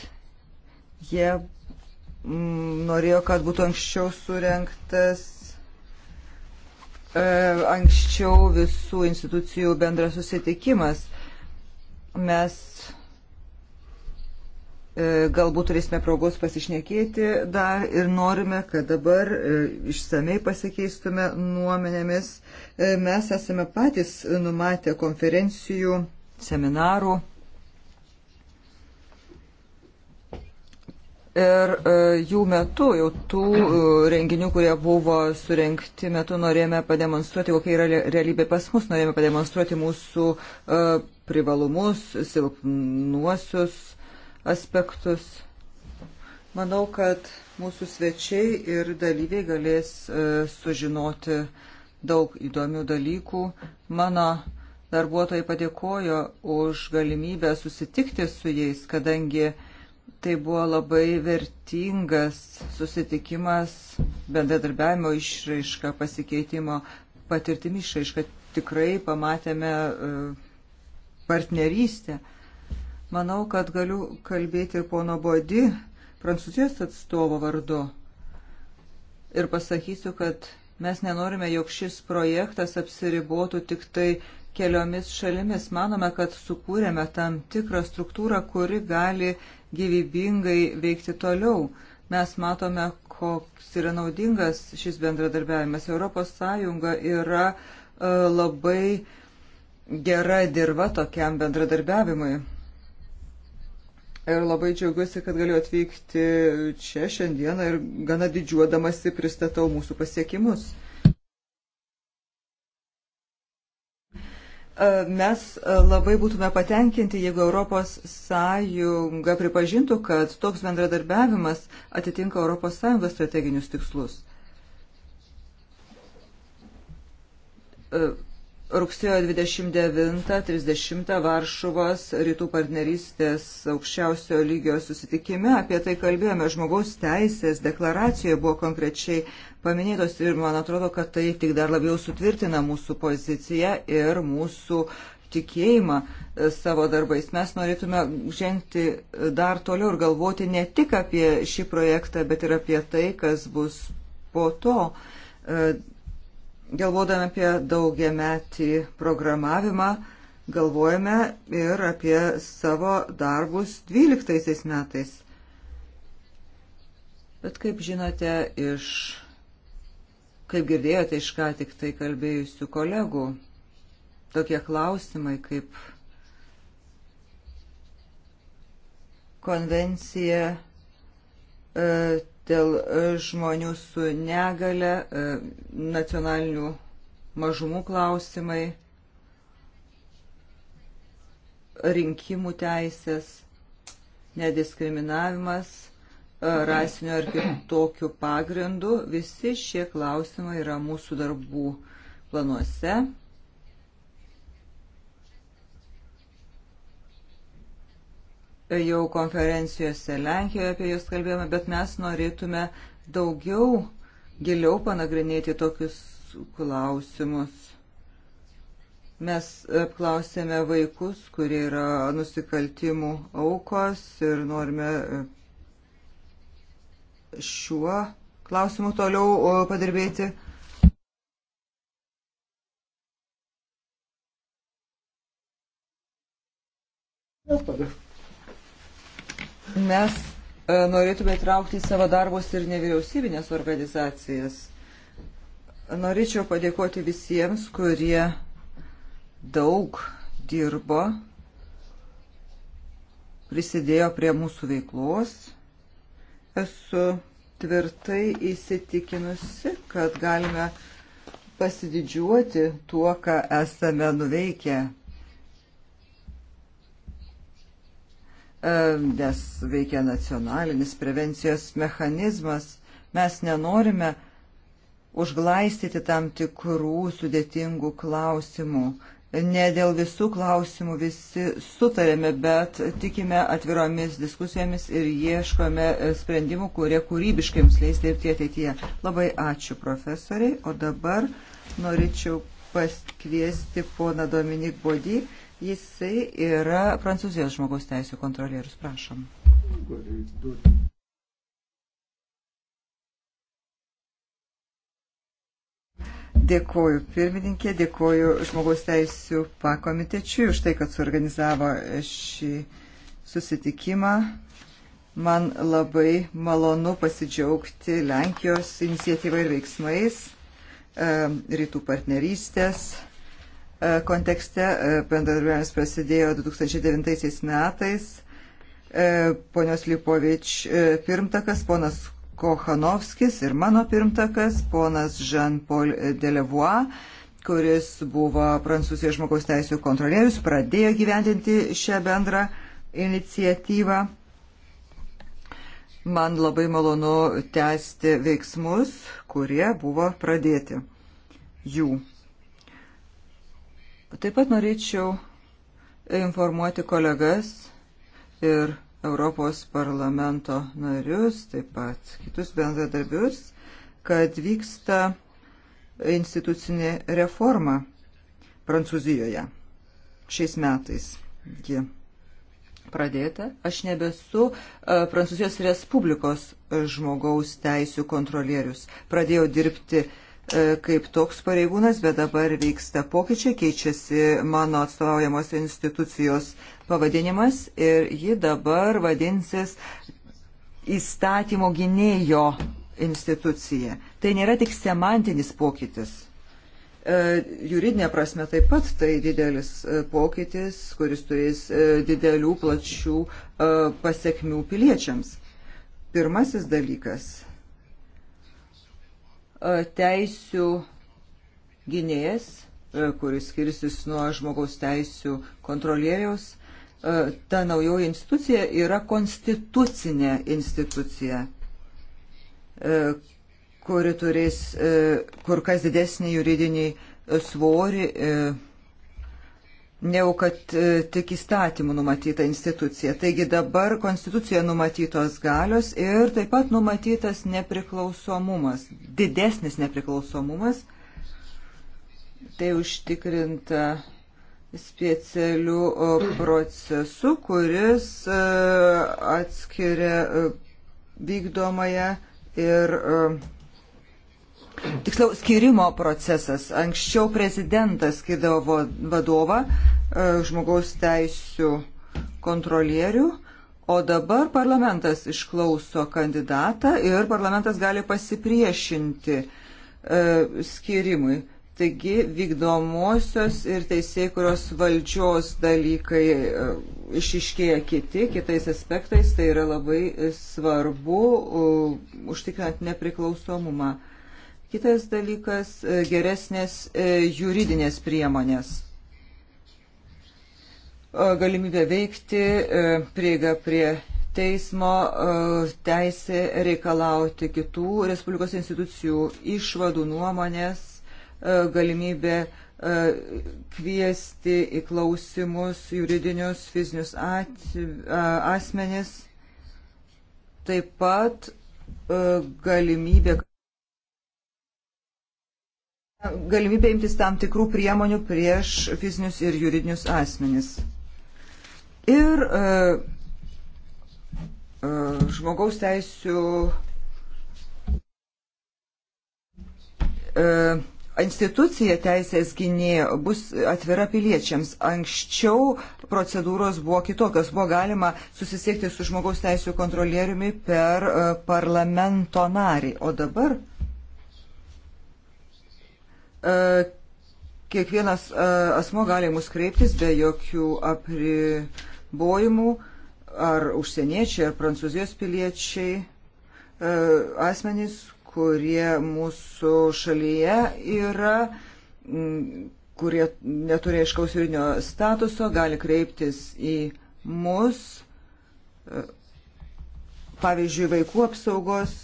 jie mm, norėjo, kad būtų anksčiau surinktas E, anksčiau visų institucijų bendras susitikimas. Mes e, galbūt turėsime progos pasišnekėti dar ir norime, kad dabar e, išsamei pasikeistume nuomenėmis. Mes esame patys numatę konferencijų, seminarų Ir e, jų metu, jau tų e, renginių, kurie buvo surenkti metu, norėjome pademonstruoti, kokia yra realybė pas mus, norėjome pademonstruoti mūsų e, privalumus, silpnuosius aspektus. Manau, kad mūsų svečiai ir dalyviai galės sužinoti daug įdomių dalykų. Mano darbuotojai padėkojo už galimybę susitikti su jais, kadangi uh, Tai buvo labai vertingas susitikimas, bendradarbiavimo išraiška, pasikeitimo patirtimi išraiška. Tikrai pamatėme e, partnerystę. Manau, kad galiu kalbėti ir pono Bodi, prancūzijos atstovo vardu. Ir pasakysiu, kad mes nenorime, jog šis projektas apsiribotų tik tai keliomis šalimis. Manome, kad sukūrėme tam tikrą struktūrą, kuri gali gyvybingai veikti toliau. Mes matome, koks yra naudingas šis bendradarbiavimas. Europos Sąjunga yra e, labai gera dirba tokiam bendradarbiavimui. Ir labai džiaugiuosi, kad galiu atvykti čia šiandieną ir gana didžiuodamasi pristatau mūsų pasiekimus. E, mes e, labai būtume patenkinti, jeigu Europos Sąjunga pripažintų, kad toks bendradarbiavimas atitinka Europos Sąjungos strateginius tikslus. E, rugsėjo 29-30 Varšuvos rytų partnerystės aukščiausio lygio susitikime apie tai kalbėjome žmogaus teisės deklaracijoje buvo konkrečiai paminėtos ir man atrodo, kad tai tik dar labiau sutvirtina mūsų poziciją ir mūsų tikėjimą e, savo darbais. Mes norėtume žengti e, dar toliau ir galvoti ne tik apie šį projektą, bet ir apie tai, kas bus po to. E, Galvodami apie daugiametį programavimą, galvojame ir apie savo darbus 12 metais. Bet kaip žinote iš Kaip girdėjote iš ką tik tai kalbėjusių kolegų, tokie klausimai kaip konvencija e, dėl žmonių su negale, e, nacionalinių mažumų klausimai, rinkimų teisės, nediskriminavimas – rasiniu ar kitokiu pagrindu. Visi šie klausimai yra mūsų darbų planuose. Jau konferencijose Lenkijoje apie juos kalbėjome, bet mes norėtume daugiau, giliau panagrinėti tokius klausimus. Mes apklausėme vaikus, kurie yra nusikaltimų aukos ir norime šiuo klausimu toliau padirbėti. Mes e, norėtume traukti į savo darbus ir nevyriausybinės organizacijas. Norėčiau padėkoti visiems, kurie daug dirbo, prisidėjo prie mūsų veiklos esu tvirtai įsitikinusi, kad galime pasididžiuoti tuo, ką esame nuveikę. E, nes veikia nacionalinis prevencijos mechanizmas. Mes nenorime užglaistyti tam tikrų sudėtingų klausimų. Ne dėl visų klausimų visi sutarėme, bet tikime atviromis diskusijomis ir ieškome sprendimų, kurie kūrybiškai jums leis dirbti ateityje. Labai ačiū profesoriai, o dabar norėčiau paskviesti poną Dominik Bodį. Jisai yra Prancūzijos žmogaus teisų kontrolierius. Prašom. Dėkoju pirmininkė, dėkoju žmogaus teisų pakomitečiui už tai, kad suorganizavo šį susitikimą. Man labai malonu pasidžiaugti Lenkijos iniciatyvą ir veiksmais, e, rytų partnerystės e, kontekste. E, bendradarbiavimas prasidėjo 2009 metais. Ponios Lipovič pirmtakas, ponas Kochanovskis ir mano pirmtakas, ponas Jean-Paul Delevois, kuris buvo Prancūzijos žmogaus teisų kontrolierius, pradėjo gyventinti šią bendrą iniciatyvą. Man labai malonu tęsti veiksmus, kurie buvo pradėti jų. Taip pat norėčiau informuoti kolegas ir Europos parlamento narius, taip pat kitus bendradarbius, kad vyksta institucinė reforma Prancūzijoje šiais metais. Ji pradėta. Aš nebesu e, Prancūzijos Respublikos žmogaus teisų kontrolierius. Pradėjau dirbti e, kaip toks pareigūnas, bet dabar vyksta pokyčiai, keičiasi mano atstovaujamos institucijos pavadinimas ir ji dabar vadinsis įstatymo gynėjo institucija. Tai nėra tik semantinis pokytis. E, juridinė prasme taip pat tai didelis e, pokytis, kuris turės e, didelių plačių pasiekmių piliečiams. Pirmasis dalykas - teisių gynėjas, kuris skirsis nuo žmogaus teisių kontrolieriaus, E, ta naujoji institucija yra konstitucinė institucija, e, kuri turės e, kur kas didesnį juridinį svorį, negu kad tik įstatymų numatyta institucija. Taigi dabar konstitucija numatytos galios ir taip pat numatytas nepriklausomumas, didesnis nepriklausomumas. Tai užtikrinta specialiu procesu, kuris e, atskiria e, vykdomąją ir e, tiksliau skirimo procesas. Anksčiau prezidentas skirdavo vadovą žmogaus teisų kontrolierių, o dabar parlamentas išklauso kandidatą ir parlamentas gali pasipriešinti skirimui. Taigi vykdomosios ir teisėkuros valdžios dalykai e, išiškėja kiti, kitais aspektais, tai yra labai svarbu e, užtikrinant nepriklausomumą. Kitas dalykas e, - geresnės juridinės priemonės. Galimybė veikti, prieiga prie teismo teisė reikalauti kitų Respublikos institucijų išvadų nuomonės E, galimybė e, kviesti į klausimus juridinius fizinius at, asmenis, taip pat e, galimybė, galimybė imtis tam tikrų priemonių prieš fizinius ir juridinius asmenis. Ir žmogaus teisų institucija teisės gynėjo bus atvira piliečiams. Anksčiau procedūros buvo kitokios. Buvo galima susisiekti su žmogaus teisų kontrolieriumi per e, parlamento narį. O dabar e, kiekvienas e, asmo gali mus kreiptis be jokių apribojimų, ar užsieniečiai, ar prancūzijos piliečiai, asmenys, kurie mūsų šalyje yra, kurie neturi aiškaus juridinio statuso, gali kreiptis į mus, pavyzdžiui, vaikų apsaugos.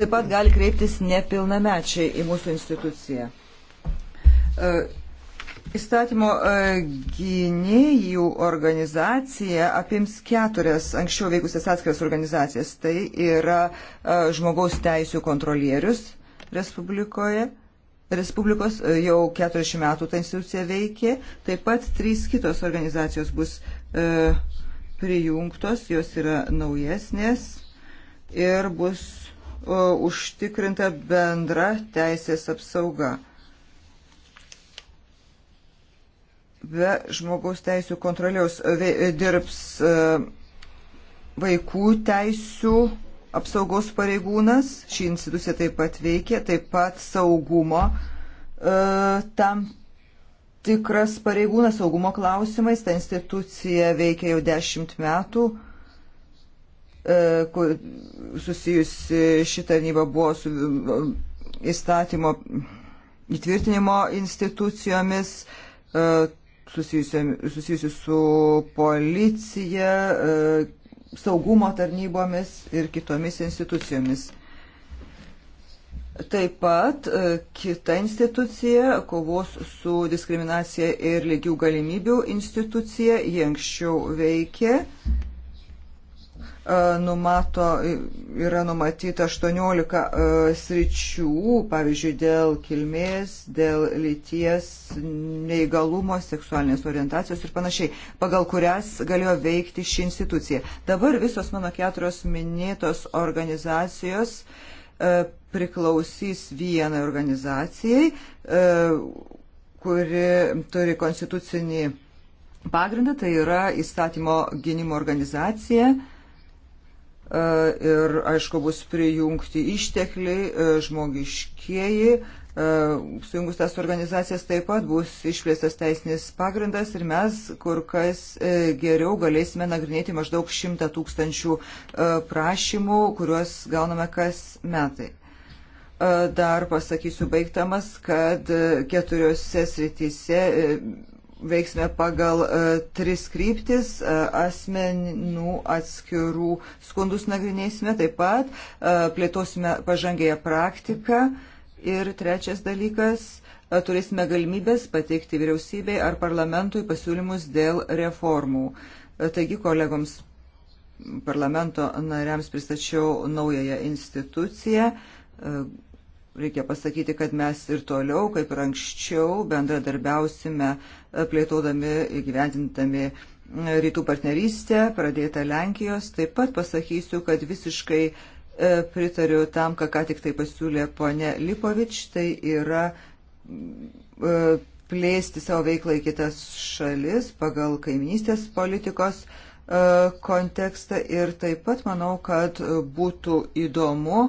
Taip pat gali kreiptis nepilnamečiai į mūsų instituciją. Įstatymo e, gynėjų organizacija apims keturias anksčiau veikusias atskiras organizacijas. Tai yra e, žmogaus teisų kontrolierius Respublikoje. Respublikos e, jau 40 metų ta institucija veikė. Taip pat trys kitos organizacijos bus e, prijungtos, jos yra naujesnės ir bus e, užtikrinta bendra teisės apsauga. be žmogaus teisų kontroliaus e, dirbs e, vaikų teisų apsaugos pareigūnas, ši institucija taip pat veikia, taip pat saugumo e, tam tikras pareigūnas saugumo klausimais, ta institucija veikia jau dešimt metų, susijusi ši tarnyba buvo su įstatymo įtvirtinimo institucijomis, susijusi su policija, e, saugumo tarnybomis ir kitomis institucijomis. Taip pat e, kita institucija, kovos su diskriminacija ir lygių galimybių institucija, jie anksčiau veikė E, numato, yra numatyta 18 e, sričių, pavyzdžiui, dėl kilmės, dėl lyties, neįgalumo, seksualinės orientacijos ir panašiai, pagal kurias galėjo veikti ši institucija. Dabar visos mano keturios minėtos organizacijos e, priklausys vienai organizacijai, kuri turi konstitucinį pagrindą, tai yra įstatymo gynimo organizacija E, ir, aišku, bus prijungti ištekliai, e, žmogiškieji. E, sujungus tas organizacijas taip pat bus išplėstas teisinis pagrindas ir mes kur kas geriau galėsime nagrinėti maždaug šimtą tūkstančių prašymų, kuriuos gauname kas metai dar pasakysiu baigtamas, kad keturiose srityse veiksime pagal e, tris kryptis, e, asmenų atskirų skundus nagrinėsime, taip pat e, plėtosime pažangėją praktiką ir trečias dalykas, turėsime galimybės pateikti vyriausybei ar parlamentui pasiūlymus dėl reformų. Taigi kolegoms parlamento nariams pristačiau naująją instituciją Reikia pasakyti, kad mes ir toliau, kaip ir anksčiau, bendradarbiausime e, plėtodami, įgyvendintami e, rytų partnerystę, pradėta Lenkijos. Taip pat pasakysiu, kad visiškai e, pritariu tam, ką ką tik tai pasiūlė ponė Lipovič, tai yra plėsti savo veiklą į kitas šalis pagal kaiminystės politikos kontekstą ir taip pat manau, kad būtų įdomu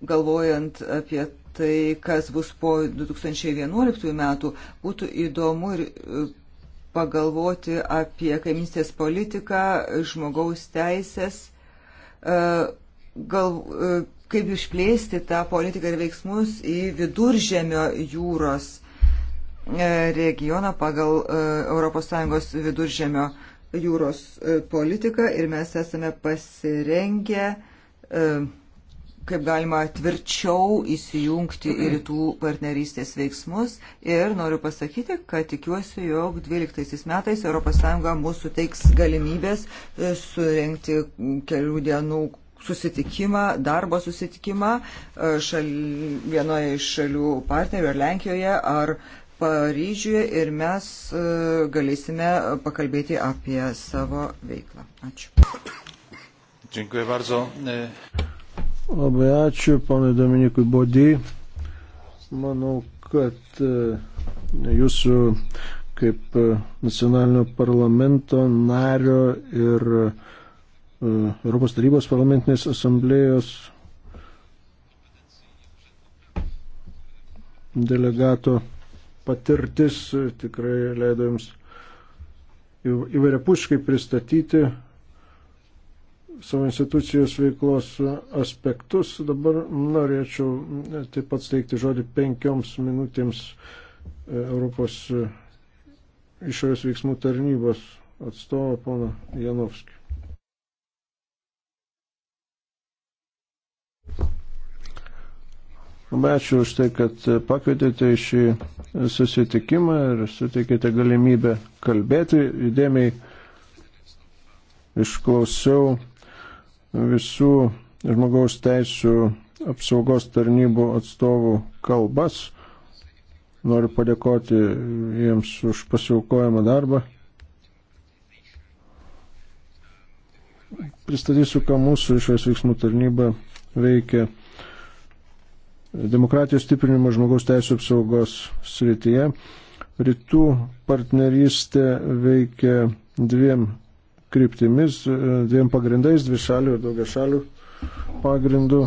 galvojant apie tai, kas bus po 2011 metų, būtų įdomu ir e, pagalvoti apie kaiminystės politiką, žmogaus teisės, e, gal, e, kaip išplėsti tą politiką ir veiksmus į viduržėmio jūros regioną pagal ES viduržėmio jūros politiką ir mes esame pasirengę kaip galima tvirčiau įsijungti į rytų partnerystės veiksmus ir noriu pasakyti, kad tikiuosi, jog 12 metais ES mūsų teiks galimybės e, surenkti kelių dienų susitikimą, darbo susitikimą e, šal, vienoje iš šalių partnerių ar Lenkijoje ar Paryžiuje ir mes e, galėsime pakalbėti apie savo veiklą. Ačiū. Dziękuję bardzo. Labai ačiū, ponai Dominikui Bodį. Manau, kad e, jūsų kaip e, nacionalinio parlamento nario ir e, Europos tarybos parlamentinės asamblėjos delegato patirtis tikrai leido jums įvairiapuškai pristatyti savo institucijos veiklos aspektus. Dabar norėčiau e, taip pat steigti žodį penkioms minutėms e, Europos e, išorės veiksmų tarnybos atstovą poną Janovskį. Labai ačiū už tai, kad pakvietėte į šį susitikimą ir suteikėte galimybę kalbėti. Įdėmiai išklausiau visų žmogaus teisų apsaugos tarnybų atstovų kalbas. Noriu padėkoti jiems už pasiaukojamą darbą. Pristatysiu, ką mūsų išvės veiksmų tarnyba veikia demokratijos stiprinimo žmogaus teisų apsaugos srityje. Rytų partnerystė veikia dviem kryptimis, e, dviem pagrindais, dvi šalių ir daugia šalių pagrindų.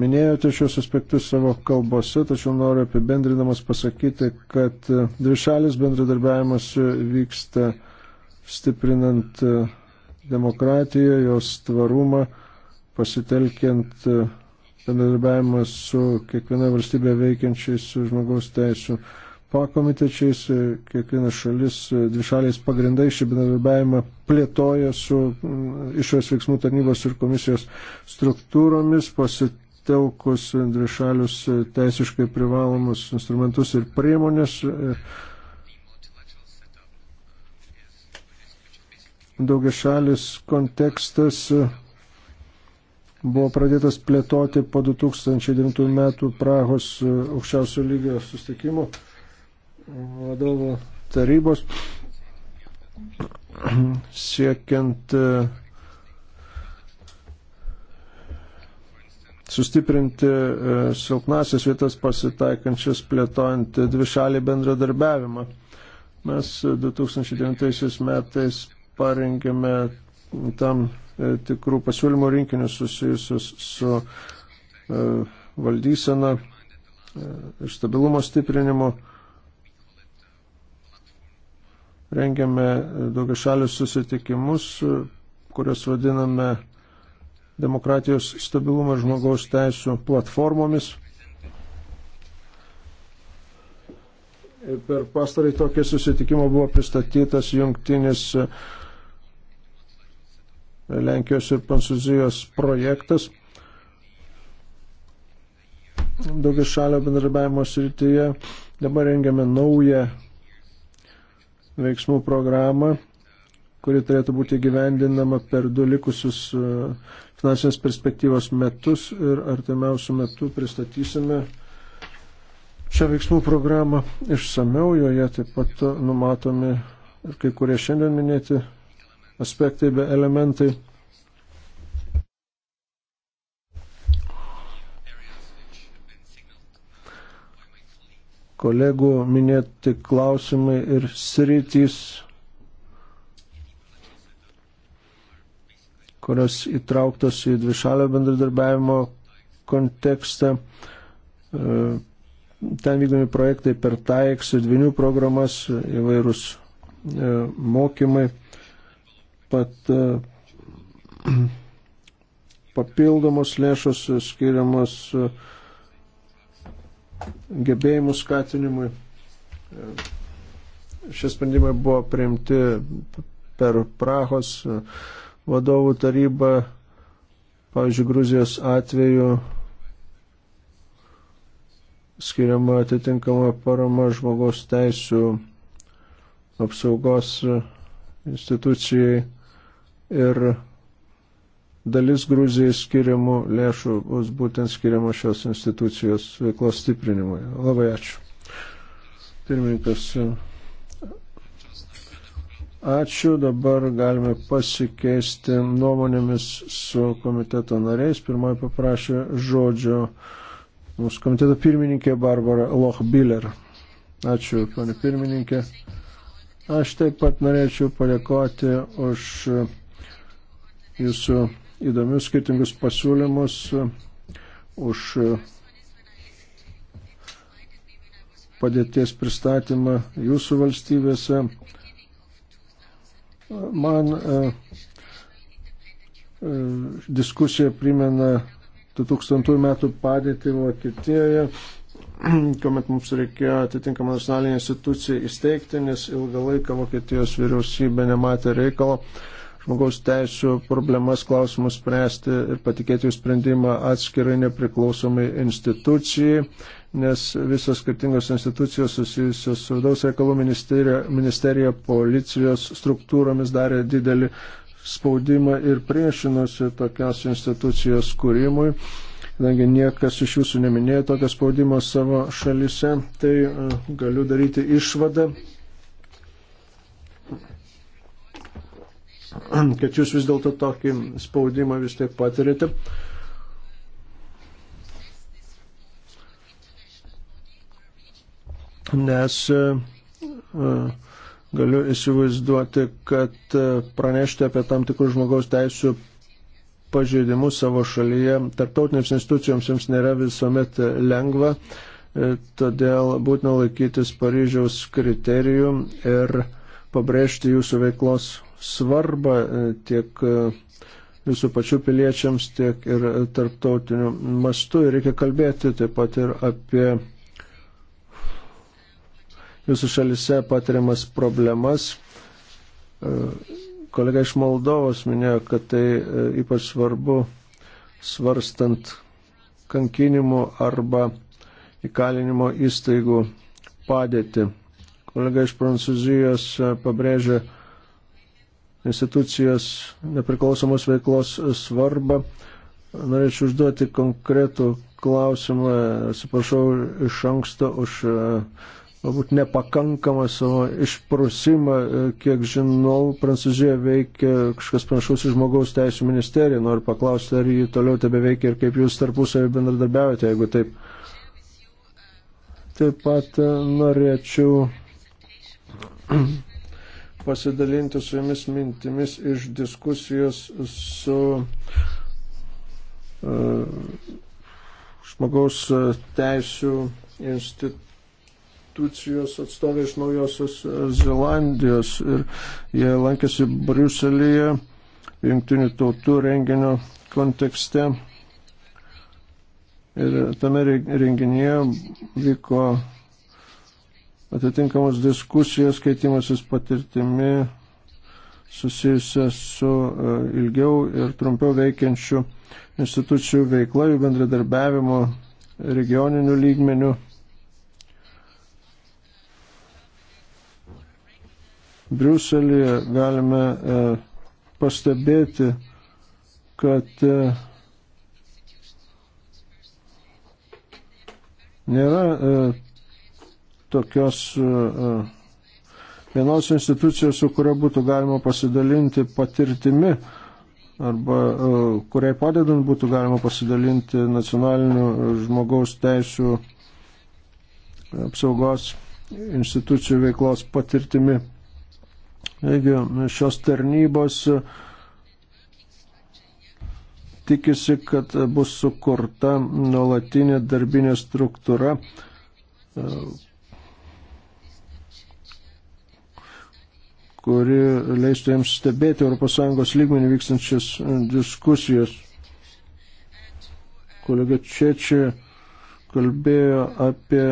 Minėjote šios aspektus savo kalbose, tačiau noriu apibendrinamas pasakyti, kad e, dvišalis bendradarbiavimas e, vyksta stiprinant demokratiją, jos tvarumą, pasitelkiant bendradarbiavimą su kiekviena valstybė veikiančiais žmogaus teisų pakomitečiais, e, kiekviena šalis e, dvišaliais pagrindai šį bendradarbiavimą plėtoja su mm, išorės veiksmų tarnybos ir komisijos struktūromis, pasitelkus dvišalius e, teisiškai privalomus instrumentus ir priemonės. Daugia šalis kontekstas buvo pradėtas plėtoti po 2009 metų Prahos aukščiausio lygio sustikimo vadovų tarybos siekiant e, sustiprinti e, silpnasias vietas pasitaikančias plėtojant dvišalį bendradarbiavimą. Mes 2009 metais parengėme tam e, tikrų pasiūlymų rinkinius susijusius su valdysena ir stabilumo stiprinimu rengiame daugiašalius susitikimus, kuriuos vadiname demokratijos stabilumo ir žmogaus teisų platformomis. Ir per pastarai tokį susitikimą buvo pristatytas jungtinis e, Lenkijos ir Prancūzijos projektas daugia šalio bendradarbiavimo srityje. Dabar rengiame naują veiksmų programą, kuri turėtų būti gyvendinama per du likusius e, finansinės perspektyvos metus ir artimiausių metų pristatysime šią veiksmų programą išsameu, joje taip pat numatomi ir kai kurie šiandien minėti aspektai bei elementai. kolegų minėti klausimai ir sritys, kurios įtrauktos į dvišalio bendradarbiavimo kontekstą. E, ten vykdomi projektai per TAIX ir dvinių programas, įvairūs e, mokymai, pat e, papildomos lėšos skiriamos uh, gebėjimų skatinimui. Šie sprendimai buvo priimti per Prahos vadovų tarybą, pavyzdžiui, Gruzijos atveju skiriama atitinkama parama žmogaus teisų apsaugos institucijai ir dalis Gruzijai skiriamų lėšų bus būtent skiriama šios institucijos veiklos stiprinimui. Labai ačiū. Pirmininkas, ačiū. Dabar galime pasikeisti nuomonėmis su komiteto nariais. Pirmoji paprašė žodžio mūsų komiteto pirmininkė Barbara Lochbiller. Ačiū, ponė pirmininkė. Aš taip pat norėčiau padėkoti už jūsų įdomius skirtingus pasiūlymus e, už e, padėties pristatymą jūsų valstybėse. Man e, diskusija primena 2000 metų padėtį Vokietijoje, kuomet mums reikėjo atitinkamą nacionalinę instituciją įsteigti, nes ilgą laiką Vokietijos vyriausybė nematė reikalo žmogaus teisų problemas klausimus spręsti ir patikėti jų sprendimą atskirai nepriklausomai institucijai, nes visos skirtingos institucijos susijusios su vidaus reikalų ministerija, ministerija policijos struktūromis darė didelį spaudimą ir priešinosi tokios institucijos kūrimui, kadangi niekas iš jūsų neminėjo tokio spaudimo savo šalise, tai e, galiu daryti išvadą, kad jūs vis dėlto tokį spaudimą vis tiek patirite. Nes e, e, galiu įsivaizduoti, kad e, pranešti apie tam tikrus žmogaus teisų pažeidimus savo šalyje tarptautinėms institucijoms jums nėra visuomet lengva, todėl būtina laikytis Paryžiaus kriterijų ir pabrėžti jūsų veiklos svarbą e, tiek e, visų pačių piliečiams, tiek ir tarptautiniu mastu. Ir reikia kalbėti taip pat ir apie jūsų šalise patiriamas problemas. E, kolega iš Moldovos minėjo, kad tai ypač svarbu svarstant kankinimų arba įkalinimo įstaigų padėti. Kolega iš Prancūzijos pabrėžė, institucijas nepriklausomos veiklos svarbą. Norėčiau užduoti konkretų klausimą, atsiprašau iš anksto už e, galbūt nepakankamą savo išprusimą, e, kiek žinau, Prancūzija veikia kažkas panašaus į žmogaus teisų ministeriją. Noriu paklausti, ar jį toliau tebe veikia ir kaip jūs tarpusavį bendradarbiaujate, jeigu taip. Taip pat e, norėčiau pasidalinti su jumis mintimis iš diskusijos su uh, žmogaus teisų institucijos atstovai iš Naujosios Zelandijos ir jie lankėsi Briuselėje jungtinių tautų renginio kontekste. Ir tame renginyje vyko atitinkamas diskusijos, keitimasis patirtimi susijusia su e, ilgiau ir trumpiau veikiančių institucijų veikla, jų bendradarbiavimo regioninių lygmenių. Briuselėje galime e, pastebėti, kad e, nėra tokios e, e, vienos institucijos, su kuria būtų galima pasidalinti patirtimi arba e, kuriai padedant būtų galima pasidalinti nacionalinių žmogaus teisų apsaugos institucijų veiklos patirtimi. Taigi šios tarnybos tikisi, kad bus sukurta nuolatinė darbinė struktūra, kuri leistų jiems stebėti ES lygmenį vykstančias e, diskusijas. Kolega Čečia kalbėjo apie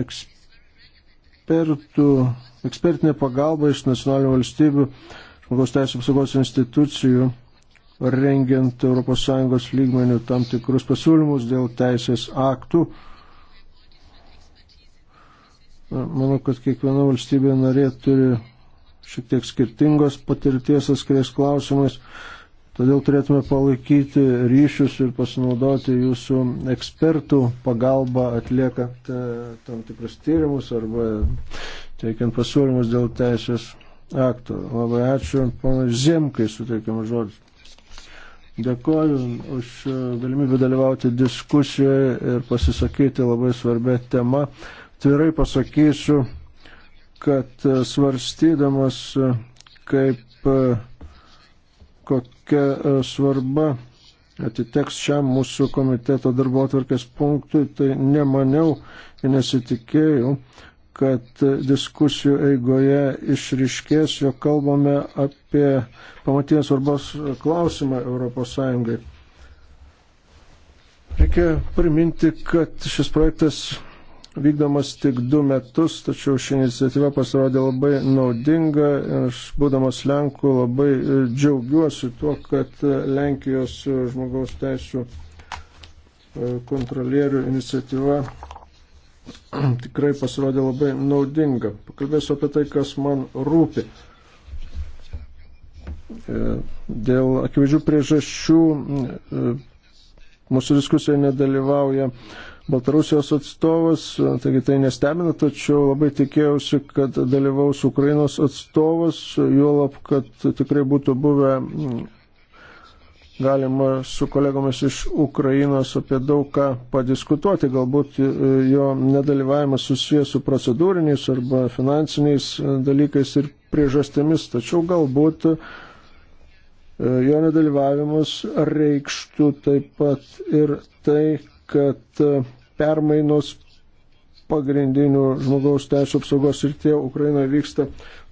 ekspertų, ekspertinę pagalbą iš nacionalinių valstybių, žmogaus teisų apsaugos institucijų, rengiant ES lygmenių tam tikrus pasiūlymus dėl teisės aktų Manau, kad kiekviena valstybė narė turi šiek tiek skirtingos patirties atskiriais klausimais, todėl turėtume palaikyti ryšius ir pasinaudoti jūsų ekspertų pagalbą atliekant e, tam tikrus tyrimus arba teikiant pasiūlymus dėl teisės akto. Labai ačiū, panas Zemkai, suteikiamas žodis. Dėkoju už galimybę dalyvauti diskusijoje ir pasisakyti labai svarbę temą tvirai pasakysiu, kad e, svarstydamas, e, kaip e, kokia svarba atiteks šiam mūsų komiteto darbo atvarkės punktui, tai nemaniau ir nesitikėjau, kad diskusijų eigoje išriškės, jog kalbame apie pamatinės svarbos klausimą ES. Reikia priminti, kad šis projektas vykdomas tik du metus, tačiau ši iniciatyva pasirodė labai naudinga. Aš, būdamas Lenku, labai džiaugiuosi tuo, kad Lenkijos žmogaus teisų e, kontrolierių iniciatyva tikrai pasirodė labai naudinga. Pakalbėsiu apie tai, kas man rūpi. E, dėl akivaizdžių priežasčių e, mūsų diskusijoje nedalyvauja Baltarusijos atstovas, taigi tai nestebina, tačiau labai tikėjausi, kad dalyvaus Ukrainos atstovas, juolab, kad tikrai būtų buvę galima su kolegomis iš Ukrainos apie daug ką padiskutuoti, galbūt jo nedalyvavimas susijęs su procedūriniais arba finansiniais dalykais ir priežastėmis, tačiau galbūt e, jo nedalyvavimas reikštų taip pat ir tai, kad permainos pagrindinių žmogaus teisų apsaugos ir tie Ukrainoje vyksta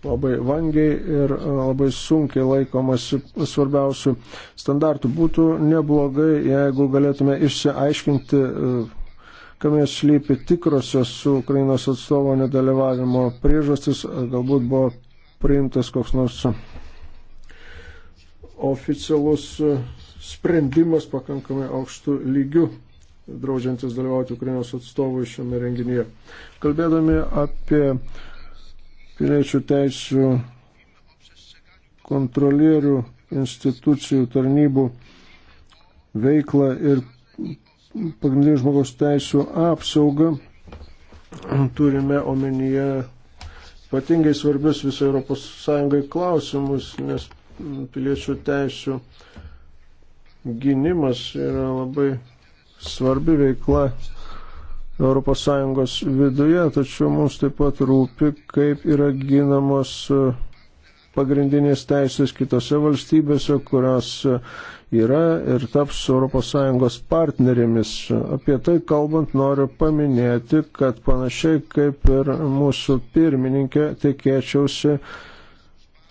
labai vangiai ir e, labai sunkiai laikomasi svarbiausių standartų. Būtų neblogai, jeigu galėtume išsiaiškinti, e, kam jie slypi tikrosios su Ukrainos atstovo nedalyvavimo priežastis, e, galbūt buvo priimtas koks nors oficialus sprendimas pakankamai aukštų lygių draudžiantis dalyvauti Ukrainos atstovui šiame renginyje. Kalbėdami apie piliečių teisų kontrolierių institucijų tarnybų veiklą ir pagrindinių žmogaus teisų apsaugą, turime omenyje ypatingai svarbius viso ES klausimus, nes piliečių teisų gynimas yra labai svarbi veikla ES viduje, tačiau mums taip pat rūpi, kaip yra ginamos e, pagrindinės teisės kitose valstybėse, kurios e, yra ir taps ES partnerėmis. Apie tai kalbant noriu paminėti, kad panašiai kaip ir mūsų pirmininkė tikėčiausi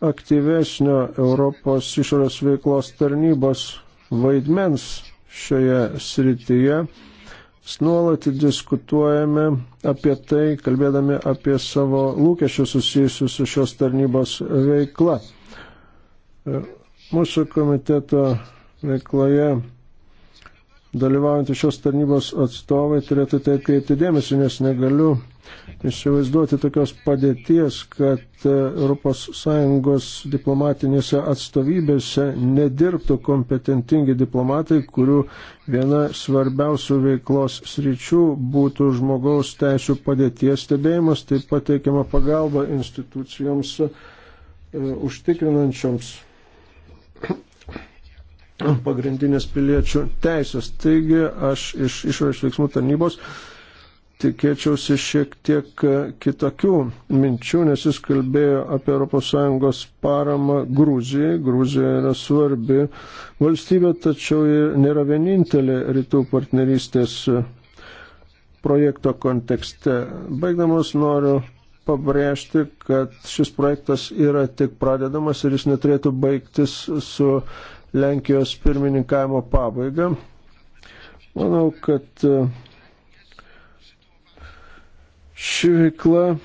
aktyvesnio Europos išorės veiklos tarnybos vaidmens šioje srityje. Nuolat diskutuojame apie tai, kalbėdami apie savo lūkesčius susijusius su šios tarnybos veikla. E, mūsų komiteto veikloje dalyvaujantys šios tarnybos atstovai turėtų tai atkreipti dėmesį, nes negaliu įsivaizduoti tokios padėties, kad ES diplomatinėse atstovybėse nedirbtų kompetentingi diplomatai, kurių viena svarbiausių veiklos sričių būtų žmogaus teisų padėties stebėjimas, taip pat teikiama pagalba institucijoms e, užtikrinančioms pagrindinės piliečių teisės. Taigi aš iš išorės veiksmų tarnybos tikėčiausi šiek tiek e, kitokių minčių, nes jis kalbėjo apie ES paramą Grūzijai. Grūzija yra svarbi valstybė, tačiau nėra vienintelė rytų partnerystės e, projekto kontekste. Baigdamas noriu pabrėžti, kad šis projektas yra tik pradedamas ir jis neturėtų baigtis su Lenkijos pirmininkavimo pabaiga. Manau, kad e, Ši veikla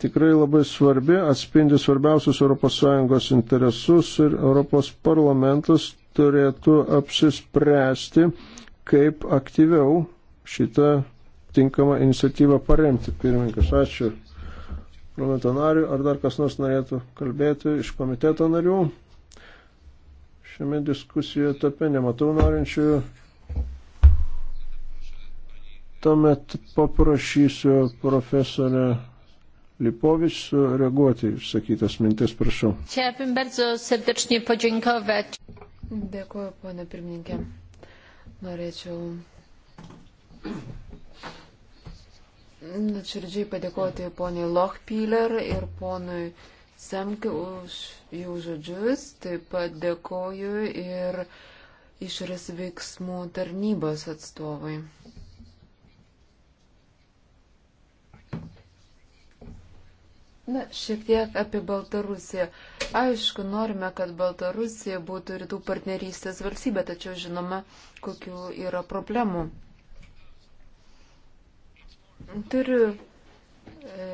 tikrai labai svarbi, atspindi svarbiausius ES interesus ir Europos parlamentas turėtų apsispręsti, kaip aktyviau šitą tinkamą iniciatyvą paremti. Pirmininkas, ačiū parlamento nariui. Ar dar kas nors norėtų kalbėti iš komiteto narių? Šiame diskusijoje etape nematau norinčiųjų Tuomet paprašysiu profesorę Lipovič reaguoti išsakytas mintis, prašau. Chciałabym bardzo serdecznie podziękować. Dėkuoju, ponė pirmininkė. Norėčiau nuoširdžiai padėkoti poniai Lochpiler ir ponui Semkiu už jų žodžius. Taip pat dėkoju ir išorės veiksmų tarnybos atstovai. Na, šiek tiek apie Baltarusiją. Aišku, norime, kad Baltarusija būtų rytų partnerystės valstybė, tačiau žinoma, kokiu yra problemų. Turiu e,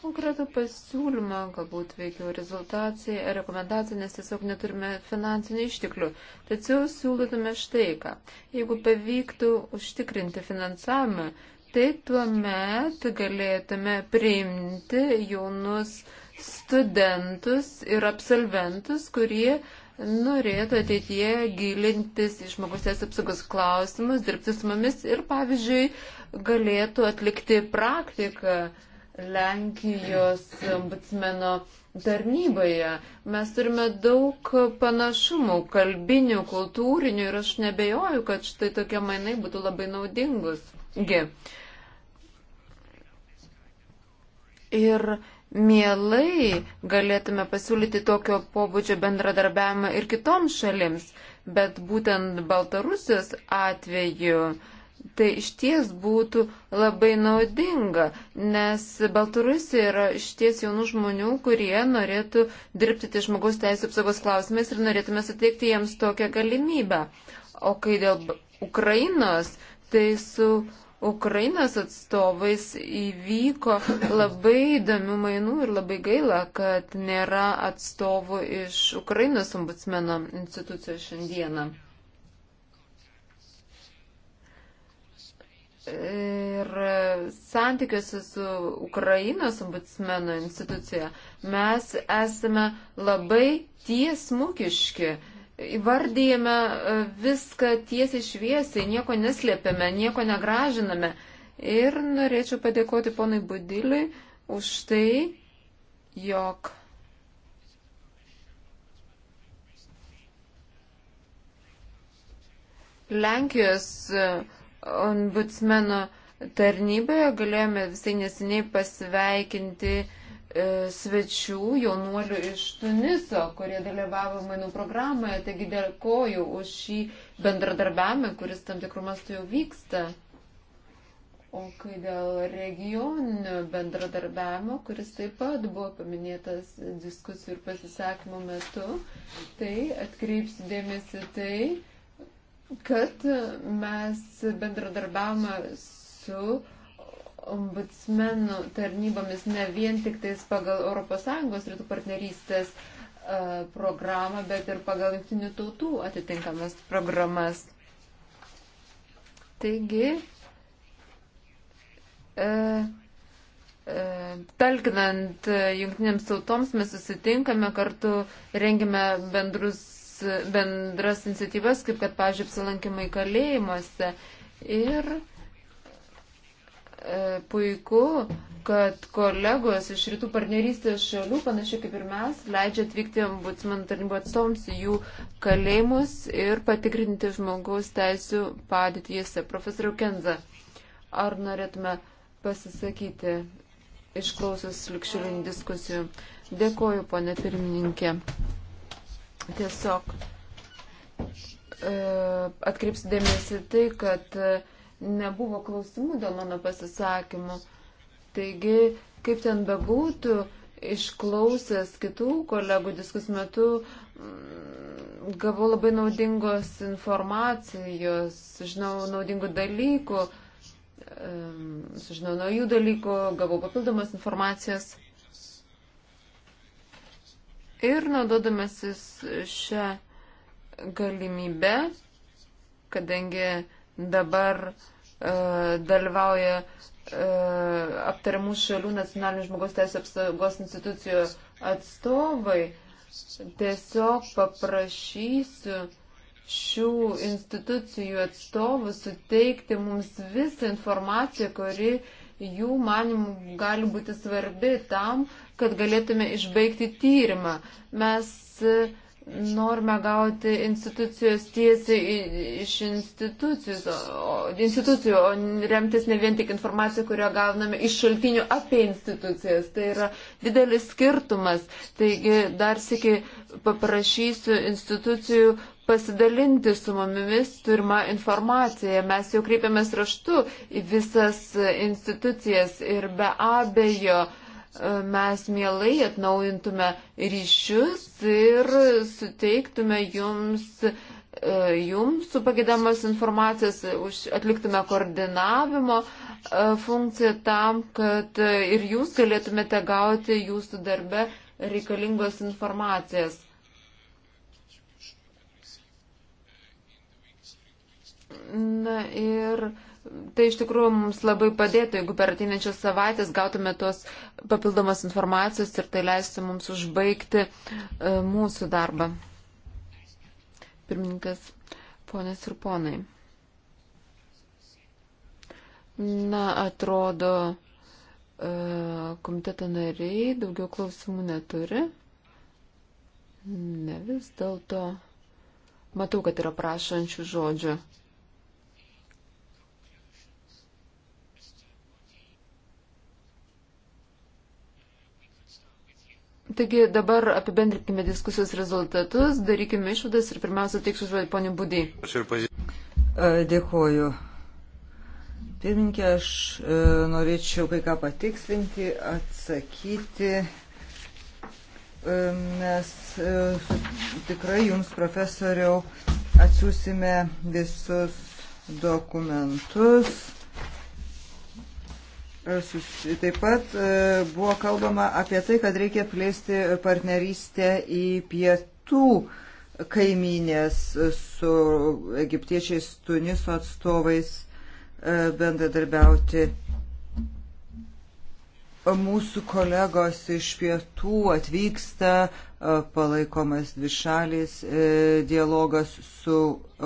konkretų pasiūlymą, galbūt veikiau rezultaciją, rekomendaciją, nes tiesiog neturime finansinių išteklių. Tačiau siūlytume štai ką. Jeigu pavyktų užtikrinti finansavimą, tai tuomet galėtume priimti jaunus studentus ir absolventus, kurie norėtų ateityje gilintis į žmogus teisų apsaugos klausimus, dirbti su mumis ir, pavyzdžiui, galėtų atlikti praktiką Lenkijos ombudsmeno tarnyboje. Mes turime daug panašumų, kalbinių, kultūrinių ir aš nebejoju, kad štai tokie mainai būtų labai naudingus. G. Ir mielai galėtume pasiūlyti tokio pobūdžio bendradarbiavimą ir kitoms šalims, bet būtent Baltarusijos atveju tai iš ties būtų labai naudinga, nes Baltarusija yra iš ties jaunų žmonių, kurie norėtų dirbti tai žmogaus teisų apsaugos klausimais ir norėtume suteikti jiems tokią galimybę. O kai dėl Ukrainos, tai su Ukrainos atstovais įvyko labai įdomių mainų ir labai gaila, kad nėra atstovų iš Ukrainos ombudsmeno institucijos šiandieną. Ir santykiuose su Ukrainos ombudsmeno institucija mes esame labai tiesmukiški įvardyjame e, viską tiesiai šviesiai, nieko neslėpiame, nieko negražiname. Ir norėčiau padėkoti ponai Budiliui už tai, jog. Lenkijos e, ombudsmeno tarnyboje galėjome visai nesiniai pasveikinti uh, E, svečių jaunuolių iš Tuniso, kurie dalyvavo mainų programoje. Taigi dėkoju už šį bendradarbiavimą, kuris tam tikrų mastų jau vyksta. O kai dėl regioninio bendradarbiavimo, kuris taip pat buvo paminėtas diskusijų ir pasisakymo metu, tai atkreipsiu dėmesį tai, kad mes bendradarbiavome su uh, ombudsmenų tarnybomis ne vien tik tais pagal ES rytų partnerystės e, programą, bet ir pagal jungtinių tautų atitinkamas programas. Taigi, e, e talkinant jungtinėms tautoms, mes susitinkame kartu, rengime bendrus, bendras iniciatyvas, kaip kad, pažiūrėjau, apsilankimai kalėjimuose. Ir e, E, puiku, kad kolegos iš rytų partnerystės šalių, panašiai kaip ir mes, leidžia atvykti ombudsmanų tarnybų atstovams į jų kalėjimus ir patikrinti žmogaus teisų padėtį jose. Profesoriau Kenza, ar norėtume pasisakyti išklausus likščiulinių diskusijų? Dėkoju, ponė pirmininkė. Tiesiog e, atkreipsiu dėmesį tai, kad e, nebuvo klausimų dėl mano pasisakymų. Taigi, kaip ten bebūtų, išklausęs kitų kolegų diskusijų metu, mm, gavau labai naudingos informacijos, žinau, naudingų dalykų, sužinau naujų dalykų, gavau papildomas informacijos. Ir naudodamasis šią galimybę, kadangi dabar e, dalyvauja e, aptariamų šalių nacionalinių žmogaus teisų apsaugos institucijų atstovai. Tiesiog paprašysiu šių institucijų atstovų suteikti mums visą informaciją, kuri jų manimų gali būti svarbi tam, kad galėtume išbaigti tyrimą. Mes uh, norime gauti institucijos tiesiai iš institucijų, o remtis ne vien tik informaciją, kurią gauname iš šaltinių apie institucijas. Tai yra didelis skirtumas. Taigi dar sėki paprašysiu institucijų pasidalinti su mumis turimą informaciją. Mes jau kreipiamės raštu į visas institucijas ir be abejo, uh, mes mielai atnaujintume ryšius ir suteiktume jums, e, jums su pagėdamas informacijos, atliktume koordinavimo e, funkciją tam, kad e, ir jūs galėtumėte gauti jūsų darbe reikalingos informacijas. Na ir uh, Tai iš tikrųjų mums labai padėtų, jeigu per ateinančias savaitės gautume tos papildomas informacijos ir tai leistų mums užbaigti e, mūsų darbą. Pirmininkas, ponės ir ponai. Na, atrodo, e, komiteto nariai daugiau klausimų neturi. Ne vis dėlto. Matau, kad yra prašančių žodžių. Taigi dabar apibendrinkime diskusijos rezultatus, darykime išvadas ir pirmiausia teiksiu žodį poniai Budai. Dėkuoju. Pirminkė, aš e, norėčiau kai ką patikslinti, atsakyti. E, mes e, tikrai jums, profesoriau, atsiūsime visus dokumentus Taip pat e, buvo kalbama apie tai, kad reikia plėsti partnerystę į pietų kaimynės su egiptiečiais Tuniso atstovais e, bendradarbiauti. Mūsų kolegos iš pietų atvyksta, e, palaikomas dvišalis dialogas su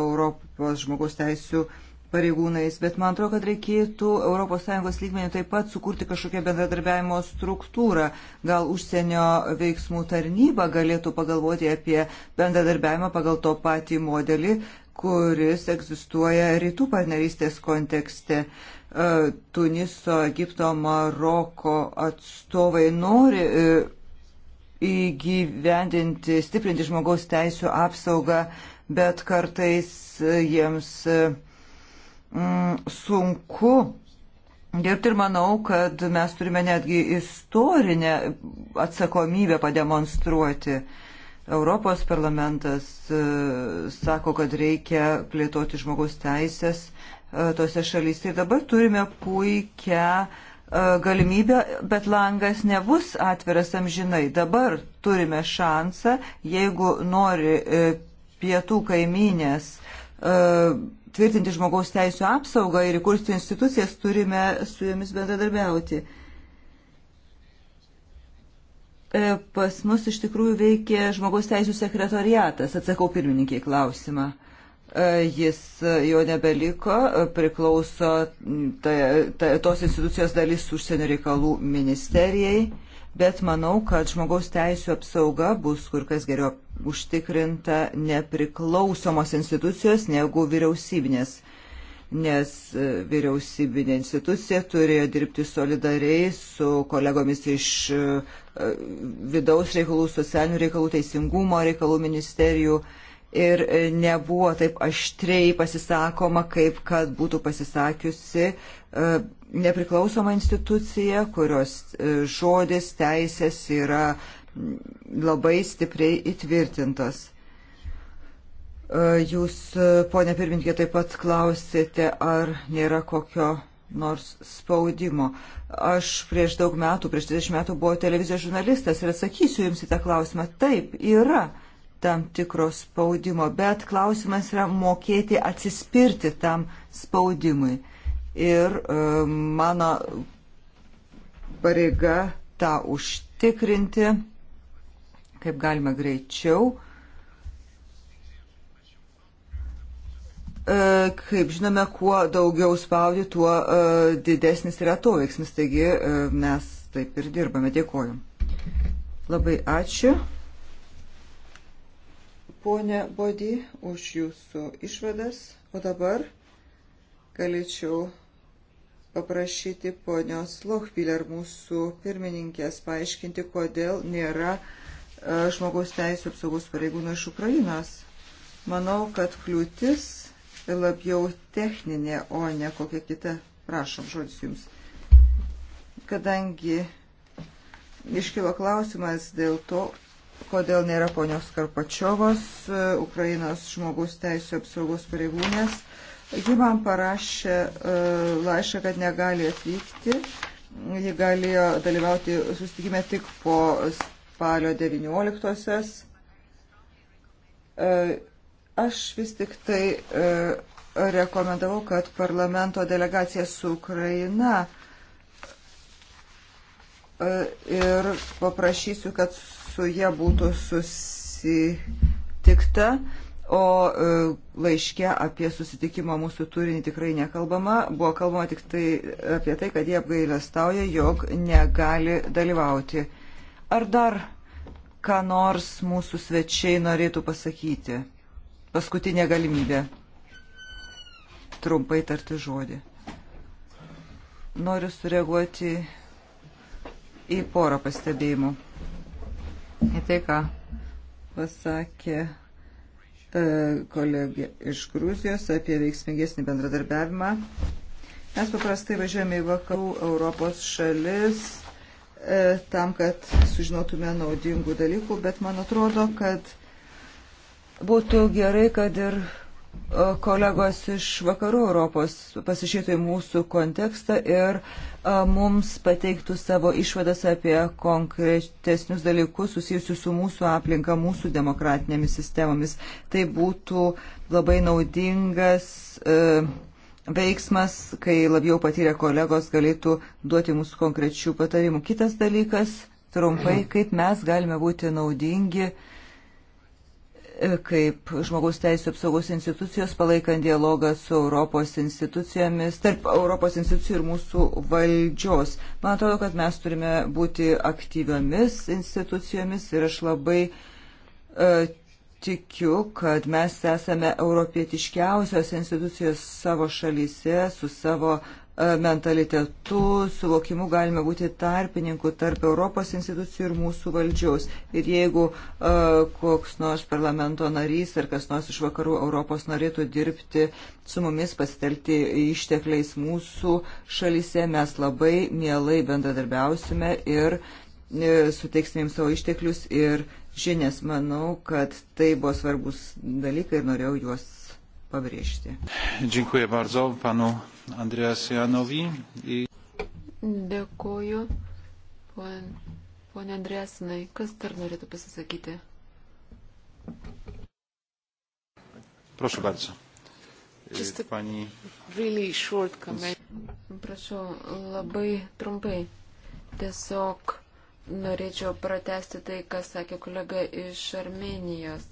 Europos žmogaus teisų pareigūnais, bet man atrodo, kad reikėtų ES lygmenį taip pat sukurti kažkokią bendradarbiavimo struktūrą. Gal užsienio veiksmų tarnyba galėtų pagalvoti apie bendradarbiavimą pagal to patį modelį, kuris egzistuoja rytų partnerystės kontekste. E, Tuniso, Egipto, Maroko atstovai nori e, įgyvendinti, stiprinti žmogaus teisų apsaugą, bet kartais jiems uh, Mm, sunku dirbti ir manau, kad mes turime netgi istorinę atsakomybę pademonstruoti. Europos parlamentas e, sako, kad reikia plėtoti žmogaus teisės e, tose šalyse ir dabar turime puikią e, galimybę, bet langas nebus atviras amžinai. Dabar turime šansą, jeigu nori pietų kaiminės tvirtinti žmogaus teisų apsaugą ir įkurti institucijas, turime su jomis bendradarbiauti. E, pas mus iš tikrųjų veikia žmogaus teisų sekretoriatas, atsakau pirmininkiai klausimą. E, jis e, jo nebeliko, priklauso ta, ta, tos institucijos dalis užsienio reikalų ministerijai bet manau, kad žmogaus teisų apsauga bus kur kas geriau užtikrinta nepriklausomos institucijos negu vyriausybinės nes e, vyriausybinė institucija turėjo dirbti solidariai su kolegomis iš e, e, vidaus reikalų, socialinių reikalų, teisingumo reikalų ministerijų ir nebuvo taip aštriai pasisakoma, kaip kad būtų pasisakiusi nepriklausoma institucija, kurios e, žodis teisės yra labai stipriai įtvirtintos. E, jūs, e, ponė pirmininkė, taip pat klausėte, ar nėra kokio nors spaudimo. Aš prieš daug metų, prieš 30 metų buvau televizijos žurnalistas ir atsakysiu Jums į tą klausimą. Taip, yra tam tikro spaudimo, bet klausimas yra mokėti atsispirti tam spaudimui ir e, mano pareiga tą užtikrinti, kaip galima greičiau. E, kaip žinome, kuo daugiau spaudi, tuo e, didesnis yra to veiksmis, taigi mes taip ir dirbame. Dėkoju. Labai ačiū. Pone Bodį, už jūsų išvadas. O dabar galėčiau paprašyti ponios Lochpiller mūsų pirmininkės paaiškinti, kodėl nėra e, žmogaus teisų apsaugos pareigūnų iš Ukrainos. Manau, kad kliūtis labiau techninė, o ne kokia kita. Prašom, žodis jums. Kadangi iškilo klausimas dėl to, kodėl nėra ponios Karpačiovos, e, Ukrainos žmogaus teisų apsaugos pareigūnės, Ji man parašė e, laišką, kad negali atvykti. Ji galėjo dalyvauti susitikime tik po spalio 19-osios. E, aš vis tik tai e, rekomendavau, kad parlamento delegacija su Ukraina ir paprašysiu, kad su jie būtų susitikta o e, laiške apie susitikimą mūsų turinį tikrai nekalbama. Buvo kalbama tik tai apie tai, kad jie apgailestauja, jog negali dalyvauti. Ar dar ką nors mūsų svečiai norėtų pasakyti? Paskutinė galimybė. Trumpai tarti žodį. Noriu sureaguoti į porą pastebėjimų. Į tai, ką pasakė E, kolegė iš Gruzijos apie veiksmingesnį bendradarbiavimą. Mes paprastai važiuojame į vakarų Europos šalis e, tam, kad sužinotume naudingų dalykų, bet man atrodo, kad būtų gerai, kad ir kolegos iš vakarų Europos pasižiūrėtų į mūsų kontekstą ir mums pateiktų savo išvadas apie konkretesnius dalykus susijusius su mūsų aplinka, mūsų demokratinėmis sistemomis. Tai būtų labai naudingas e, veiksmas, kai labiau patyrę kolegos galėtų duoti mūsų konkrečių patarimų. Kitas dalykas, trumpai, kaip mes galime būti naudingi uh, kaip žmogaus teisų apsaugos institucijos, palaikant dialogą su Europos institucijomis, tarp Europos institucijų ir mūsų valdžios. Man atrodo, kad mes turime būti aktyviomis institucijomis ir aš labai e, tikiu, kad mes esame europietiškiausios institucijos savo šalyse su savo E, mentalitetu, suvokimu galime būti tarpininku tarp Europos institucijų ir mūsų valdžiaus. Ir jeigu uh, koks nors parlamento narys ar kas nors iš vakarų Europos norėtų dirbti su mumis, pasitelkti ištekliais mūsų šalyse, mes labai mielai bendradarbiausime ir uh, suteiksime jums savo išteklius ir žinias. Manau, kad tai buvo svarbus dalykai ir norėjau juos pabrėžti. Dziękuję bardzo panu Andrėjas Janovį. Į... Dėkuoju, pon, ponė Andrėsinai. Kas dar norėtų pasisakyti? Prašau, bardzo. Pani... Really short comment. Prašau, labai trumpai. Tiesiog norėčiau pratesti tai, ką sakė kolega iš Armenijos.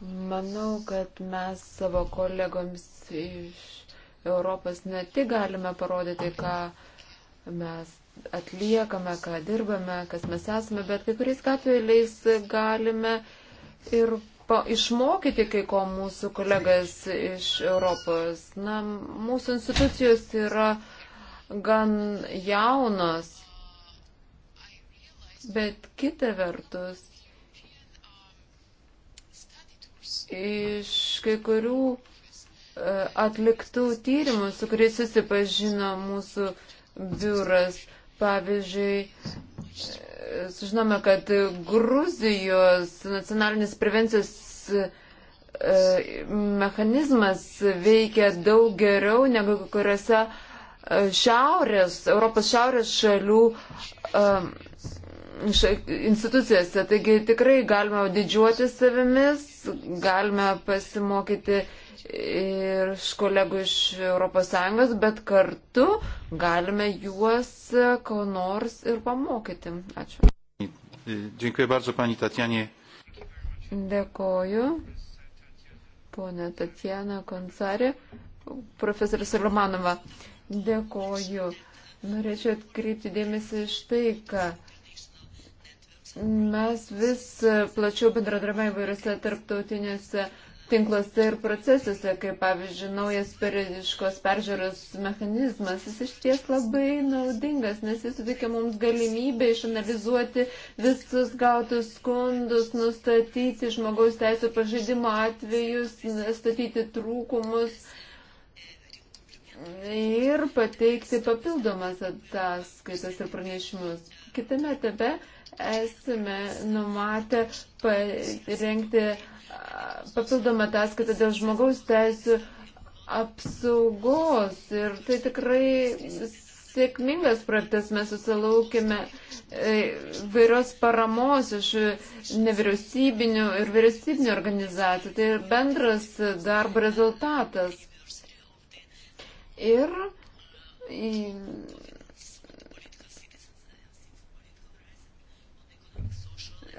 Manau, kad mes savo kolegoms iš Europos ne tik galime parodyti, ką mes atliekame, ką dirbame, kas mes esame, bet kai kuriais atvejais galime ir pa, išmokyti kai ko mūsų kolegas iš Europos. Na, mūsų institucijos yra gan jaunos, bet kita vertus Iš kai kurių e, atliktų tyrimų, su kuriais susipažino mūsų biuras, pavyzdžiui, e, sužinome, kad Gruzijos nacionalinis prevencijos e, mechanizmas veikia daug geriau negu kuriuose šiaurės, Europos šiaurės šalių institucijose. Taigi tikrai galima didžiuotis savimis galime pasimokyti ir iš kolegų iš ES, bet kartu galime juos ko nors ir pamokyti. Ačiū. Dziękuję bardzo pani Tatjanie. Dėkoju. Pone Tatjana Konsari, profesorius Romanova. Dėkoju. Norėčiau atkreipti dėmesį iš tai, kad Mes vis plačiau bendradarbiavame įvairiose tarptautinėse tinkluose ir procesuose, kaip pavyzdžiui, naujas periodiškos peržiūros mechanizmas, jis iš ties labai naudingas, nes jis suteikia mums galimybę išanalizuoti visus gautus skundus, nustatyti žmogaus teisų pažeidimo atvejus, nustatyti trūkumus ir pateikti papildomas ataskaitas ir pranešimus. Kitame etape esame numatę parengti papildomą ataskaitą dėl žmogaus teisų apsaugos. Ir tai tikrai sėkmingas projektas. Mes susilaukime e, vairios paramos iš nevyriausybinių ir vyriausybinių organizacijų. Tai bendras darbo rezultatas. Ir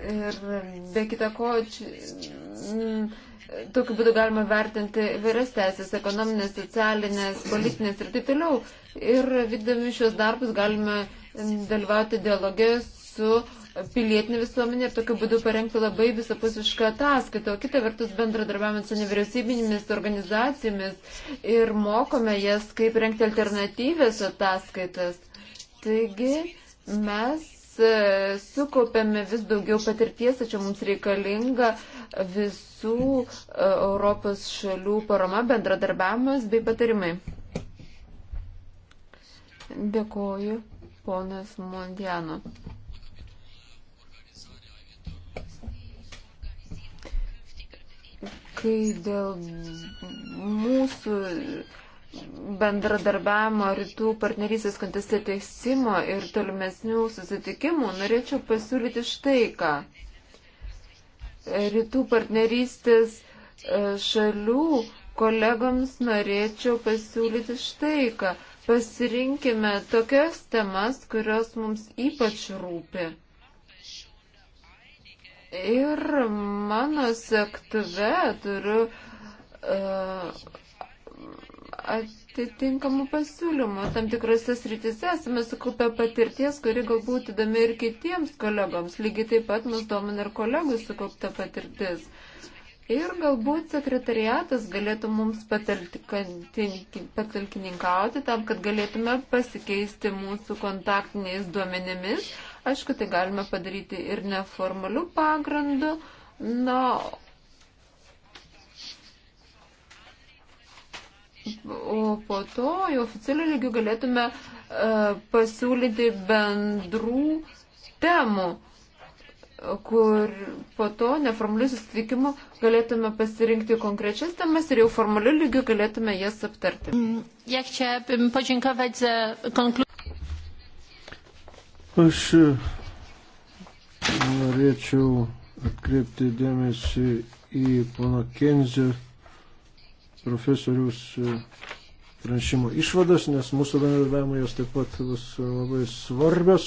Ir be kita ko, mm, tokiu būdu galima vertinti vyres teisės, ekonominės, socialinės, politinės ir taip toliau. Ir vykdami šios darbus galime dalyvauti dialogė su pilietinė visuomenė ir tokiu būdu parengti labai visapusišką ataskaitą. O kita vertus bendradarbiavame su nevyriausybinėmis organizacijomis ir mokome jas, kaip rengti alternatyvės ataskaitas. Taigi mes sukaupėme vis daugiau patirties, tačiau mums reikalinga visų e, Europos šalių parama, bendradarbiavimas bei patarimai. Dėkoju, ponas Mondiano. Kai dėl mūsų bendradarbiavimo rytų partnerysės konteste teisimo ir tolimesnių susitikimų, norėčiau pasiūlyti štai ką. Rytų partnerystės e, šalių kolegoms norėčiau pasiūlyti štai ką. Pasirinkime tokias temas, kurios mums ypač rūpi. Ir mano sektuve turiu uh, atitinkamų pasiūlymų. Tam tikrose srityse esame sukaupę patirties, kuri galbūt įdomi ir kitiems kolegoms. Lygiai taip pat mus domina ir kolegų sukaupta patirtis. Ir galbūt sekretariatas galėtų mums patalkininkauti tam, kad galėtume pasikeisti mūsų kontaktiniais duomenimis. Aišku, tai galime padaryti ir neformalių pagrindų. Na, o po to jau oficialių lygių galėtume e, pasiūlyti bendrų temų, kur po to neformalių susitikimų galėtume pasirinkti konkrečias temas ir jau formalių lygių galėtume jas aptarti. Mm, Aš e, norėčiau atkreipti dėmesį į pono Kenzio profesorius e, pranešimo išvadas, nes mūsų bendradarbiavimo jos taip pat bus labai svarbios.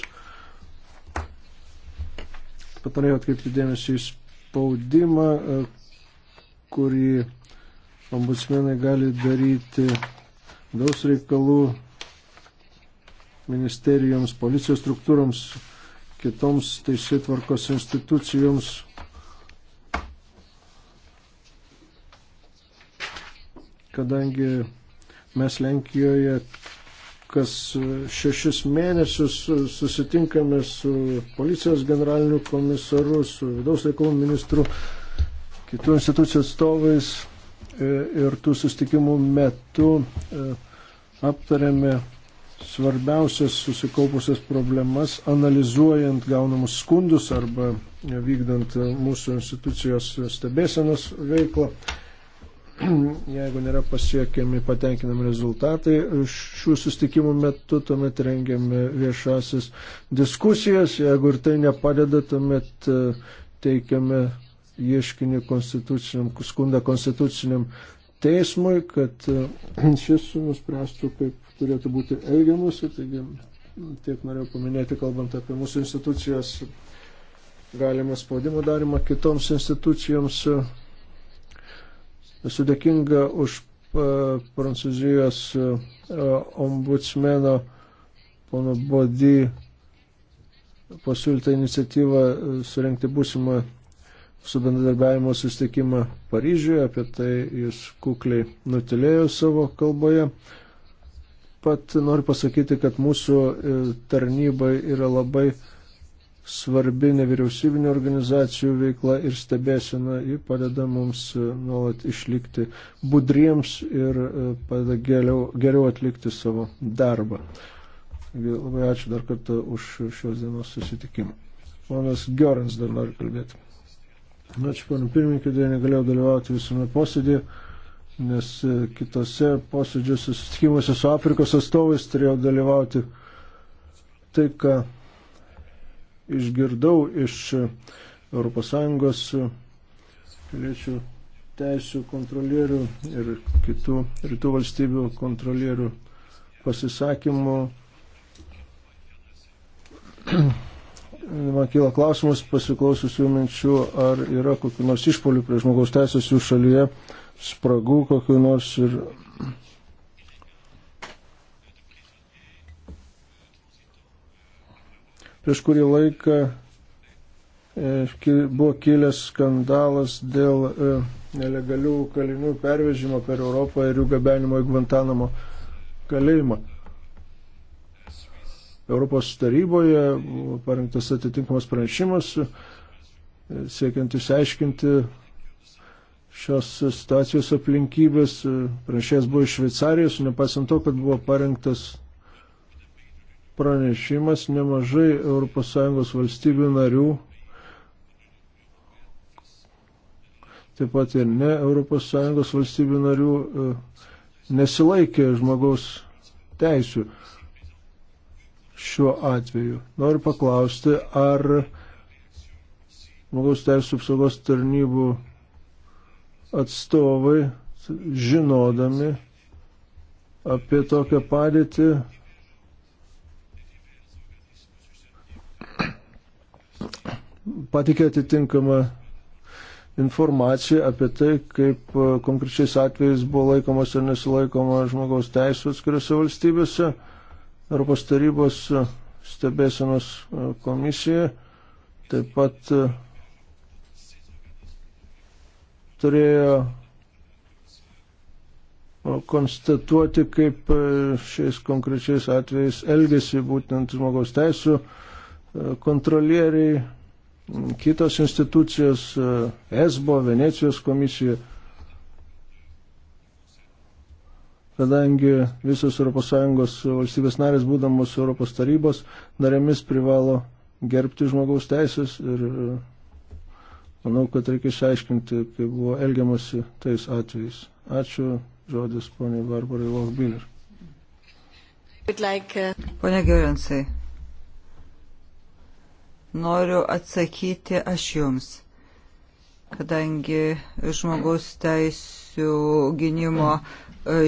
Pat norėjau atkreipti dėmesį į spaudimą, e, kurį ombudsmenai gali daryti daus reikalų ministerijoms, policijos struktūroms, kitoms teisėtvarkos institucijoms kadangi mes Lenkijoje kas šešis mėnesius susitinkame su policijos generaliniu komisaru, su vidaus reikalų ministru, kitų institucijų atstovais e, ir tų sustikimų metu e, aptarėme svarbiausias susikaupusias problemas, analizuojant gaunamus skundus arba vykdant mūsų institucijos stebėsenos veiklą. jeigu nėra pasiekiami patenkinami rezultatai. Šių sustikimų metu tuomet rengiame viešasis diskusijas, jeigu ir tai nepadeda, tuomet e, teikiame ieškinį konstituciniam, skundą konstituciniam teismui, kad e, šis nuspręstų, kaip turėtų būti elgiamasi. Taigi, tiek norėjau paminėti, kalbant apie mūsų institucijos galimą spaudimo darimą kitoms institucijoms Esu dėkinga už e, Prancūzijos e, ombudsmeno pono Bodį pasiūlytą iniciatyvą e, surenkti būsimą su bendradarbiavimo susitikimą Paryžiuje, apie tai jis kukliai nutilėjo savo kalboje. Pat noriu pasakyti, kad mūsų tarnybai yra labai uh, svarbi nevyriausybinio organizacijų veikla ir stebėsena, ji padeda mums e, nuolat išlikti budriems ir e, padeda geriau, geriau atlikti savo darbą. Labai ačiū dar kartą už šios dienos susitikimą. Ponas Giorans dar nori kalbėti. Ačiū, panu pirmininkai, dėl negalėjau dalyvauti visame posėdėje, nes e, kitose posėdžiuose susitikimuose su Afrikos atstovais turėjau dalyvauti. Tai, ką išgirdau iš ES piliečių teisų kontrolierių ir kitų rytų valstybių kontrolierių pasisakymų. Man kyla klausimas pasiklausus jų minčių, ar yra kokių nors išpolių prie žmogaus teisės jų šalyje, spragų kokiu nors ir Prieš kurį laiką e, buvo kilęs skandalas dėl e, nelegalių kalinių pervežimo per Europą ir jų gabenimo į Guantanamo kalėjimą. Europos taryboje buvo parengtas atitinkamas pranešimas, e, siekiant išsiaiškinti šios situacijos aplinkybės. Pranešėjas buvo iš Šveicarijos, nepasant to, kad buvo parengtas pranešimas nemažai ES valstybių narių, taip pat ir ne ES valstybių narių e, nesilaikė žmogaus teisių šiuo atveju. Noriu paklausti, ar žmogaus teisų apsaugos tarnybų atstovai, žinodami apie tokią padėtį, patikė atitinkamą informaciją apie tai, kaip e, konkrečiais atvejais buvo laikomas ir nesilaikoma žmogaus teisų atskiriuose valstybėse. Europos tarybos e, stebėsenos e, komisija taip pat turėjo konstatuoti, kaip šiais konkrečiais atvejais elgesi būtent žmogaus teisų kontrolieriai kitos institucijos, ESBO, Venecijos komisija, kadangi visos ES valstybės narės, būdamos Europos tarybos narėmis, privalo gerbti žmogaus teisės ir e, manau, kad reikia išaiškinti, kaip buvo elgiamasi tais atvejais. Ačiū, žodis poniai Barbarai Lokbilir. Uh, Pone Gerensai, noriu atsakyti aš jums, kadangi žmogaus teisų gynimo e,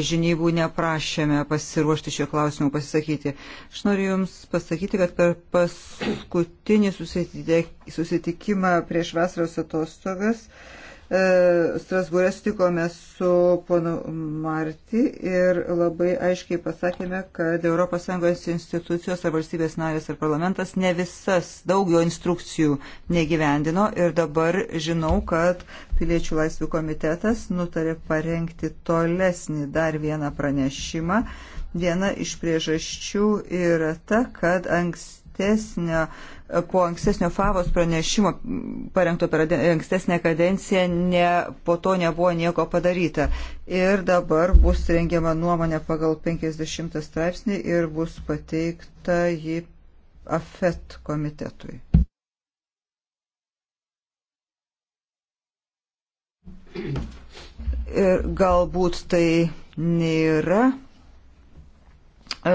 žinybų neprašėme pasiruošti šio klausimu pasisakyti. Aš noriu Jums pasakyti, kad per paskutinį susitikimą prieš vasaros atostogas uh, E, Strasbūrė sutikome su ponu Marti ir labai aiškiai pasakėme, kad ES institucijos ar valstybės narės ar parlamentas ne visas daug jo instrukcijų negyvendino ir dabar žinau, kad Piliečių laisvių komitetas nutarė parengti tolesnį dar vieną pranešimą. Viena iš priežasčių yra ta, kad anksti ankstesnio, po ankstesnio Favos pranešimo parengto per ankstesnę kadenciją ne, po to nebuvo nieko padaryta. Ir dabar bus rengiama nuomonė pagal 50 straipsnį ir bus pateikta jį AFET komitetui. Ir galbūt tai nėra E,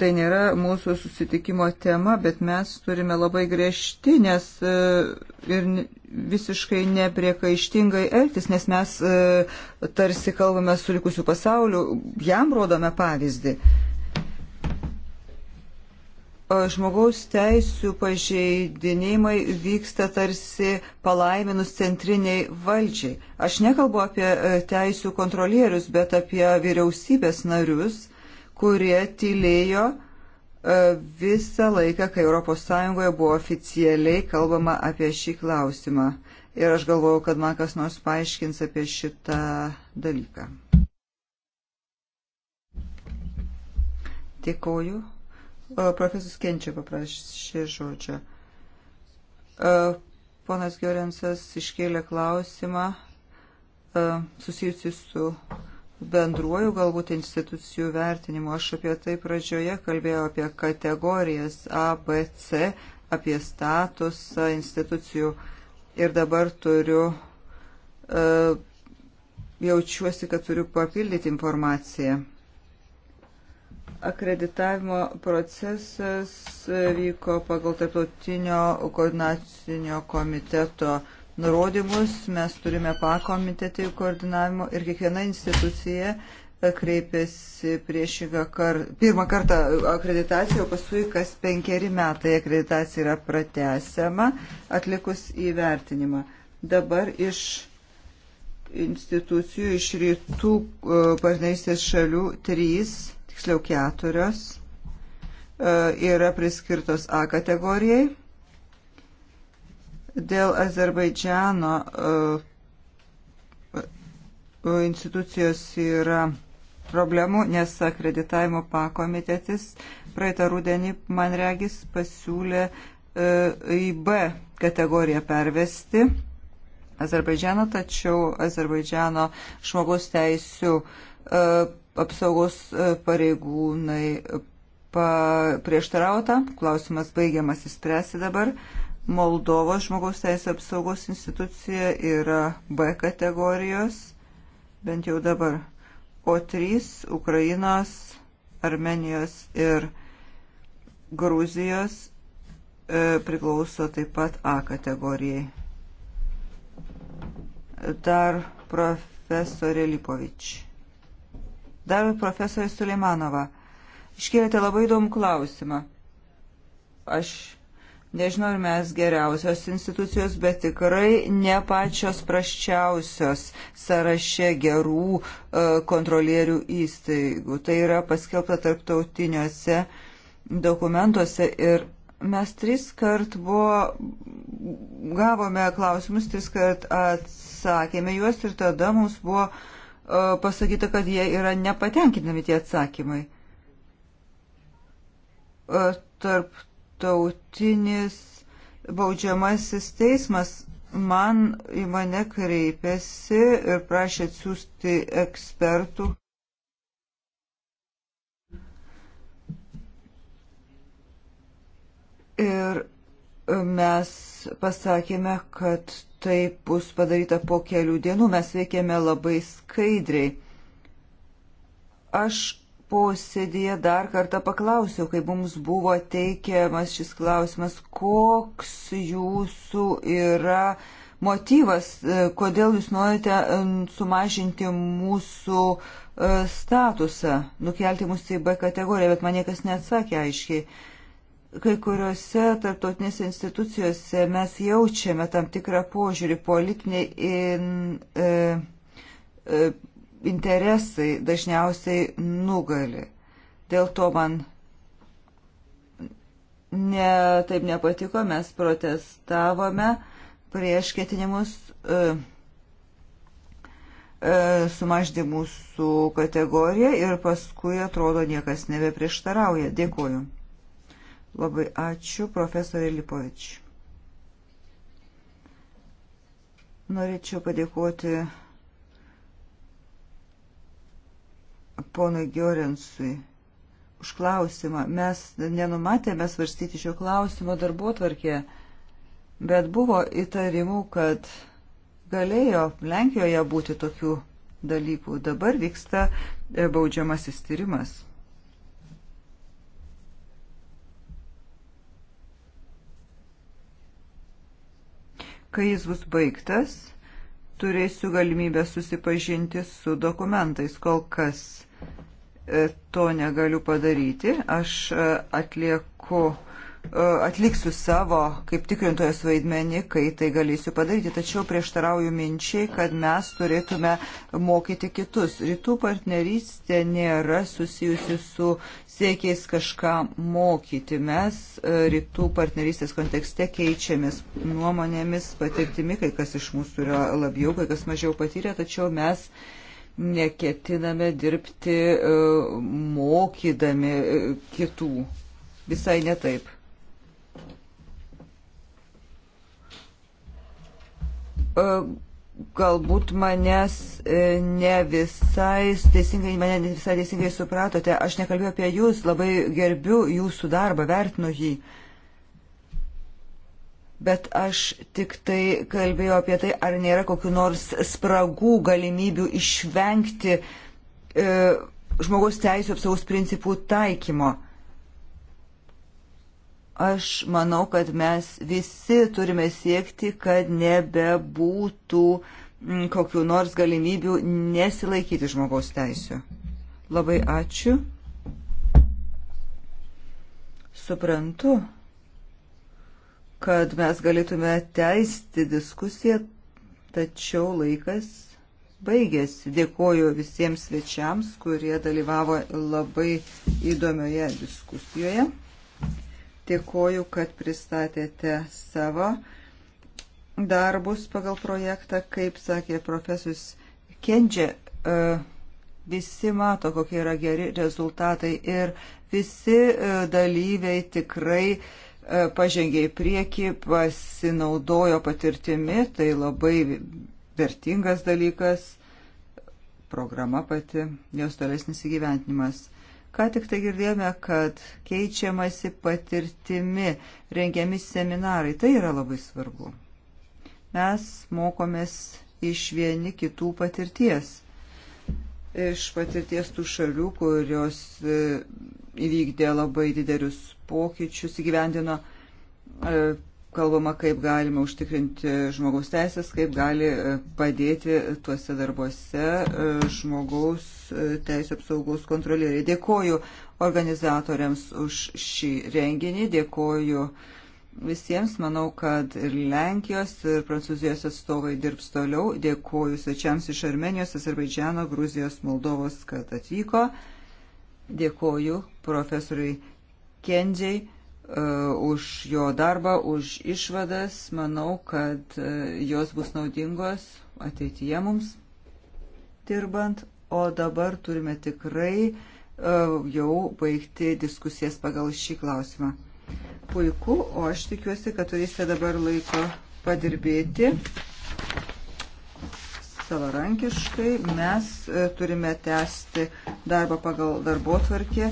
tai nėra mūsų susitikimo tema, bet mes turime labai griežti, nes e, ir visiškai nepriekaištingai elgtis, nes mes e, tarsi kalbame su likusiu pasauliu, jam rodome pavyzdį. Žmogaus teisų pažeidinėjimai vyksta tarsi palaiminus centriniai valdžiai. Aš nekalbu apie teisų kontrolierius, bet apie vyriausybės narius kurie tylėjo e, visą laiką, kai ES buvo oficialiai kalbama apie šį klausimą. Ir aš galvojau, kad man kas nors paaiškins apie šitą dalyką. Dėkoju. E, profesorius Kenčia paprašė žodžio. E, ponas Giorensas iškėlė klausimą susijusi su bendruoju galbūt institucijų vertinimu. Aš apie tai pradžioje kalbėjau apie kategorijas A, B, C, apie statusą institucijų ir dabar turiu, e, jaučiuosi, kad turiu papildyti informaciją. Akreditavimo procesas vyko pagal tarptautinio koordinacinio komiteto uh, nurodymus, mes turime pakomitetį koordinavimo ir kiekviena institucija e, kreipėsi priešingą kartą, pirmą kartą e, akreditaciją, o paskui kas penkeri metai akreditacija yra pratesiama atlikus įvertinimą. Dabar iš institucijų, iš rytų e, partnerystės šalių trys, tiksliau keturios, yra priskirtos A kategorijai Dėl Azerbaidžiano e, e, institucijos yra problemų, nes akreditavimo pakomitetis praeitą rudenį, man regis, pasiūlė e, į B kategoriją pervesti Azerbaidžianą, tačiau Azerbaidžiano žmogaus teisų apsaugos pareigūnai prieštarauta. Klausimas baigiamas įspręsti dabar. Moldovos žmogaus teisų apsaugos institucija yra B kategorijos, bent jau dabar, o 3 Ukrainos, Armenijos ir Gruzijos e, priklauso taip pat A kategorijai. Dar profesorė Lipovič. Dar profesorė Suleimanova. Iškėlėte labai įdomų klausimą. Aš Nežinau, ar mes geriausios institucijos, bet tikrai ne pačios praščiausios sąraše gerų e, kontrolierių įstaigų. Tai yra paskelbta tarptautiniuose dokumentuose ir mes tris kart buvo, gavome klausimus, tris kart atsakėme juos ir tada mums buvo e, pasakyta, kad jie yra nepatenkinami tie atsakymai. E, tarp tarptautinis baudžiamasis teismas man į mane kreipėsi ir prašė atsiųsti ekspertų. Ir mes pasakėme, kad tai bus padaryta po kelių dienų. Mes veikėme labai skaidriai. Aš posėdėje dar kartą paklausiau, kai mums buvo teikiamas šis klausimas, koks jūsų yra motyvas, e, kodėl jūs norite e, sumažinti mūsų e, statusą, nukelti mus į B kategoriją, bet man niekas neatsakė aiškiai. Kai kuriuose tarptautinėse institucijose mes jaučiame tam tikrą požiūrį politiniai in, e, e, interesai dažniausiai nugali. Dėl to man ne, taip nepatiko, mes protestavome prieš ketinimus e, e, sumažinti mūsų kategoriją ir paskui atrodo niekas nebeprieštarauja. Dėkuoju. Labai ačiū, profesorė Lipovič. Norėčiau padėkoti ponui Giorensui už klausimą. Mes nenumatėme svarstyti šio klausimo darbo tvarkė, bet buvo įtarimų, kad galėjo Lenkijoje būti tokių dalykų. Dabar vyksta e, baudžiamasis tyrimas. Kai jis bus baigtas, turėsiu galimybę susipažinti su dokumentais. Kol kas E, to negaliu padaryti. Aš e, atlieku, e, atliksiu savo kaip tikrintojas vaidmenį, kai tai galėsiu padaryti. Tačiau prieštarauju minčiai, kad mes turėtume mokyti kitus. Rytų partnerystė nėra susijusi su siekiais kažką mokyti. Mes rytų partnerystės kontekste keičiamės nuomonėmis, patirtimi, kai kas iš mūsų yra labiau, kai kas mažiau patyrę, tačiau mes neketiname dirbti e, mokydami e, kitų. Visai netaip. E, galbūt manęs ne visai teisingai, mane ne visai teisingai supratote. Aš nekalbėjau apie jūs, labai gerbiu jūsų darbą, vertinu jį. Uh, bet aš tik tai kalbėjau apie tai, ar nėra kokiu nors spragų galimybių išvengti e, žmogaus teisų apsaus principų taikymo. Aš manau, kad mes visi turime siekti, kad nebebūtų mm, kokiu nors galimybių nesilaikyti žmogaus teisų. Labai ačiū. Suprantu kad mes galėtume teisti diskusiją, tačiau laikas baigėsi. Dėkoju visiems svečiams, kurie dalyvavo labai įdomioje diskusijoje. Dėkoju, kad pristatėte savo darbus pagal projektą, kaip sakė profesorius Kendžia. E, visi mato, kokie yra geri rezultatai ir visi e, dalyviai tikrai uh, E, pažengė į priekį, pasinaudojo patirtimi, tai labai vertingas dalykas, programa pati, jos tolesnis įgyventinimas. Ką tik tai girdėjome, kad keičiamasi patirtimi, rengiami seminarai, tai yra labai svarbu. Mes mokomės iš vieni kitų patirties iš patirties tų šalių, kurios e, įvykdė labai didelius pokyčius, įgyvendino e, kalbama, kaip galima užtikrinti žmogaus teisės, kaip gali e, padėti tuose darbuose žmogaus teisų apsaugos kontrolieriai. Dėkoju organizatoriams už šį renginį, dėkoju uh, visiems. Manau, kad ir Lenkijos, ir Prancūzijos atstovai dirbs toliau. Dėkuoju svečiams iš Armenijos, Azerbaidžiano, Gruzijos, Moldovos, kad atvyko. Dėkuoju profesoriui Kendžiai uh, už jo darbą, už išvadas. Manau, kad uh, jos bus naudingos ateityje mums dirbant. O dabar turime tikrai uh, jau baigti diskusijas pagal šį klausimą. Puiku, o aš tikiuosi, kad turėsite dabar laiko padirbėti savarankiškai. Mes e, turime tęsti darbą pagal darbo tvarkę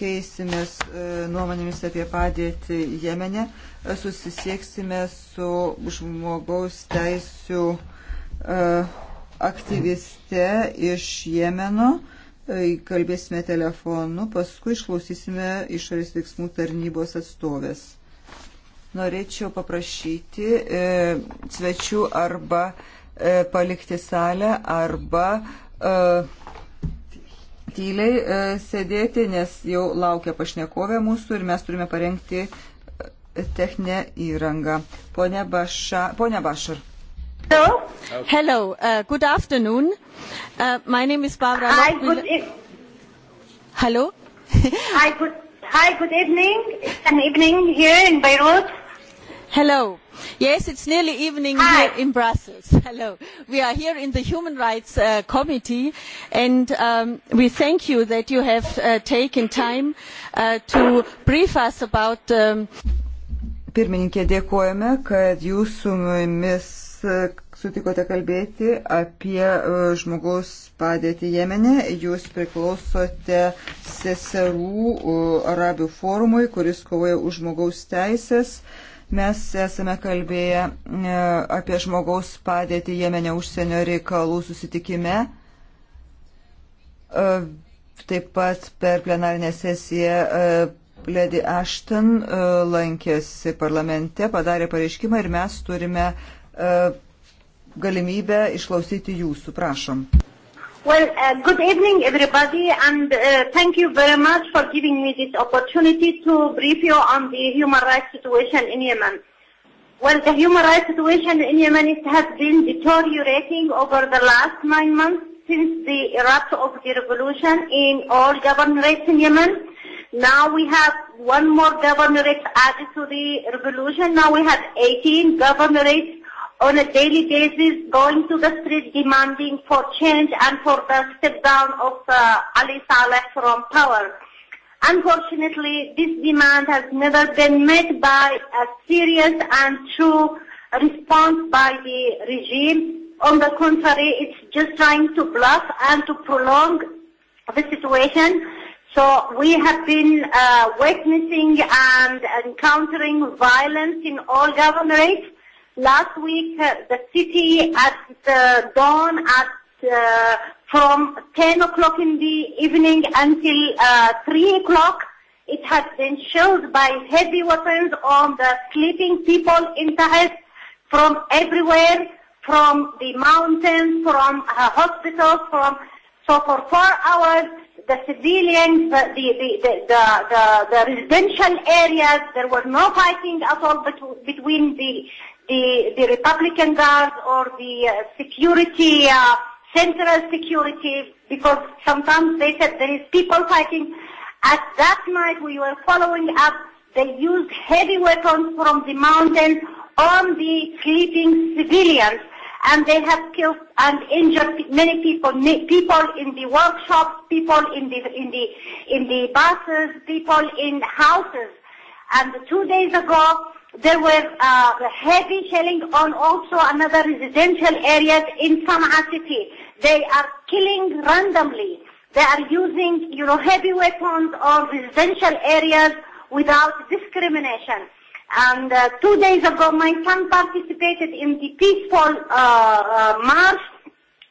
keisimės e, nuomonėmis apie padėtį Jemene, e, susisieksime su žmogaus teisų aktyviste iš Jemeno. E, kalbėsime telefonu, paskui išklausysime išorės veiksmų tarnybos atstovės. Norėčiau paprašyti e, svečių arba e, palikti salę arba e, tyliai e, sėdėti, nes jau laukia pašnekovė mūsų ir mes turime parengti techninę įrangą. Pone, Baša, pone Bašar. Hello. Okay. Hello. Uh, good afternoon. Uh, my name is Barbara. Hi. Lockmiller. Good. E- Hello. hi. Good. Hi. Good evening. It's an evening here in Beirut. Hello. Yes, it's nearly evening Hi. here in Brussels. Hello. We are here in the Human Rights uh, Committee, and um, we thank you that you have uh, taken time uh, to brief us about. Um, Pirmininkė, dėkojame, kad jūs su mumis sutikote kalbėti apie e, žmogaus padėtį Jemenė. Jūs priklausote seserų e, Arabių forumui, kuris kovoja už žmogaus teisės. Mes esame kalbėję e, apie žmogaus padėtį Jemenė užsienio reikalų susitikime. Taip pat per plenarinę sesiją Lady Ashton lankėsi parlamente, padarė pareiškimą ir mes turime E, galimybę išklausyti jūsų. Prašom. Well, uh, good evening, everybody, and uh, thank you very much for giving me this opportunity to brief you on the human rights situation in Yemen. Well, the human rights situation in Yemen is, has been deteriorating over the last nine months since the erupt of the revolution in all governorates in Yemen. Now we have one more governorate added to the revolution. Now we have 18 governorates on a daily basis going to the street demanding for change and for the step down of uh, Ali Saleh from power. Unfortunately, this demand has never been met by a serious and true response by the regime. On the contrary, it's just trying to bluff and to prolong the situation. So we have been uh, witnessing and encountering violence in all governorates Last week, uh, the city at uh, dawn at uh, from 10 o'clock in the evening until uh, 3 o'clock, it has been shelled by heavy weapons on the sleeping people in Tahiz from everywhere, from the mountains, from uh, hospitals, from so for four hours the civilians, the, the, the, the, the, the residential areas, there was no fighting at all between the the, the Republican Guard or the uh, security, uh, central security, because sometimes they said there is people fighting. At that night we were following up, they used heavy weapons from the mountain on the sleeping civilians and they have killed and injured many people, people in the workshops, people in the, in the, in the buses, people in houses. And two days ago, There were uh, heavy shelling on also another residential areas in Sana'a city. They are killing randomly. They are using, you know, heavy weapons on residential areas without discrimination. And uh, two days ago, my son participated in the peaceful uh, uh, march,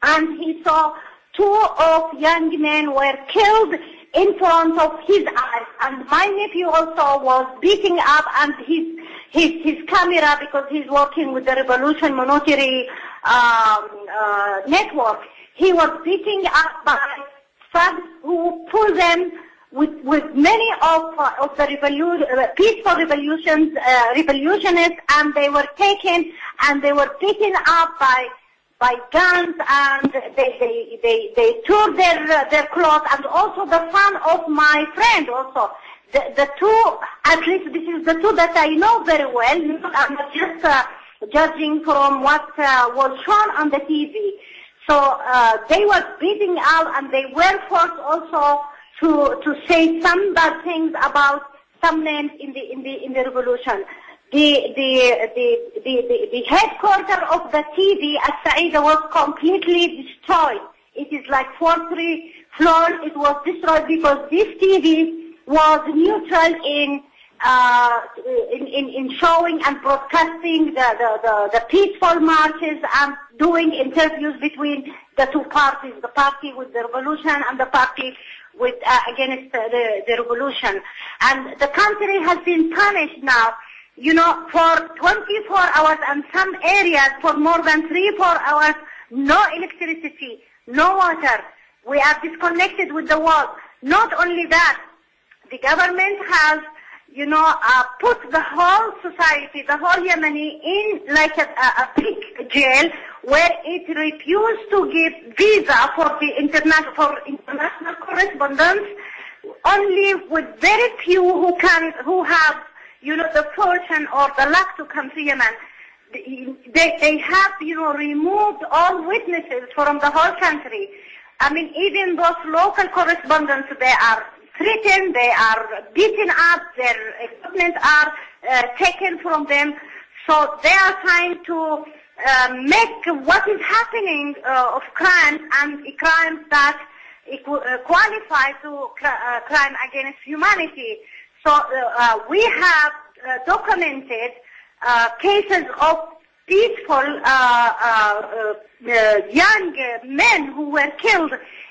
and he saw two of young men were killed in front of his eyes. And my nephew also was beaten up, and his his his camera because he's working with the Revolution Monetary um, uh, Network. He was beating up by thugs who pull them with with many of uh, of the revolution, uh, peaceful revolutions, uh, revolutionists, and they were taken and they were beaten up by by guns and they they they, they tore their uh, their clothes and also the son of my friend also the, the two, at least this is the two that I know very well. I'm just uh, judging from what uh, was shown on the TV. So uh, they were bidding out, and they were forced also to to say some bad things about some names in the in the in the revolution. The the the the, the, the headquarter of the TV at Saida was completely destroyed. It is like four three floors. It was destroyed because this TV was neutral in uh, in, in, in showing and broadcasting the, the, the, the peaceful marches and doing interviews between the two parties, the party with the revolution and the party with uh, against uh, the, the revolution. And the country has been punished now, you know, for 24 hours and some areas for more than three, four hours, no electricity, no water. We are disconnected with the world. Not only that, the government has, you know, uh, put the whole society, the whole Yemeni in like a, a big jail where it refused to give visa for the international, for international correspondence only with very few who can, who have, you know, the fortune or the luck to come to Yemen they, they have, you know, removed all witnesses from the whole country. I mean, even those local correspondents, they are threatened, they are beaten up, their equipment are uh, taken from them. So they are trying to uh, make what is happening uh, of crimes and crimes that equal, uh, qualify to cr- uh, crime against humanity. So uh, uh, we have uh, documented uh, cases of peaceful uh, uh, uh, young men who were killed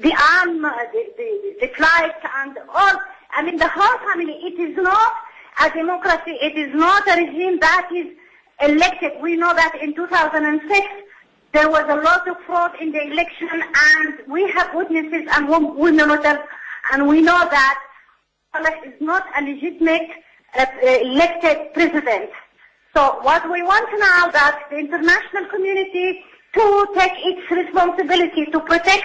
the arm, uh, the, the, the flight, and all. I mean, the whole family. It is not a democracy. It is not a regime that is elected. We know that in 2006 there was a lot of fraud in the election, and we have witnesses and we monitors, and we know that Saleh is not a legitimate uh, elected president. So what we want now that the international community to take its responsibility to protect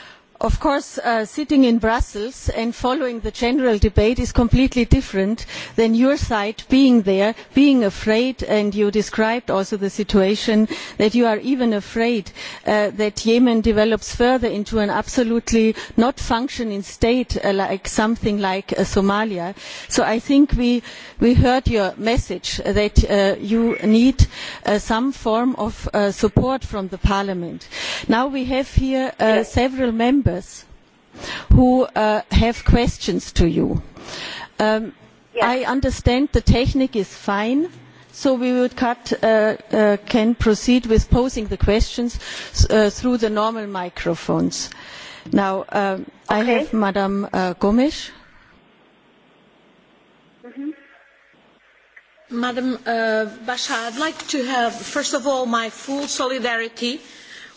of course uh, sitting in brussels and following the general debate is completely different than your side being there being afraid and you described also the situation that you are even afraid uh, that yemen develops further into an absolutely not functioning state uh, like something like uh, somalia so i think we we heard your message that uh, you need uh, some form of uh, support from the parliament now we have here uh, several members members who uh, have questions to you. Um, yes. I understand the technique is fine, so we would cut, uh, uh, can proceed with posing the questions uh, through the normal microphones. Now, um, okay. I have Madame uh, Gomes. Mm-hmm. Madam uh, Basha, I'd like to have, first of all, my full solidarity uh,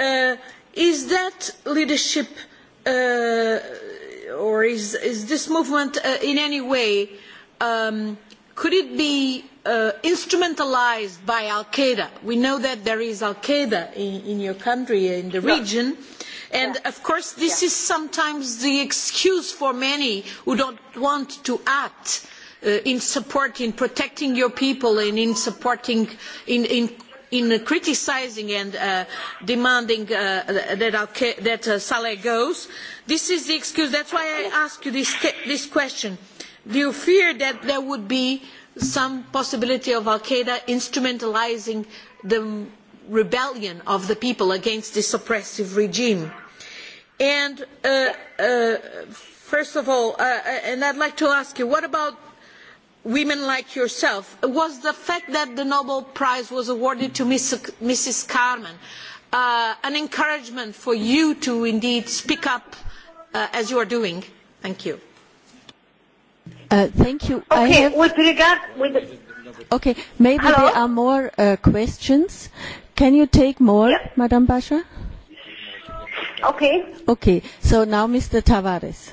Uh, is that leadership uh, or is, is this movement uh, in any way, um, could it be uh, instrumentalized by Al-Qaeda? We know that there is Al-Qaeda in, in your country, in the region. Yeah. And yeah. of course, this yeah. is sometimes the excuse for many who don't want to act uh, in supporting, protecting your people and in supporting, in, in in criticising and uh, demanding uh, that, Alca that uh, Saleh goes. This is the excuse. That's why I ask you this, this question. Do you fear that there would be some possibility of Al-Qaeda instrumentalizing the rebellion of the people against this oppressive regime? And uh, uh, first of all, uh, uh and I'd like to ask you, what about women like yourself was the fact that the Nobel Prize was awarded to Ms. Mrs. Carmen uh, an encouragement for you to indeed speak up uh, as you are doing? Thank you. Uh, thank you. Okay, I have... with regard with. Okay, maybe Hello? there are more uh, questions. Can you take more, yep. Madam Basha? Okay. Okay. So now, Mr. Tavares.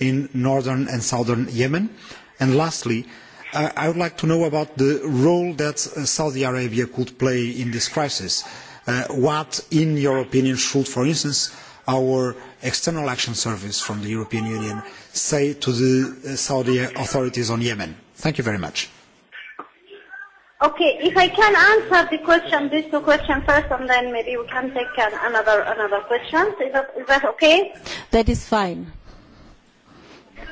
in northern and southern Yemen? And lastly, uh, I would like to know about the role that uh, Saudi Arabia could play in this crisis. Uh, what, in your opinion, should, for instance, our external action service from the European Union say to the uh, Saudi authorities on Yemen? Thank you very much. Okay, if I can answer the question, these two questions first, and then maybe we can take an, another another question. Is that, is that okay? That is fine.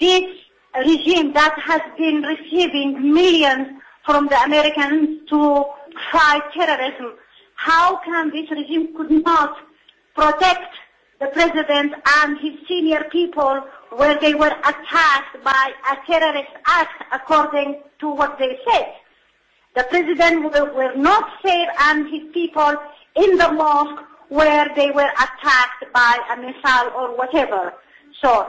This regime that has been receiving millions from the Americans to fight terrorism, how can this regime could not protect the president and his senior people where they were attacked by a terrorist act according to what they said? The president were not safe and his people in the mosque where they were attacked by a missile or whatever. So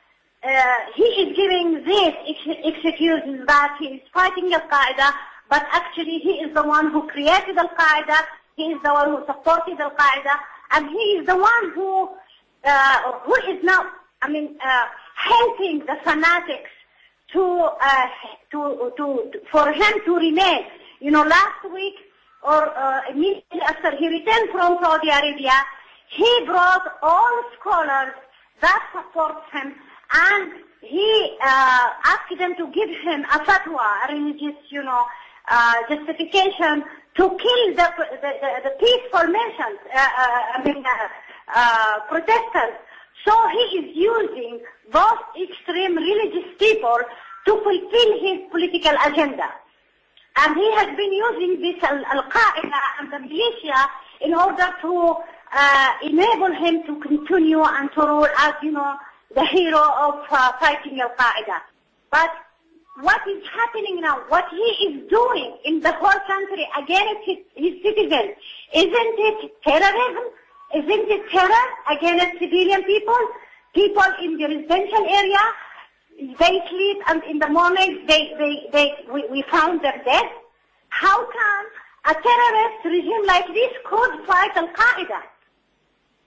uh, he is giving these ex- executions that he is fighting Al Qaeda, but actually he is the one who created Al Qaeda, he is the one who supported Al Qaeda, and he is the one who uh, who is now, I mean, uh, helping the fanatics to, uh, to to to for him to remain. You know, last week or uh, immediately after he returned from Saudi Arabia, he brought all scholars that support him and he uh, asked them to give him a fatwa, a religious, you know, uh, justification to kill the the, the, the peaceful nations, uh, uh, I mean, uh, uh, protesters. So he is using both extreme religious people to fulfill his political agenda. And he has been using this al-Qaeda and the militia in order to uh, enable him to continue and to rule as, you know, the hero of uh, fighting Al-Qaeda. But what is happening now, what he is doing in the whole country against his, his citizens, isn't it terrorism? Isn't it terror against civilian people? People in the residential area, they sleep and in the morning they, they, they, we, we found them dead. How come a terrorist regime like this could fight Al-Qaeda?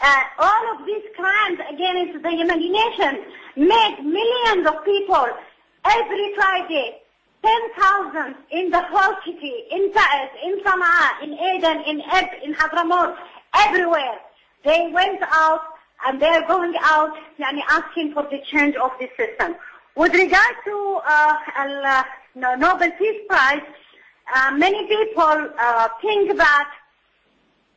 Uh, all of these crimes against the imagination make millions of people every Friday, 10,000 in the whole city, in Taiz, in Sana'a, in Aden, in Eb, in Hadramaut, everywhere. They went out and they're going out yani, asking for the change of the system. With regard to uh, the uh, Nobel Peace Prize, uh, many people uh, think that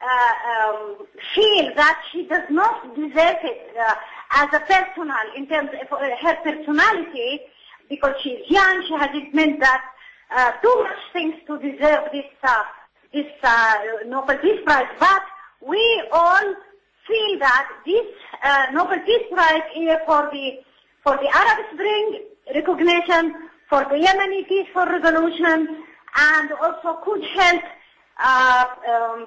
uh, um, feel that she does not deserve it uh, as a personal, in terms of uh, her personality, because she's young, she hasn't meant that uh, too much things to deserve this uh, this uh, Nobel Peace Prize, but we all feel that this uh, Nobel Peace Prize is for the for the Arab Spring recognition, for the Yemeni peaceful resolution, and also could help uh, um,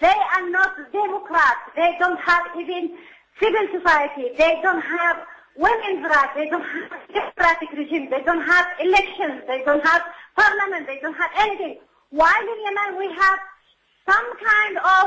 They are not democrats. They don't have even civil society. They don't have women's rights. They don't have democratic regime. They don't have elections. They don't have parliament. They don't have anything. While in Yemen we have some kind of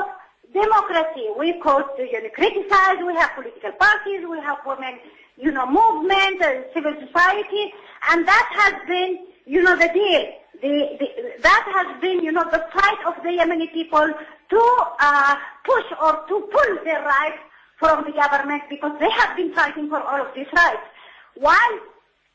democracy. We cause to you know, criticize. We have political parties. We have women, you know, movement, uh, civil society, and that has been, you know, the deal. The, the, that has been, you know, the fight of the Yemeni people to uh, push or to pull their rights from the government because they have been fighting for all of these rights. While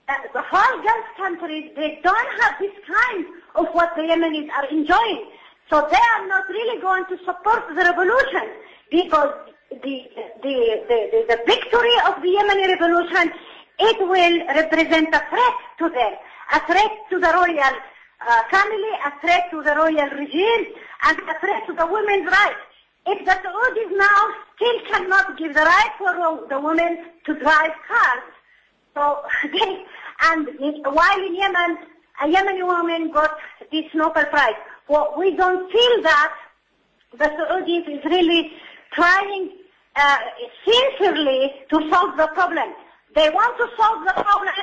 uh, the whole Gulf countries, they don't have this kind of what the Yemenis are enjoying. So they are not really going to support the revolution because the, the, the, the, the victory of the Yemeni revolution, it will represent a threat to them, a threat to the royal uh, family, a threat to the royal regime, and a threat to the women's rights. If the Saudis now still cannot give the right for the women to drive cars, so they, and while in Yemen, a Yemeni woman got this Nobel Prize. Well, we don't feel that the Saudis is really trying uh, sincerely to solve the problem. They want to solve the problem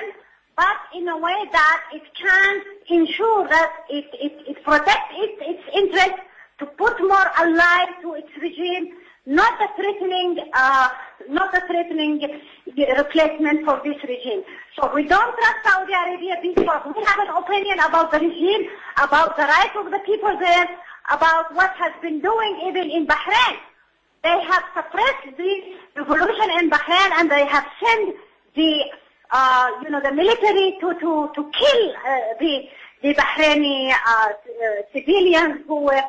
but in a way that it can ensure that it, it, it protects its, its interest to put more allies to its regime, not a threatening, uh, not a threatening replacement for this regime. So we don't trust Saudi Arabia because we have an opinion about the regime, about the rights of the people there, about what has been doing even in Bahrain. They have suppressed the revolution in Bahrain and they have sent the uh, you know, the military to, to, to kill uh, the, the Bahraini uh, uh, civilians who were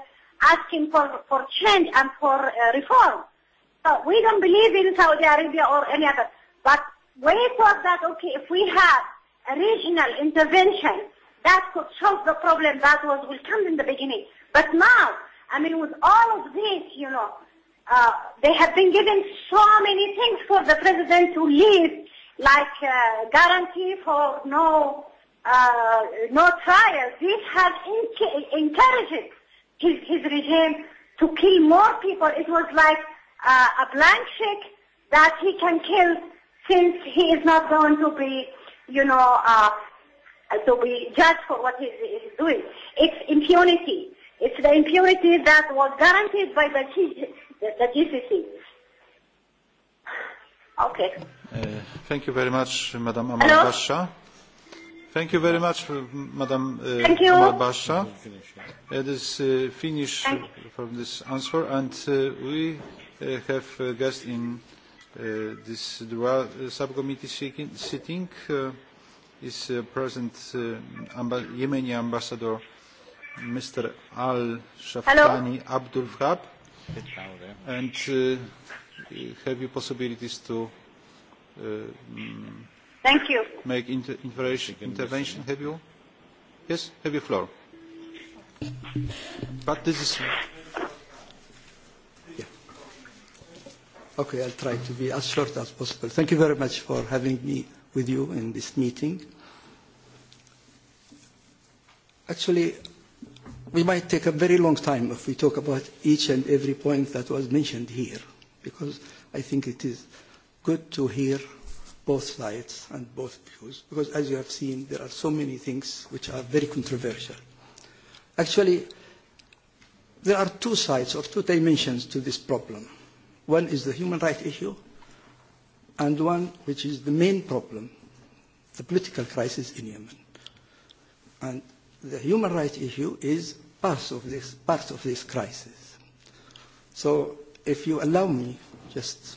asking for, for change and for uh, reform. So we don't believe in Saudi Arabia or any other. But we thought that, okay, if we had a regional intervention, that could solve the problem that was welcomed in the beginning. But now, I mean, with all of this, you know, uh, they have been given so many things for the president to leave like uh, guarantee for no uh, no trials. This has enc- encouraged his, his regime to kill more people. It was like uh, a blank check that he can kill since he is not going to be, you know, uh, to be judged for what he's, he's doing. It's impunity. It's the impunity that was guaranteed by the, G- the, the GCC. Okay. Uh, thank you very much, Madam Amal Basha. Thank you very much, Madam uh, thank you. Amal Basha. It is uh, finished from this answer, and uh, we uh, have a guest in uh, this dual uh, subcommittee sitting. Uh, is uh, present uh, amb Yemeni ambassador Mr. Al Shafrani Abdul Wahab. And uh, have you possibilities to Uh, Thank you. make inter intervention. Have you? Yes, have your floor. But this is. Yeah. Okay, I'll try to be as short as possible. Thank you very much for having me with you in this meeting. Actually, we might take a very long time if we talk about each and every point that was mentioned here, because I think it is uh, good to hear both sides and both views, because as you have seen, there are so many things which are very controversial. Actually, there are two sides or two dimensions to this problem. One is the human rights issue, and one which is the main problem, the political crisis in Yemen. And the human rights issue is part of this, part of this crisis. So if you allow me just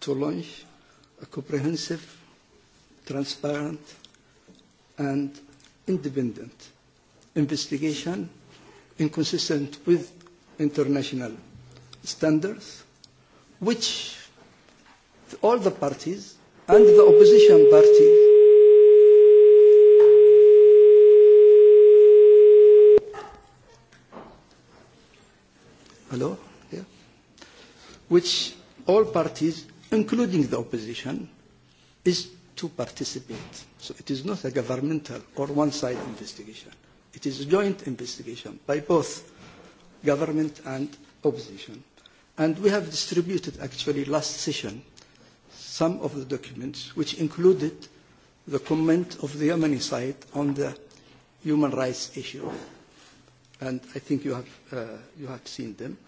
to launch a comprehensive, transparent, and independent investigation inconsistent with international standards, which all the parties and the opposition party Hello? Yeah. Which all parties including the opposition, is to participate. So it is not a governmental or one-side investigation. It is a joint investigation by both government and opposition. And we have distributed, actually, last session, some of the documents which included the comment of the Yemeni side on the human rights issue. And I think you have, uh, you have seen them.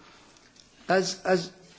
As, as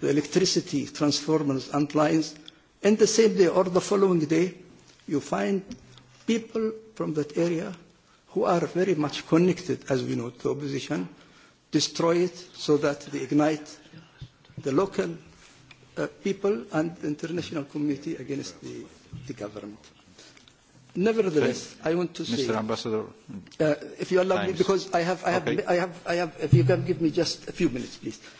the electricity transformers and lines, and the same day or the following day, you find people from that area who are very much connected, as we know, to the opposition, destroy it so that they ignite the local uh, people and the international community against the, the government. Nevertheless, Please. I want to Mr. say, Mr. Ambassador, uh, if you allow times. me, because I have, I have, okay. I have, I have, if you can give me just a few minutes, please. Uh,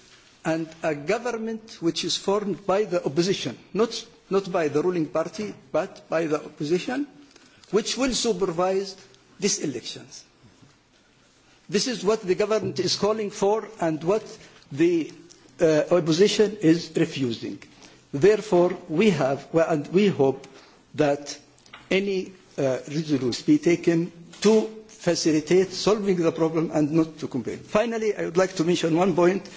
and a government which is formed by the opposition, not, not by the ruling party, but by the opposition, which will supervise these elections. This is what the government is calling for and what the uh, opposition is refusing. Therefore, we have, well, and we hope that any uh, resolution be taken to facilitate solving the problem and not to complain. Finally, I would like to mention one point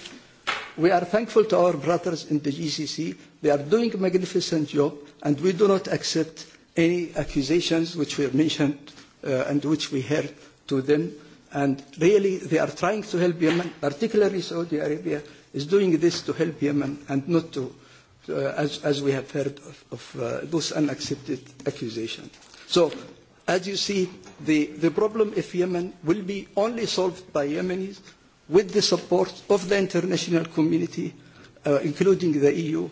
We are thankful to our brothers in the GCC. They are doing a magnificent job, and we do not accept any accusations which were mentioned uh, and which we heard to them. And really, they are trying to help Yemen, particularly Saudi Arabia is doing this to help Yemen and not to, uh, as, as we have heard of, of uh, those unaccepted accusations. So, as you see, the, the problem of Yemen will be only solved by Yemenis with the support of the international community, uh, including the EU,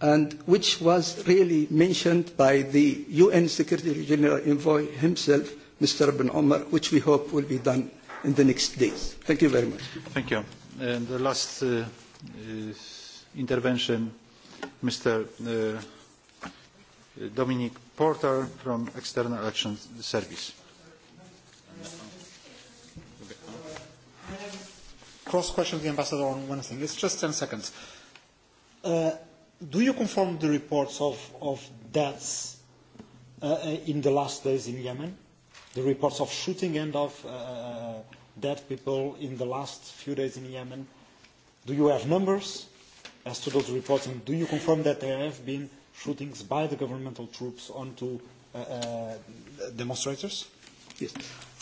and which was really mentioned by the UN Secretary General Envoy himself, Mr. Ibn Omar, which we hope will be done in the next days. Thank you very much. Thank you. And the last uh, uh intervention, Mr. Uh, Dominic Porter from External Action Service. cross-question the ambassador on one thing. It's just 10 seconds. Uh, do you confirm the reports of, of deaths uh, uh, in the last days in Yemen? The reports of shooting and of uh, uh, dead people in the last few days in Yemen? Do you have numbers as to those reports? And do you confirm that there have been shootings by the governmental troops onto uh, uh, demonstrators? Yes.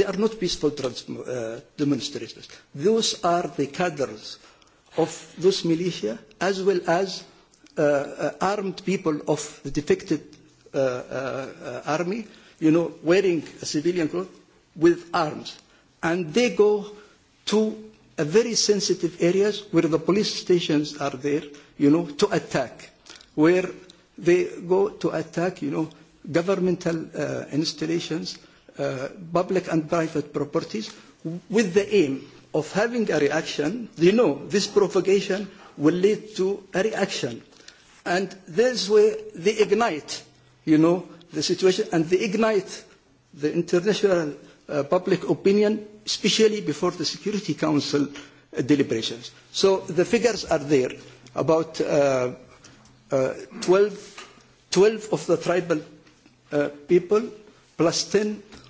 They are not peaceful trans uh, demonstrators. Those are the cadres of those militia as well as uh, uh, armed people of the defected uh, uh, uh, army, you know, wearing a civilian clothes with arms. And they go to a very sensitive areas where the police stations are there, you know, to attack, where they go to attack, you know, governmental uh, installations, uh, public and private properties with the aim of having a reaction. They know this propagation will lead to a reaction. And this way they ignite, you know, the situation and they ignite the international uh, public opinion, especially before the Security Council uh, deliberations. So the figures are there about uh, uh, 12, 12 of the tribal uh, people plus 10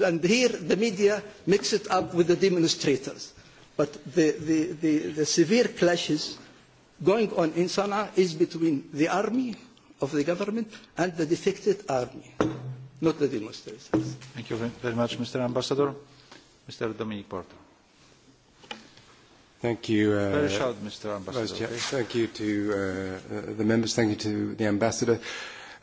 and here the media mix it up with the demonstrators. But the, the, the, the severe clashes going on in Sana'a is between the army of the government and the defected army, not the demonstrators. Thank you very much, Mr. Ambassador. Mr. Dominic Porter. Thank you. Uh, very short, Mr. Ambassador. Vice Chair, okay? Thank you to uh, uh, the members. Thank you to the Ambassador. Uh,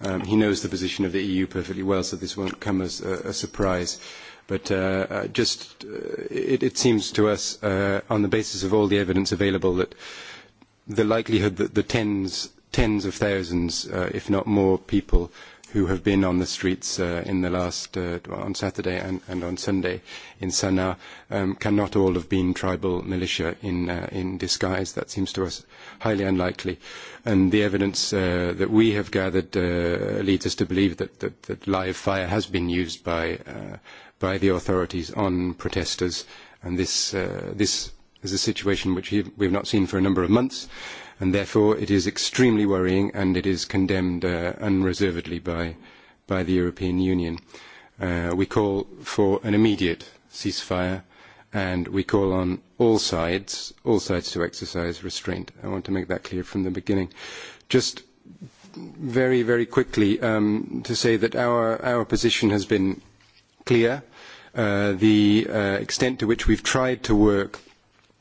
Um, he knows the position of the EU perfectly well, so this won't come as a, a surprise. But uh, uh, just uh, it, it seems to us, uh, on the basis of all the evidence available, that the likelihood that the tens, tens of thousands, uh, if not more, people who have been on the streets uh, in the last uh, on Saturday and, and on Sunday in Sana'a um, cannot all have been tribal militia in uh, in disguise. That seems to us highly unlikely, and the evidence uh, that we have gathered uh, leads us to believe that, that that live fire has been used by uh, by the authorities on protesters, and this uh, this is a situation which we've not seen for a number of months. Uh, and therefore it is extremely worrying and it is condemned uh, unreservedly by, by the European Union. Uh, we call for an immediate ceasefire and we call on all sides, all sides to exercise restraint. I want to make that clear from the beginning. Just very, very quickly um, to say that our, our position has been clear. Uh, the uh, extent to which we've tried to work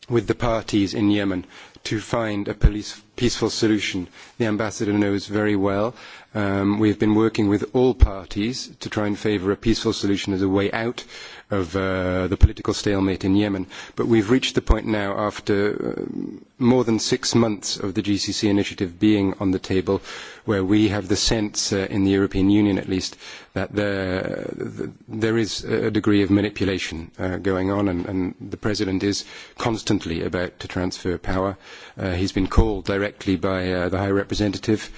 with the parties in Yemen to find a police, peaceful solution. The ambassador knows very well. Um, we've been working with all parties to try and favour a peaceful solution as a way out of uh, the political stalemate in Yemen. But we've reached the point now, after uh, more than six months of the GCC initiative being on the table, where we have the sense, uh, in the European Union at least, that there, uh, there is a degree of manipulation uh, going on, and, and the President is constantly about to transfer power. Uh, he's been called directly by uh, the High Representative.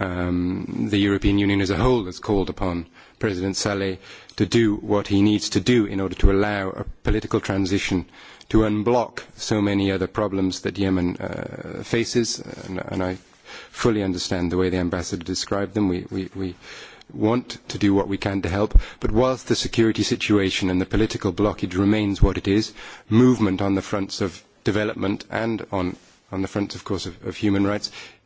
Um, the European Union as a whole is called upon President Saleh to do what he needs to do in order to allow a political transition to unblock so many other problems that Yemen uh, faces. And, and I fully understand the way the ambassador described them. We, we, we want to do what we can to help. But whilst the security situation and the political blockage remains what it is, movement on the fronts of development and on on the fronts, of course, of, of human rights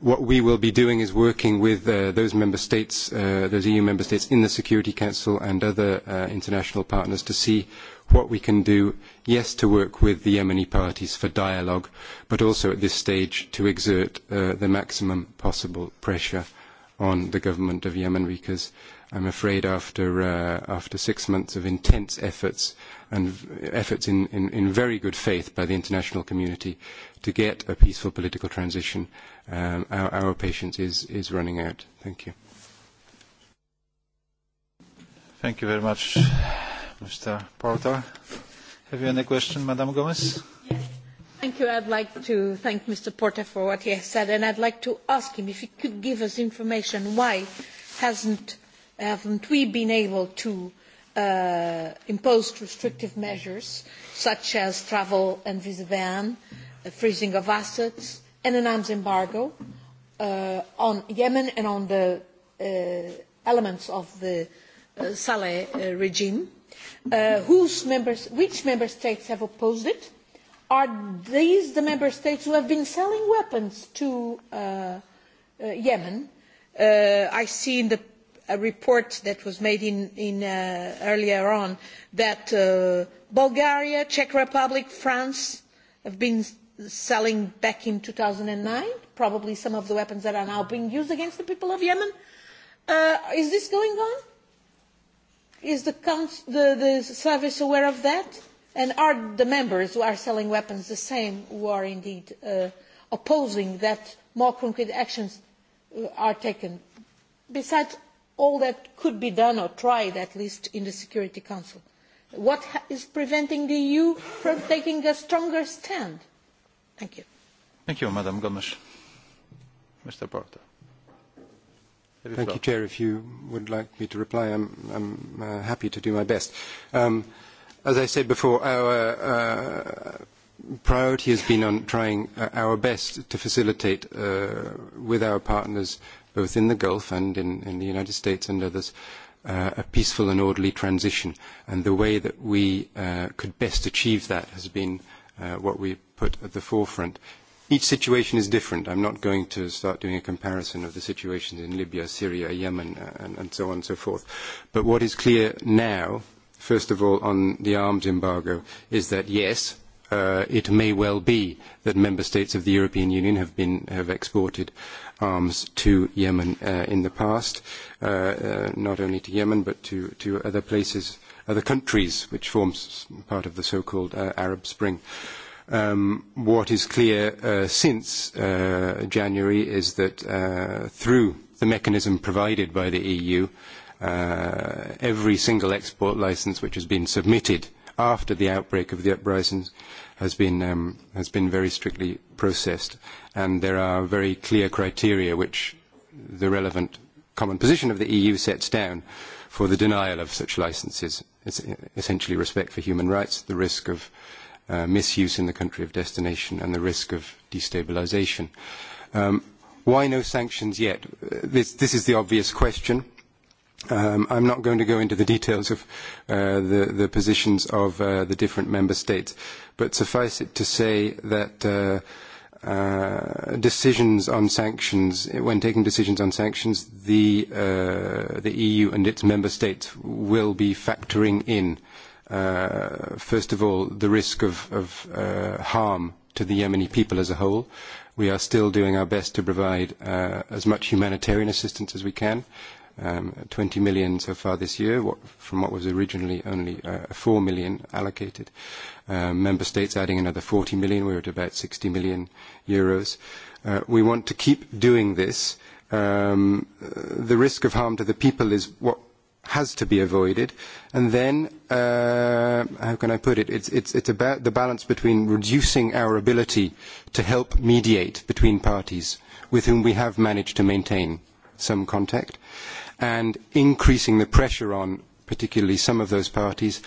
what we will be doing is working with uh, those member states, uh, those EU member states in the Security Council and other uh, international partners to see what we can do, yes, to work with the Yemeni parties for dialogue, but also at this stage to exert uh, the maximum possible pressure on the government of Yemen because I'm afraid after, uh, after six months of intense efforts and efforts in, in, in very good faith by the international community, to get a peaceful political transition, um, our, our patience is, is running out. Thank you. Thank you very much, Mr. Porter. Have you any question, Madam Gomez? Yes. Thank you. I'd like to thank Mr. Porter for what he has said, and I'd like to ask him if he could give us information why hasn't, haven't we been able to uh, impose restrictive measures such as travel and visa ban uh, a freezing of assets, and an arms embargo uh, on Yemen and on the uh, elements of the uh, Saleh uh, regime. Uh, whose members, which member states have opposed it? Are these the member states who have been selling weapons to uh, uh, Yemen? Uh, I see in the a report that was made in, in, uh, earlier on that uh, Bulgaria, Czech Republic, France have been selling back in 2009, probably some of the weapons that are now being used against the people of Yemen. Uh, is this going on? Is the, council, the, the service aware of that? And are the members who are selling weapons the same who are indeed uh, opposing that more concrete actions uh, are taken, besides all that could be done or tried, at least in the Security Council? What ha- is preventing the EU from taking a stronger stand? Thank you. Thank you, Madam Gomes. Mr. Porter. Thank floor. you, Chair. If you would like me to reply, I'm, I'm uh, happy to do my best. Um, as I said before, our uh, priority has been on trying uh, our best to facilitate uh, with our partners, both in the Gulf and in, in the United States and others, uh, a peaceful and orderly transition. And the way that we uh, could best achieve that has been uh, what we've put at the forefront. Each situation is different. I'm not going to start doing a comparison of the situations in Libya, Syria, Yemen, uh, and, and so on and so forth. But what is clear now, first of all, on the arms embargo, is that yes, uh, it may well be that member states of the European Union have been have exported arms to Yemen uh, in the past, uh, uh, not only to Yemen but to to other places, other countries, which forms part of the so-called uh, Arab Spring. Uh, Um, what is clear uh, since uh, January is that uh, through the mechanism provided by the EU, uh, every single export license which has been submitted after the outbreak of the uprisings has been um, has been very strictly processed, and there are very clear criteria which the relevant common position of the EU sets down for the denial of such licenses. It's essentially respect for human rights, the risk of uh, uh, misuse in the country of destination and the risk of destabilization. Um, why no sanctions yet? Uh, this, this is the obvious question. Um, I'm not going to go into the details of uh, the, the positions of uh, the different member states, but suffice it to say that uh, Uh, decisions on sanctions, when taking decisions on sanctions, the, uh, the EU and its member states will be factoring in uh, first of all, the risk of, of uh, harm to the Yemeni people as a whole. We are still doing our best to provide uh, as much humanitarian assistance as we can. Um, 20 million so far this year, what, from what was originally only uh, 4 million allocated. Uh, member states adding another 40 million. We're at about 60 million euros. Uh, we want to keep doing this. Um, uh, the risk of harm to the people is what has to be avoided. And then, uh, how can I put it? It's, it's, it's about the balance between reducing our ability to help mediate between parties with whom we have managed to maintain some contact and increasing the pressure on particularly some of those parties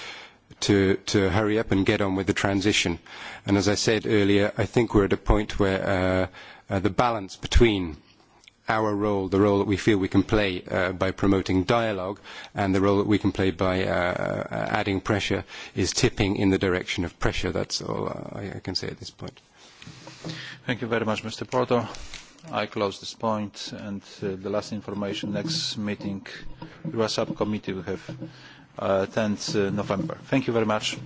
to, to hurry up and get on with the transition. And as I said earlier, I think we're at a point where uh, uh, the balance between our role, the role that we feel we can play uh, by promoting dialogue, and the role that we can play by uh, uh adding pressure is tipping in the direction of pressure. That's all I, I can say at this point. Thank you very much, Mr. Porto. I close this point, and uh, the last information, next meeting, Eurosub committee, we have uh, 10th uh, November. Thank you very much.